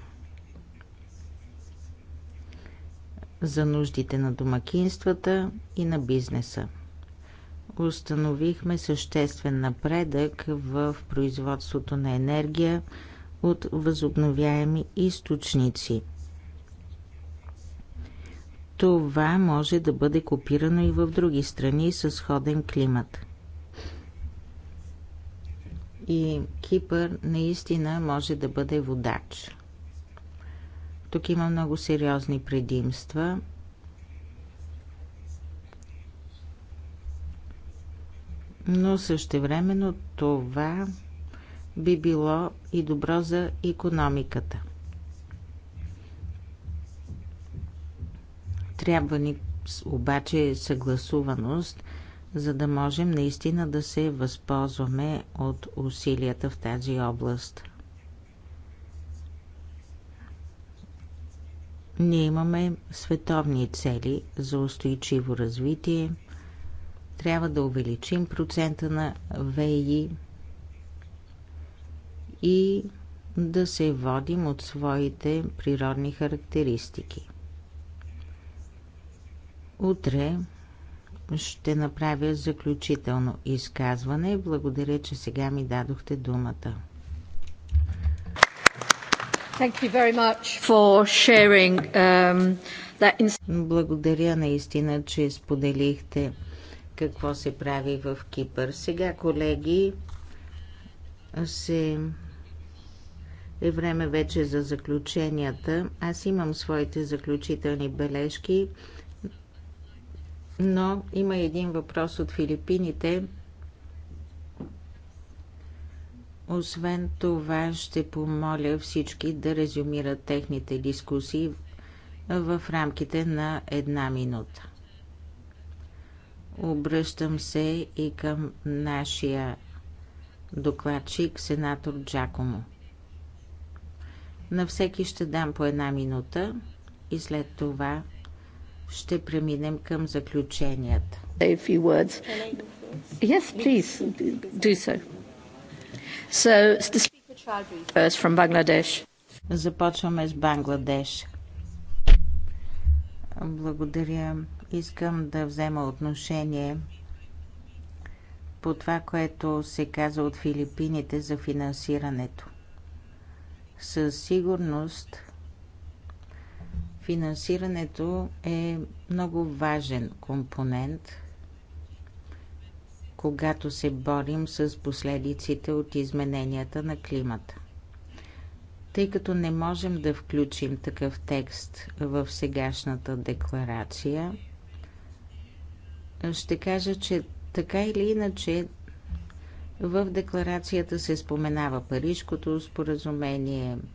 [SPEAKER 1] за нуждите на домакинствата и на бизнеса. Установихме съществен напредък в производството на енергия от възобновяеми източници. Това може да бъде копирано и в други страни с сходен климат – и Кипър наистина може да бъде водач. Тук има много сериозни предимства. Но същевременно това би било и добро за економиката. Трябва ни обаче съгласуваност за да можем наистина да се възползваме от усилията в тази област. Ние имаме световни цели за устойчиво развитие. Трябва да увеличим процента на ВИ и да се водим от своите природни характеристики. Утре ще направя заключително изказване. Благодаря, че сега ми дадохте думата. Sharing, um, that... Благодаря наистина, че споделихте какво се прави в Кипър. Сега, колеги, се е време вече за заключенията. Аз имам своите заключителни бележки. Но има един въпрос от Филипините. Освен това, ще помоля всички да резюмират техните дискусии в рамките на една минута. Обръщам се и към нашия докладчик, сенатор Джакомо. На всеки ще дам по една минута и след това ще преминем към заключенията. Yes, please do so. So, the speaker first from Bangladesh. Започваме с Бангладеш. Благодаря. Искам да взема отношение по това, което се каза от Филипините за финансирането. Със сигурност Финансирането е много важен компонент, когато се борим с последиците от измененията на климата. Тъй като не можем да включим такъв текст в сегашната декларация, ще кажа, че така или иначе в декларацията се споменава Парижкото споразумение –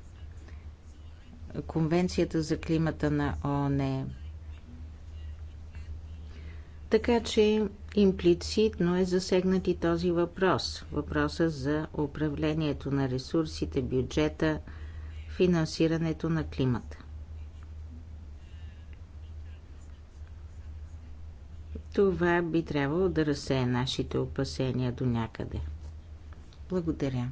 [SPEAKER 1] Конвенцията за климата на ООН. Така че имплицитно е засегнат и този въпрос. Въпроса за управлението на ресурсите, бюджета, финансирането на климата. Това би трябвало да разсее нашите опасения до някъде. Благодаря.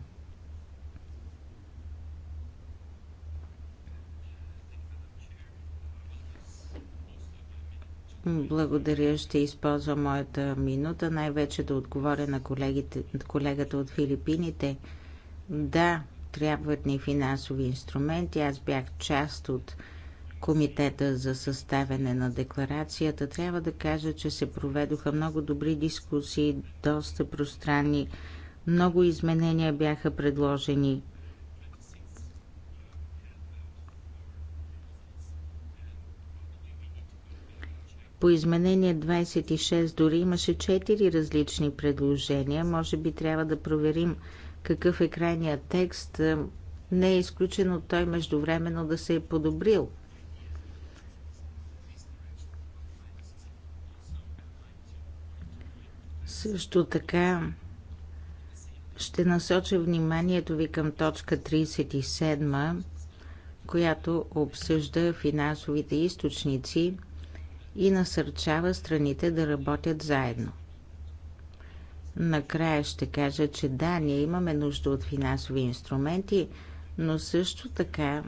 [SPEAKER 1] Благодаря. Ще използвам моята минута, най-вече да отговоря на колегите, колегата от Филипините. Да, трябват ни финансови инструменти. Аз бях част от Комитета за съставяне на декларацията. Трябва да кажа, че се проведоха много добри дискусии, доста пространни. Много изменения бяха предложени По изменение 26 дори имаше 4 различни предложения. Може би трябва да проверим какъв е крайният текст. Не е изключено той междувременно да се е подобрил. Също така ще насоча вниманието ви към точка 37, която обсъжда финансовите източници – и насърчава страните да работят заедно. Накрая ще кажа, че да, ние имаме нужда от финансови инструменти, но също така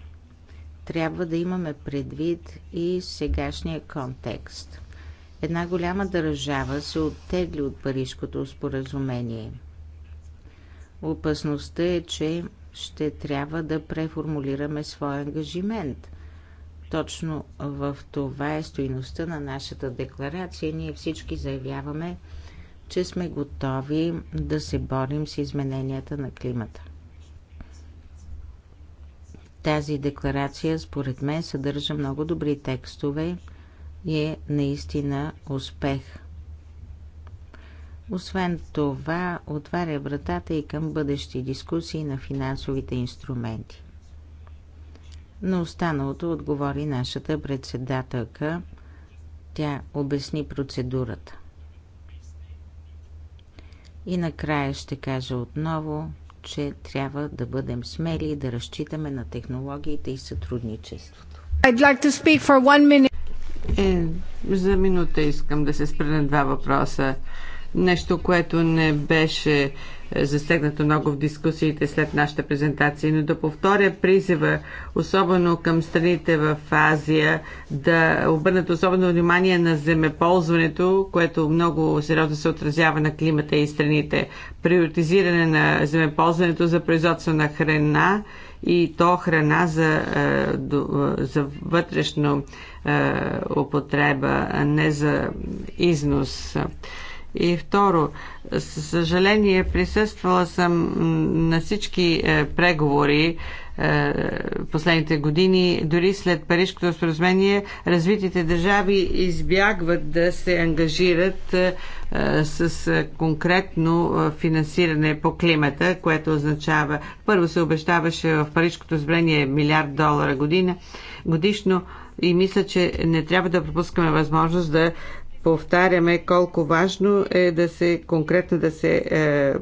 [SPEAKER 1] трябва да имаме предвид и сегашния контекст. Една голяма държава се оттегли от Парижкото споразумение. Опасността е, че ще трябва да преформулираме своя ангажимент. Точно в това е стоиността на нашата декларация. Ние всички заявяваме, че сме готови да се борим с измененията на климата. Тази декларация, според мен, съдържа много добри текстове и е наистина успех. Освен това, отваря вратата и към бъдещи дискусии на финансовите инструменти. На останалото отговори нашата председателка. Тя обясни процедурата. И накрая ще кажа отново, че трябва да бъдем смели и да разчитаме на технологиите и сътрудничеството.
[SPEAKER 4] I'd like to speak for one minute.
[SPEAKER 2] Е, за минута искам да се спра на два въпроса. Нещо, което не беше е, застегнато много в дискусиите след нашата презентация, но да повторя призива, особено към страните в Азия, да обърнат особено внимание на земеползването, което много сериозно се отразява на климата и страните. Приоритизиране на земеползването за производство на храна и то храна за, е, е, за вътрешно употреба, а не за износ. И второ, съжаление присъствала съм на всички е, преговори е, последните години, дори след Парижското споразумение, развитите държави избягват да се ангажират е, с конкретно финансиране по климата, което означава, първо се обещаваше в Парижското споразумение милиард долара година, годишно и мисля, че не трябва да пропускаме възможност да повтаряме колко важно е да се конкретно да се е, е,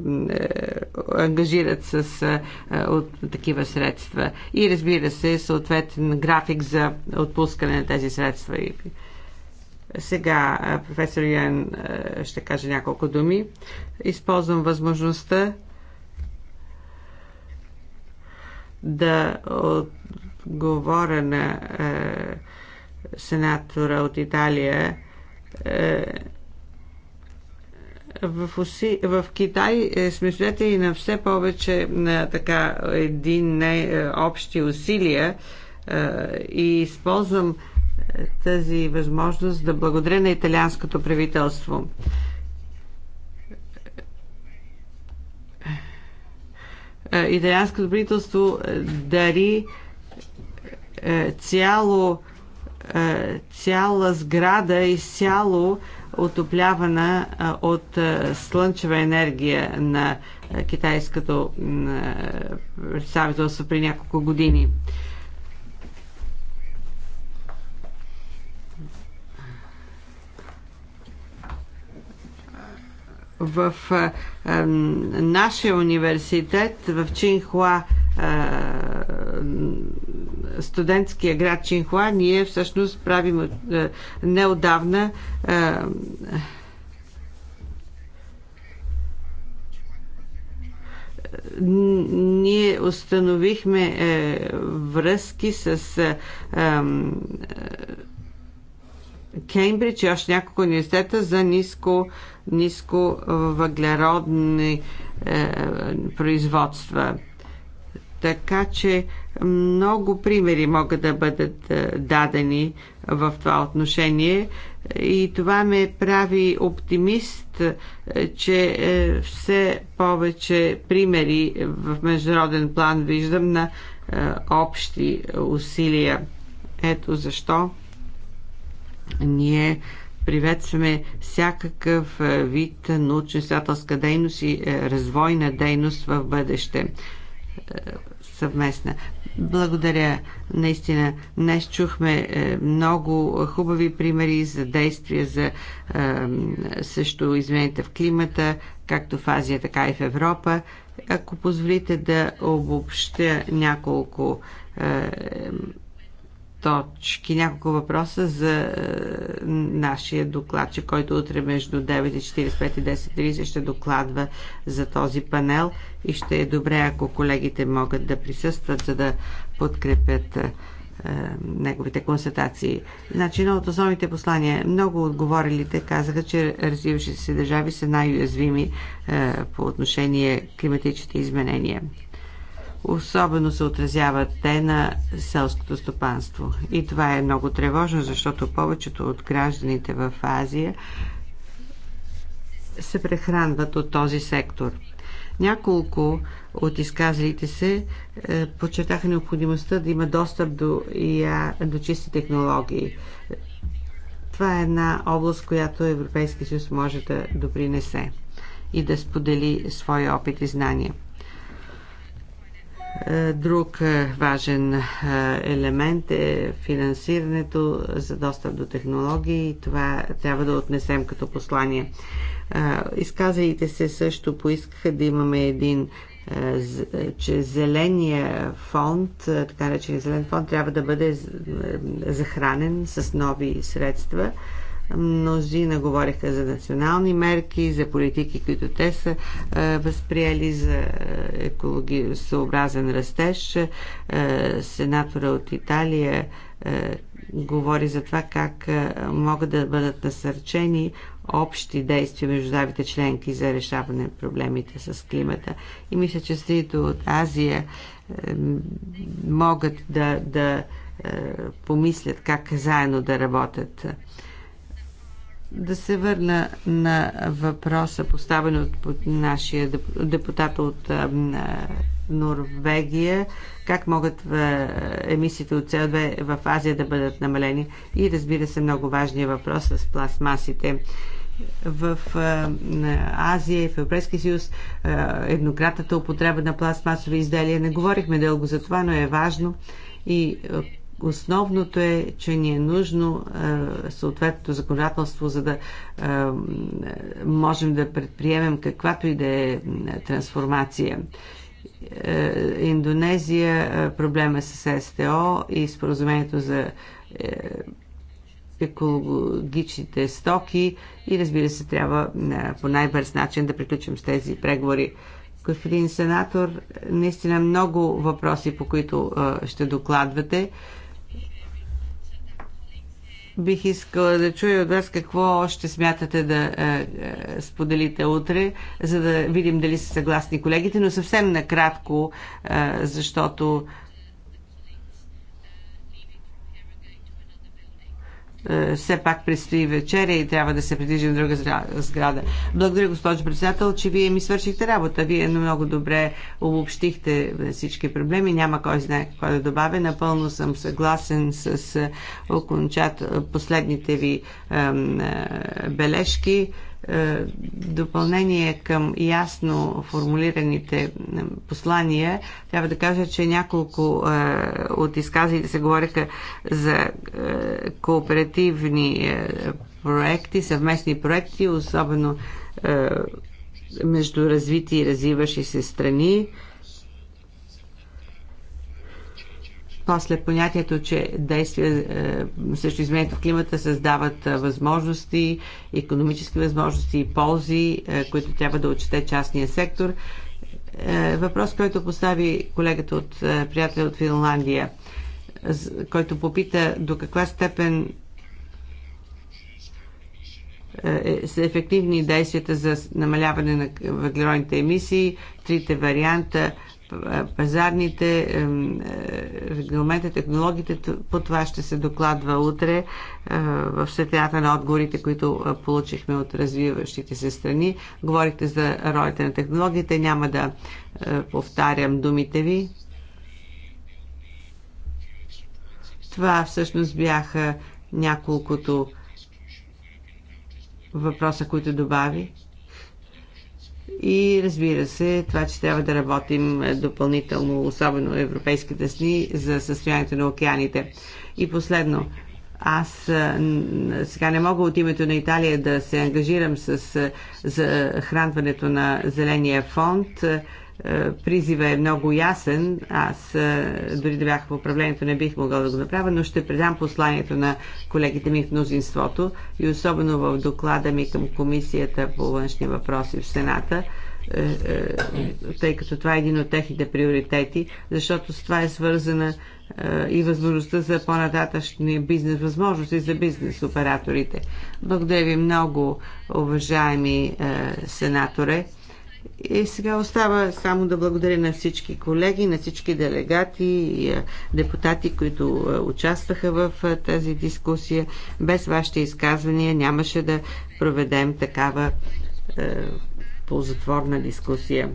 [SPEAKER 2] ангажират с е, от такива средства. И разбира се, съответен график за отпускане на тези средства. Сега е, професор Йен е, ще каже няколко думи. Използвам възможността да отговоря на е, сенатора от Италия е, в, Уси, в Китай е, сме свидетели на все повече на така един не, е, общи усилия и използвам тази възможност да благодаря на италианското правителство. Италианското правителство дари цяло е, цяла сграда изцяло отоплявана е, от е, слънчева енергия на китайското представителство при няколко години. В нашия университет в Чинхуа студентския град Чинхуа, ние всъщност правим неодавна ние установихме е, връзки с Кеймбридж и още няколко университета за ниско, ниско въглеродни е, производства. Така че много примери могат да бъдат е, дадени в това отношение и това ме прави оптимист, е, че е, все повече примери в международен план виждам на общи усилия. Ето защо ние приветстваме всякакъв вид научно-изследователска дейност и развойна дейност в бъдеще съвместна. Благодаря. Наистина, днес чухме много хубави примери за действия за също измените в климата, както в Азия, така и в Европа. Ако позволите да обобщя няколко точки, няколко въпроса за е, нашия докладчик, който утре между 9.45 и 10.30 ще докладва за този панел и ще е добре, ако колегите могат да присъстват, за да подкрепят е, е, неговите констатации. Значи, едно от основните послания. Много отговорилите казаха, че развиващите се държави са най-уязвими е, по отношение климатичните изменения. Особено се отразяват те на селското стопанство. И това е много тревожно, защото повечето от гражданите в Азия се прехранват от този сектор. Няколко от изказалите се е, подчертаха необходимостта да има достъп до, я, до чисти технологии. Това е една област, която Европейския съюз може да допринесе и да сподели своя опит и знания. Е, друг е, важен е, елемент е финансирането за достъп до технологии. Това трябва да отнесем като послание. Изказалите се също поискаха да имаме един че зеления фонд, така речен зелен фонд, трябва да бъде захранен с нови средства Мнозина говориха за национални мерки, за политики, които те са е, възприели за е, екологиосъобразен растеж. Е, сенатора от Италия говори за това как могат да бъдат насърчени общи действия между държавите членки за решаване на проблемите с климата. И мисля, че страните от Азия могат да, да помислят как заедно да работят да се върна на въпроса, поставен от нашия депутат от Норвегия, как могат емисиите от со 2 в Азия да бъдат намалени и разбира се много важния въпрос с пластмасите. В Азия и в Европейския съюз еднократната употреба на пластмасови изделия. Не говорихме дълго за това, но е важно и Основното е, че ни е нужно е, съответното законодателство, за да е, можем да предприемем каквато и да е трансформация. Е, Индонезия, проблема с СТО и споразумението за екологичните стоки и разбира се, трябва по най-бърз начин да приключим с тези преговори. Господин сенатор, наистина много въпроси, по които ще докладвате. Бих искала да чуя от вас какво още смятате да е, е, споделите утре, за да видим дали са съгласни колегите, но съвсем накратко, е, защото Е, все пак предстои вечеря и трябва да се придвижим в друга сграда. Благодаря, госпожо председател, че вие ми свършихте работа. Вие много добре обобщихте всички проблеми. Няма кой знае какво да добавя. Напълно съм съгласен с е, окончат последните ви е, бележки. Е, допълнение към ясно формулираните послания, трябва да кажа, че няколко е, от изказите се говориха за е, кооперативни проекти, съвместни проекти, особено между развити и развиващи се страни. После понятието, че действия е, срещу изменението в климата създават е, възможности, економически възможности и ползи, е, които трябва да отчете частния сектор. Е, въпрос, който постави колегата от е, приятеля от Финландия, който попита до каква степен е, са ефективни действията за намаляване на въглеродните емисии, трите варианта – пазарните е, регламенти, технологиите, по това ще се докладва утре е, в светлината на отговорите, които е, получихме от развиващите се страни. Говорихте за ролите на технологиите, няма да повтарям думите ви. Това всъщност бяха няколкото въпроса, които добави и разбира се, това, че трябва да работим допълнително, особено европейските сни, за състоянието на океаните. И последно, аз сега не мога от името на Италия да се ангажирам с захранването на Зеления фонд. Е, призива е много ясен. Аз е, дори да бях в управлението не бих могъл да го направя, но ще предам посланието на колегите ми в мнозинството и особено в доклада ми към Комисията по външни въпроси в Сената е, тъй като това е един от техните приоритети, защото с това е свързана и възможността за по нататъчния бизнес възможности за бизнес операторите. Благодаря ви много, уважаеми сенаторе. И сега остава само да благодаря на всички колеги, на всички делегати и депутати, които участваха в тази дискусия. Без вашите изказвания нямаше да проведем такава е, ползотворна дискусия.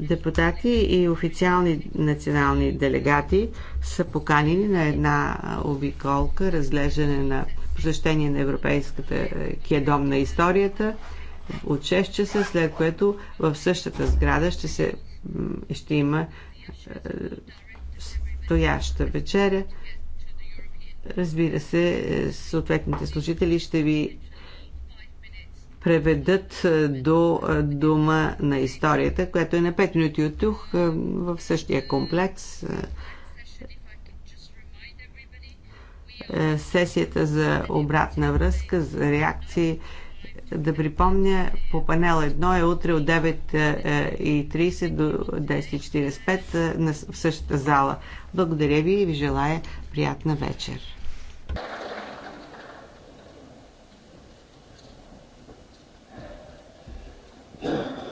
[SPEAKER 2] Депутати и официални национални делегати са поканени на една обиколка, разглеждане на посещение на Европейската кедом на историята – от 6 часа, след което в същата сграда ще, се, ще има е, стояща вечеря. Разбира се, е, съответните служители ще ви преведат е, до Дома на историята, която е на 5 минути от тук, в същия комплекс. Сесията за обратна връзка, за реакции да припомня, по панел 1 е утре от 9.30 е, е, до 10.45 е, в същата зала. Благодаря ви и ви желая приятна вечер.
[SPEAKER 5] Yeah.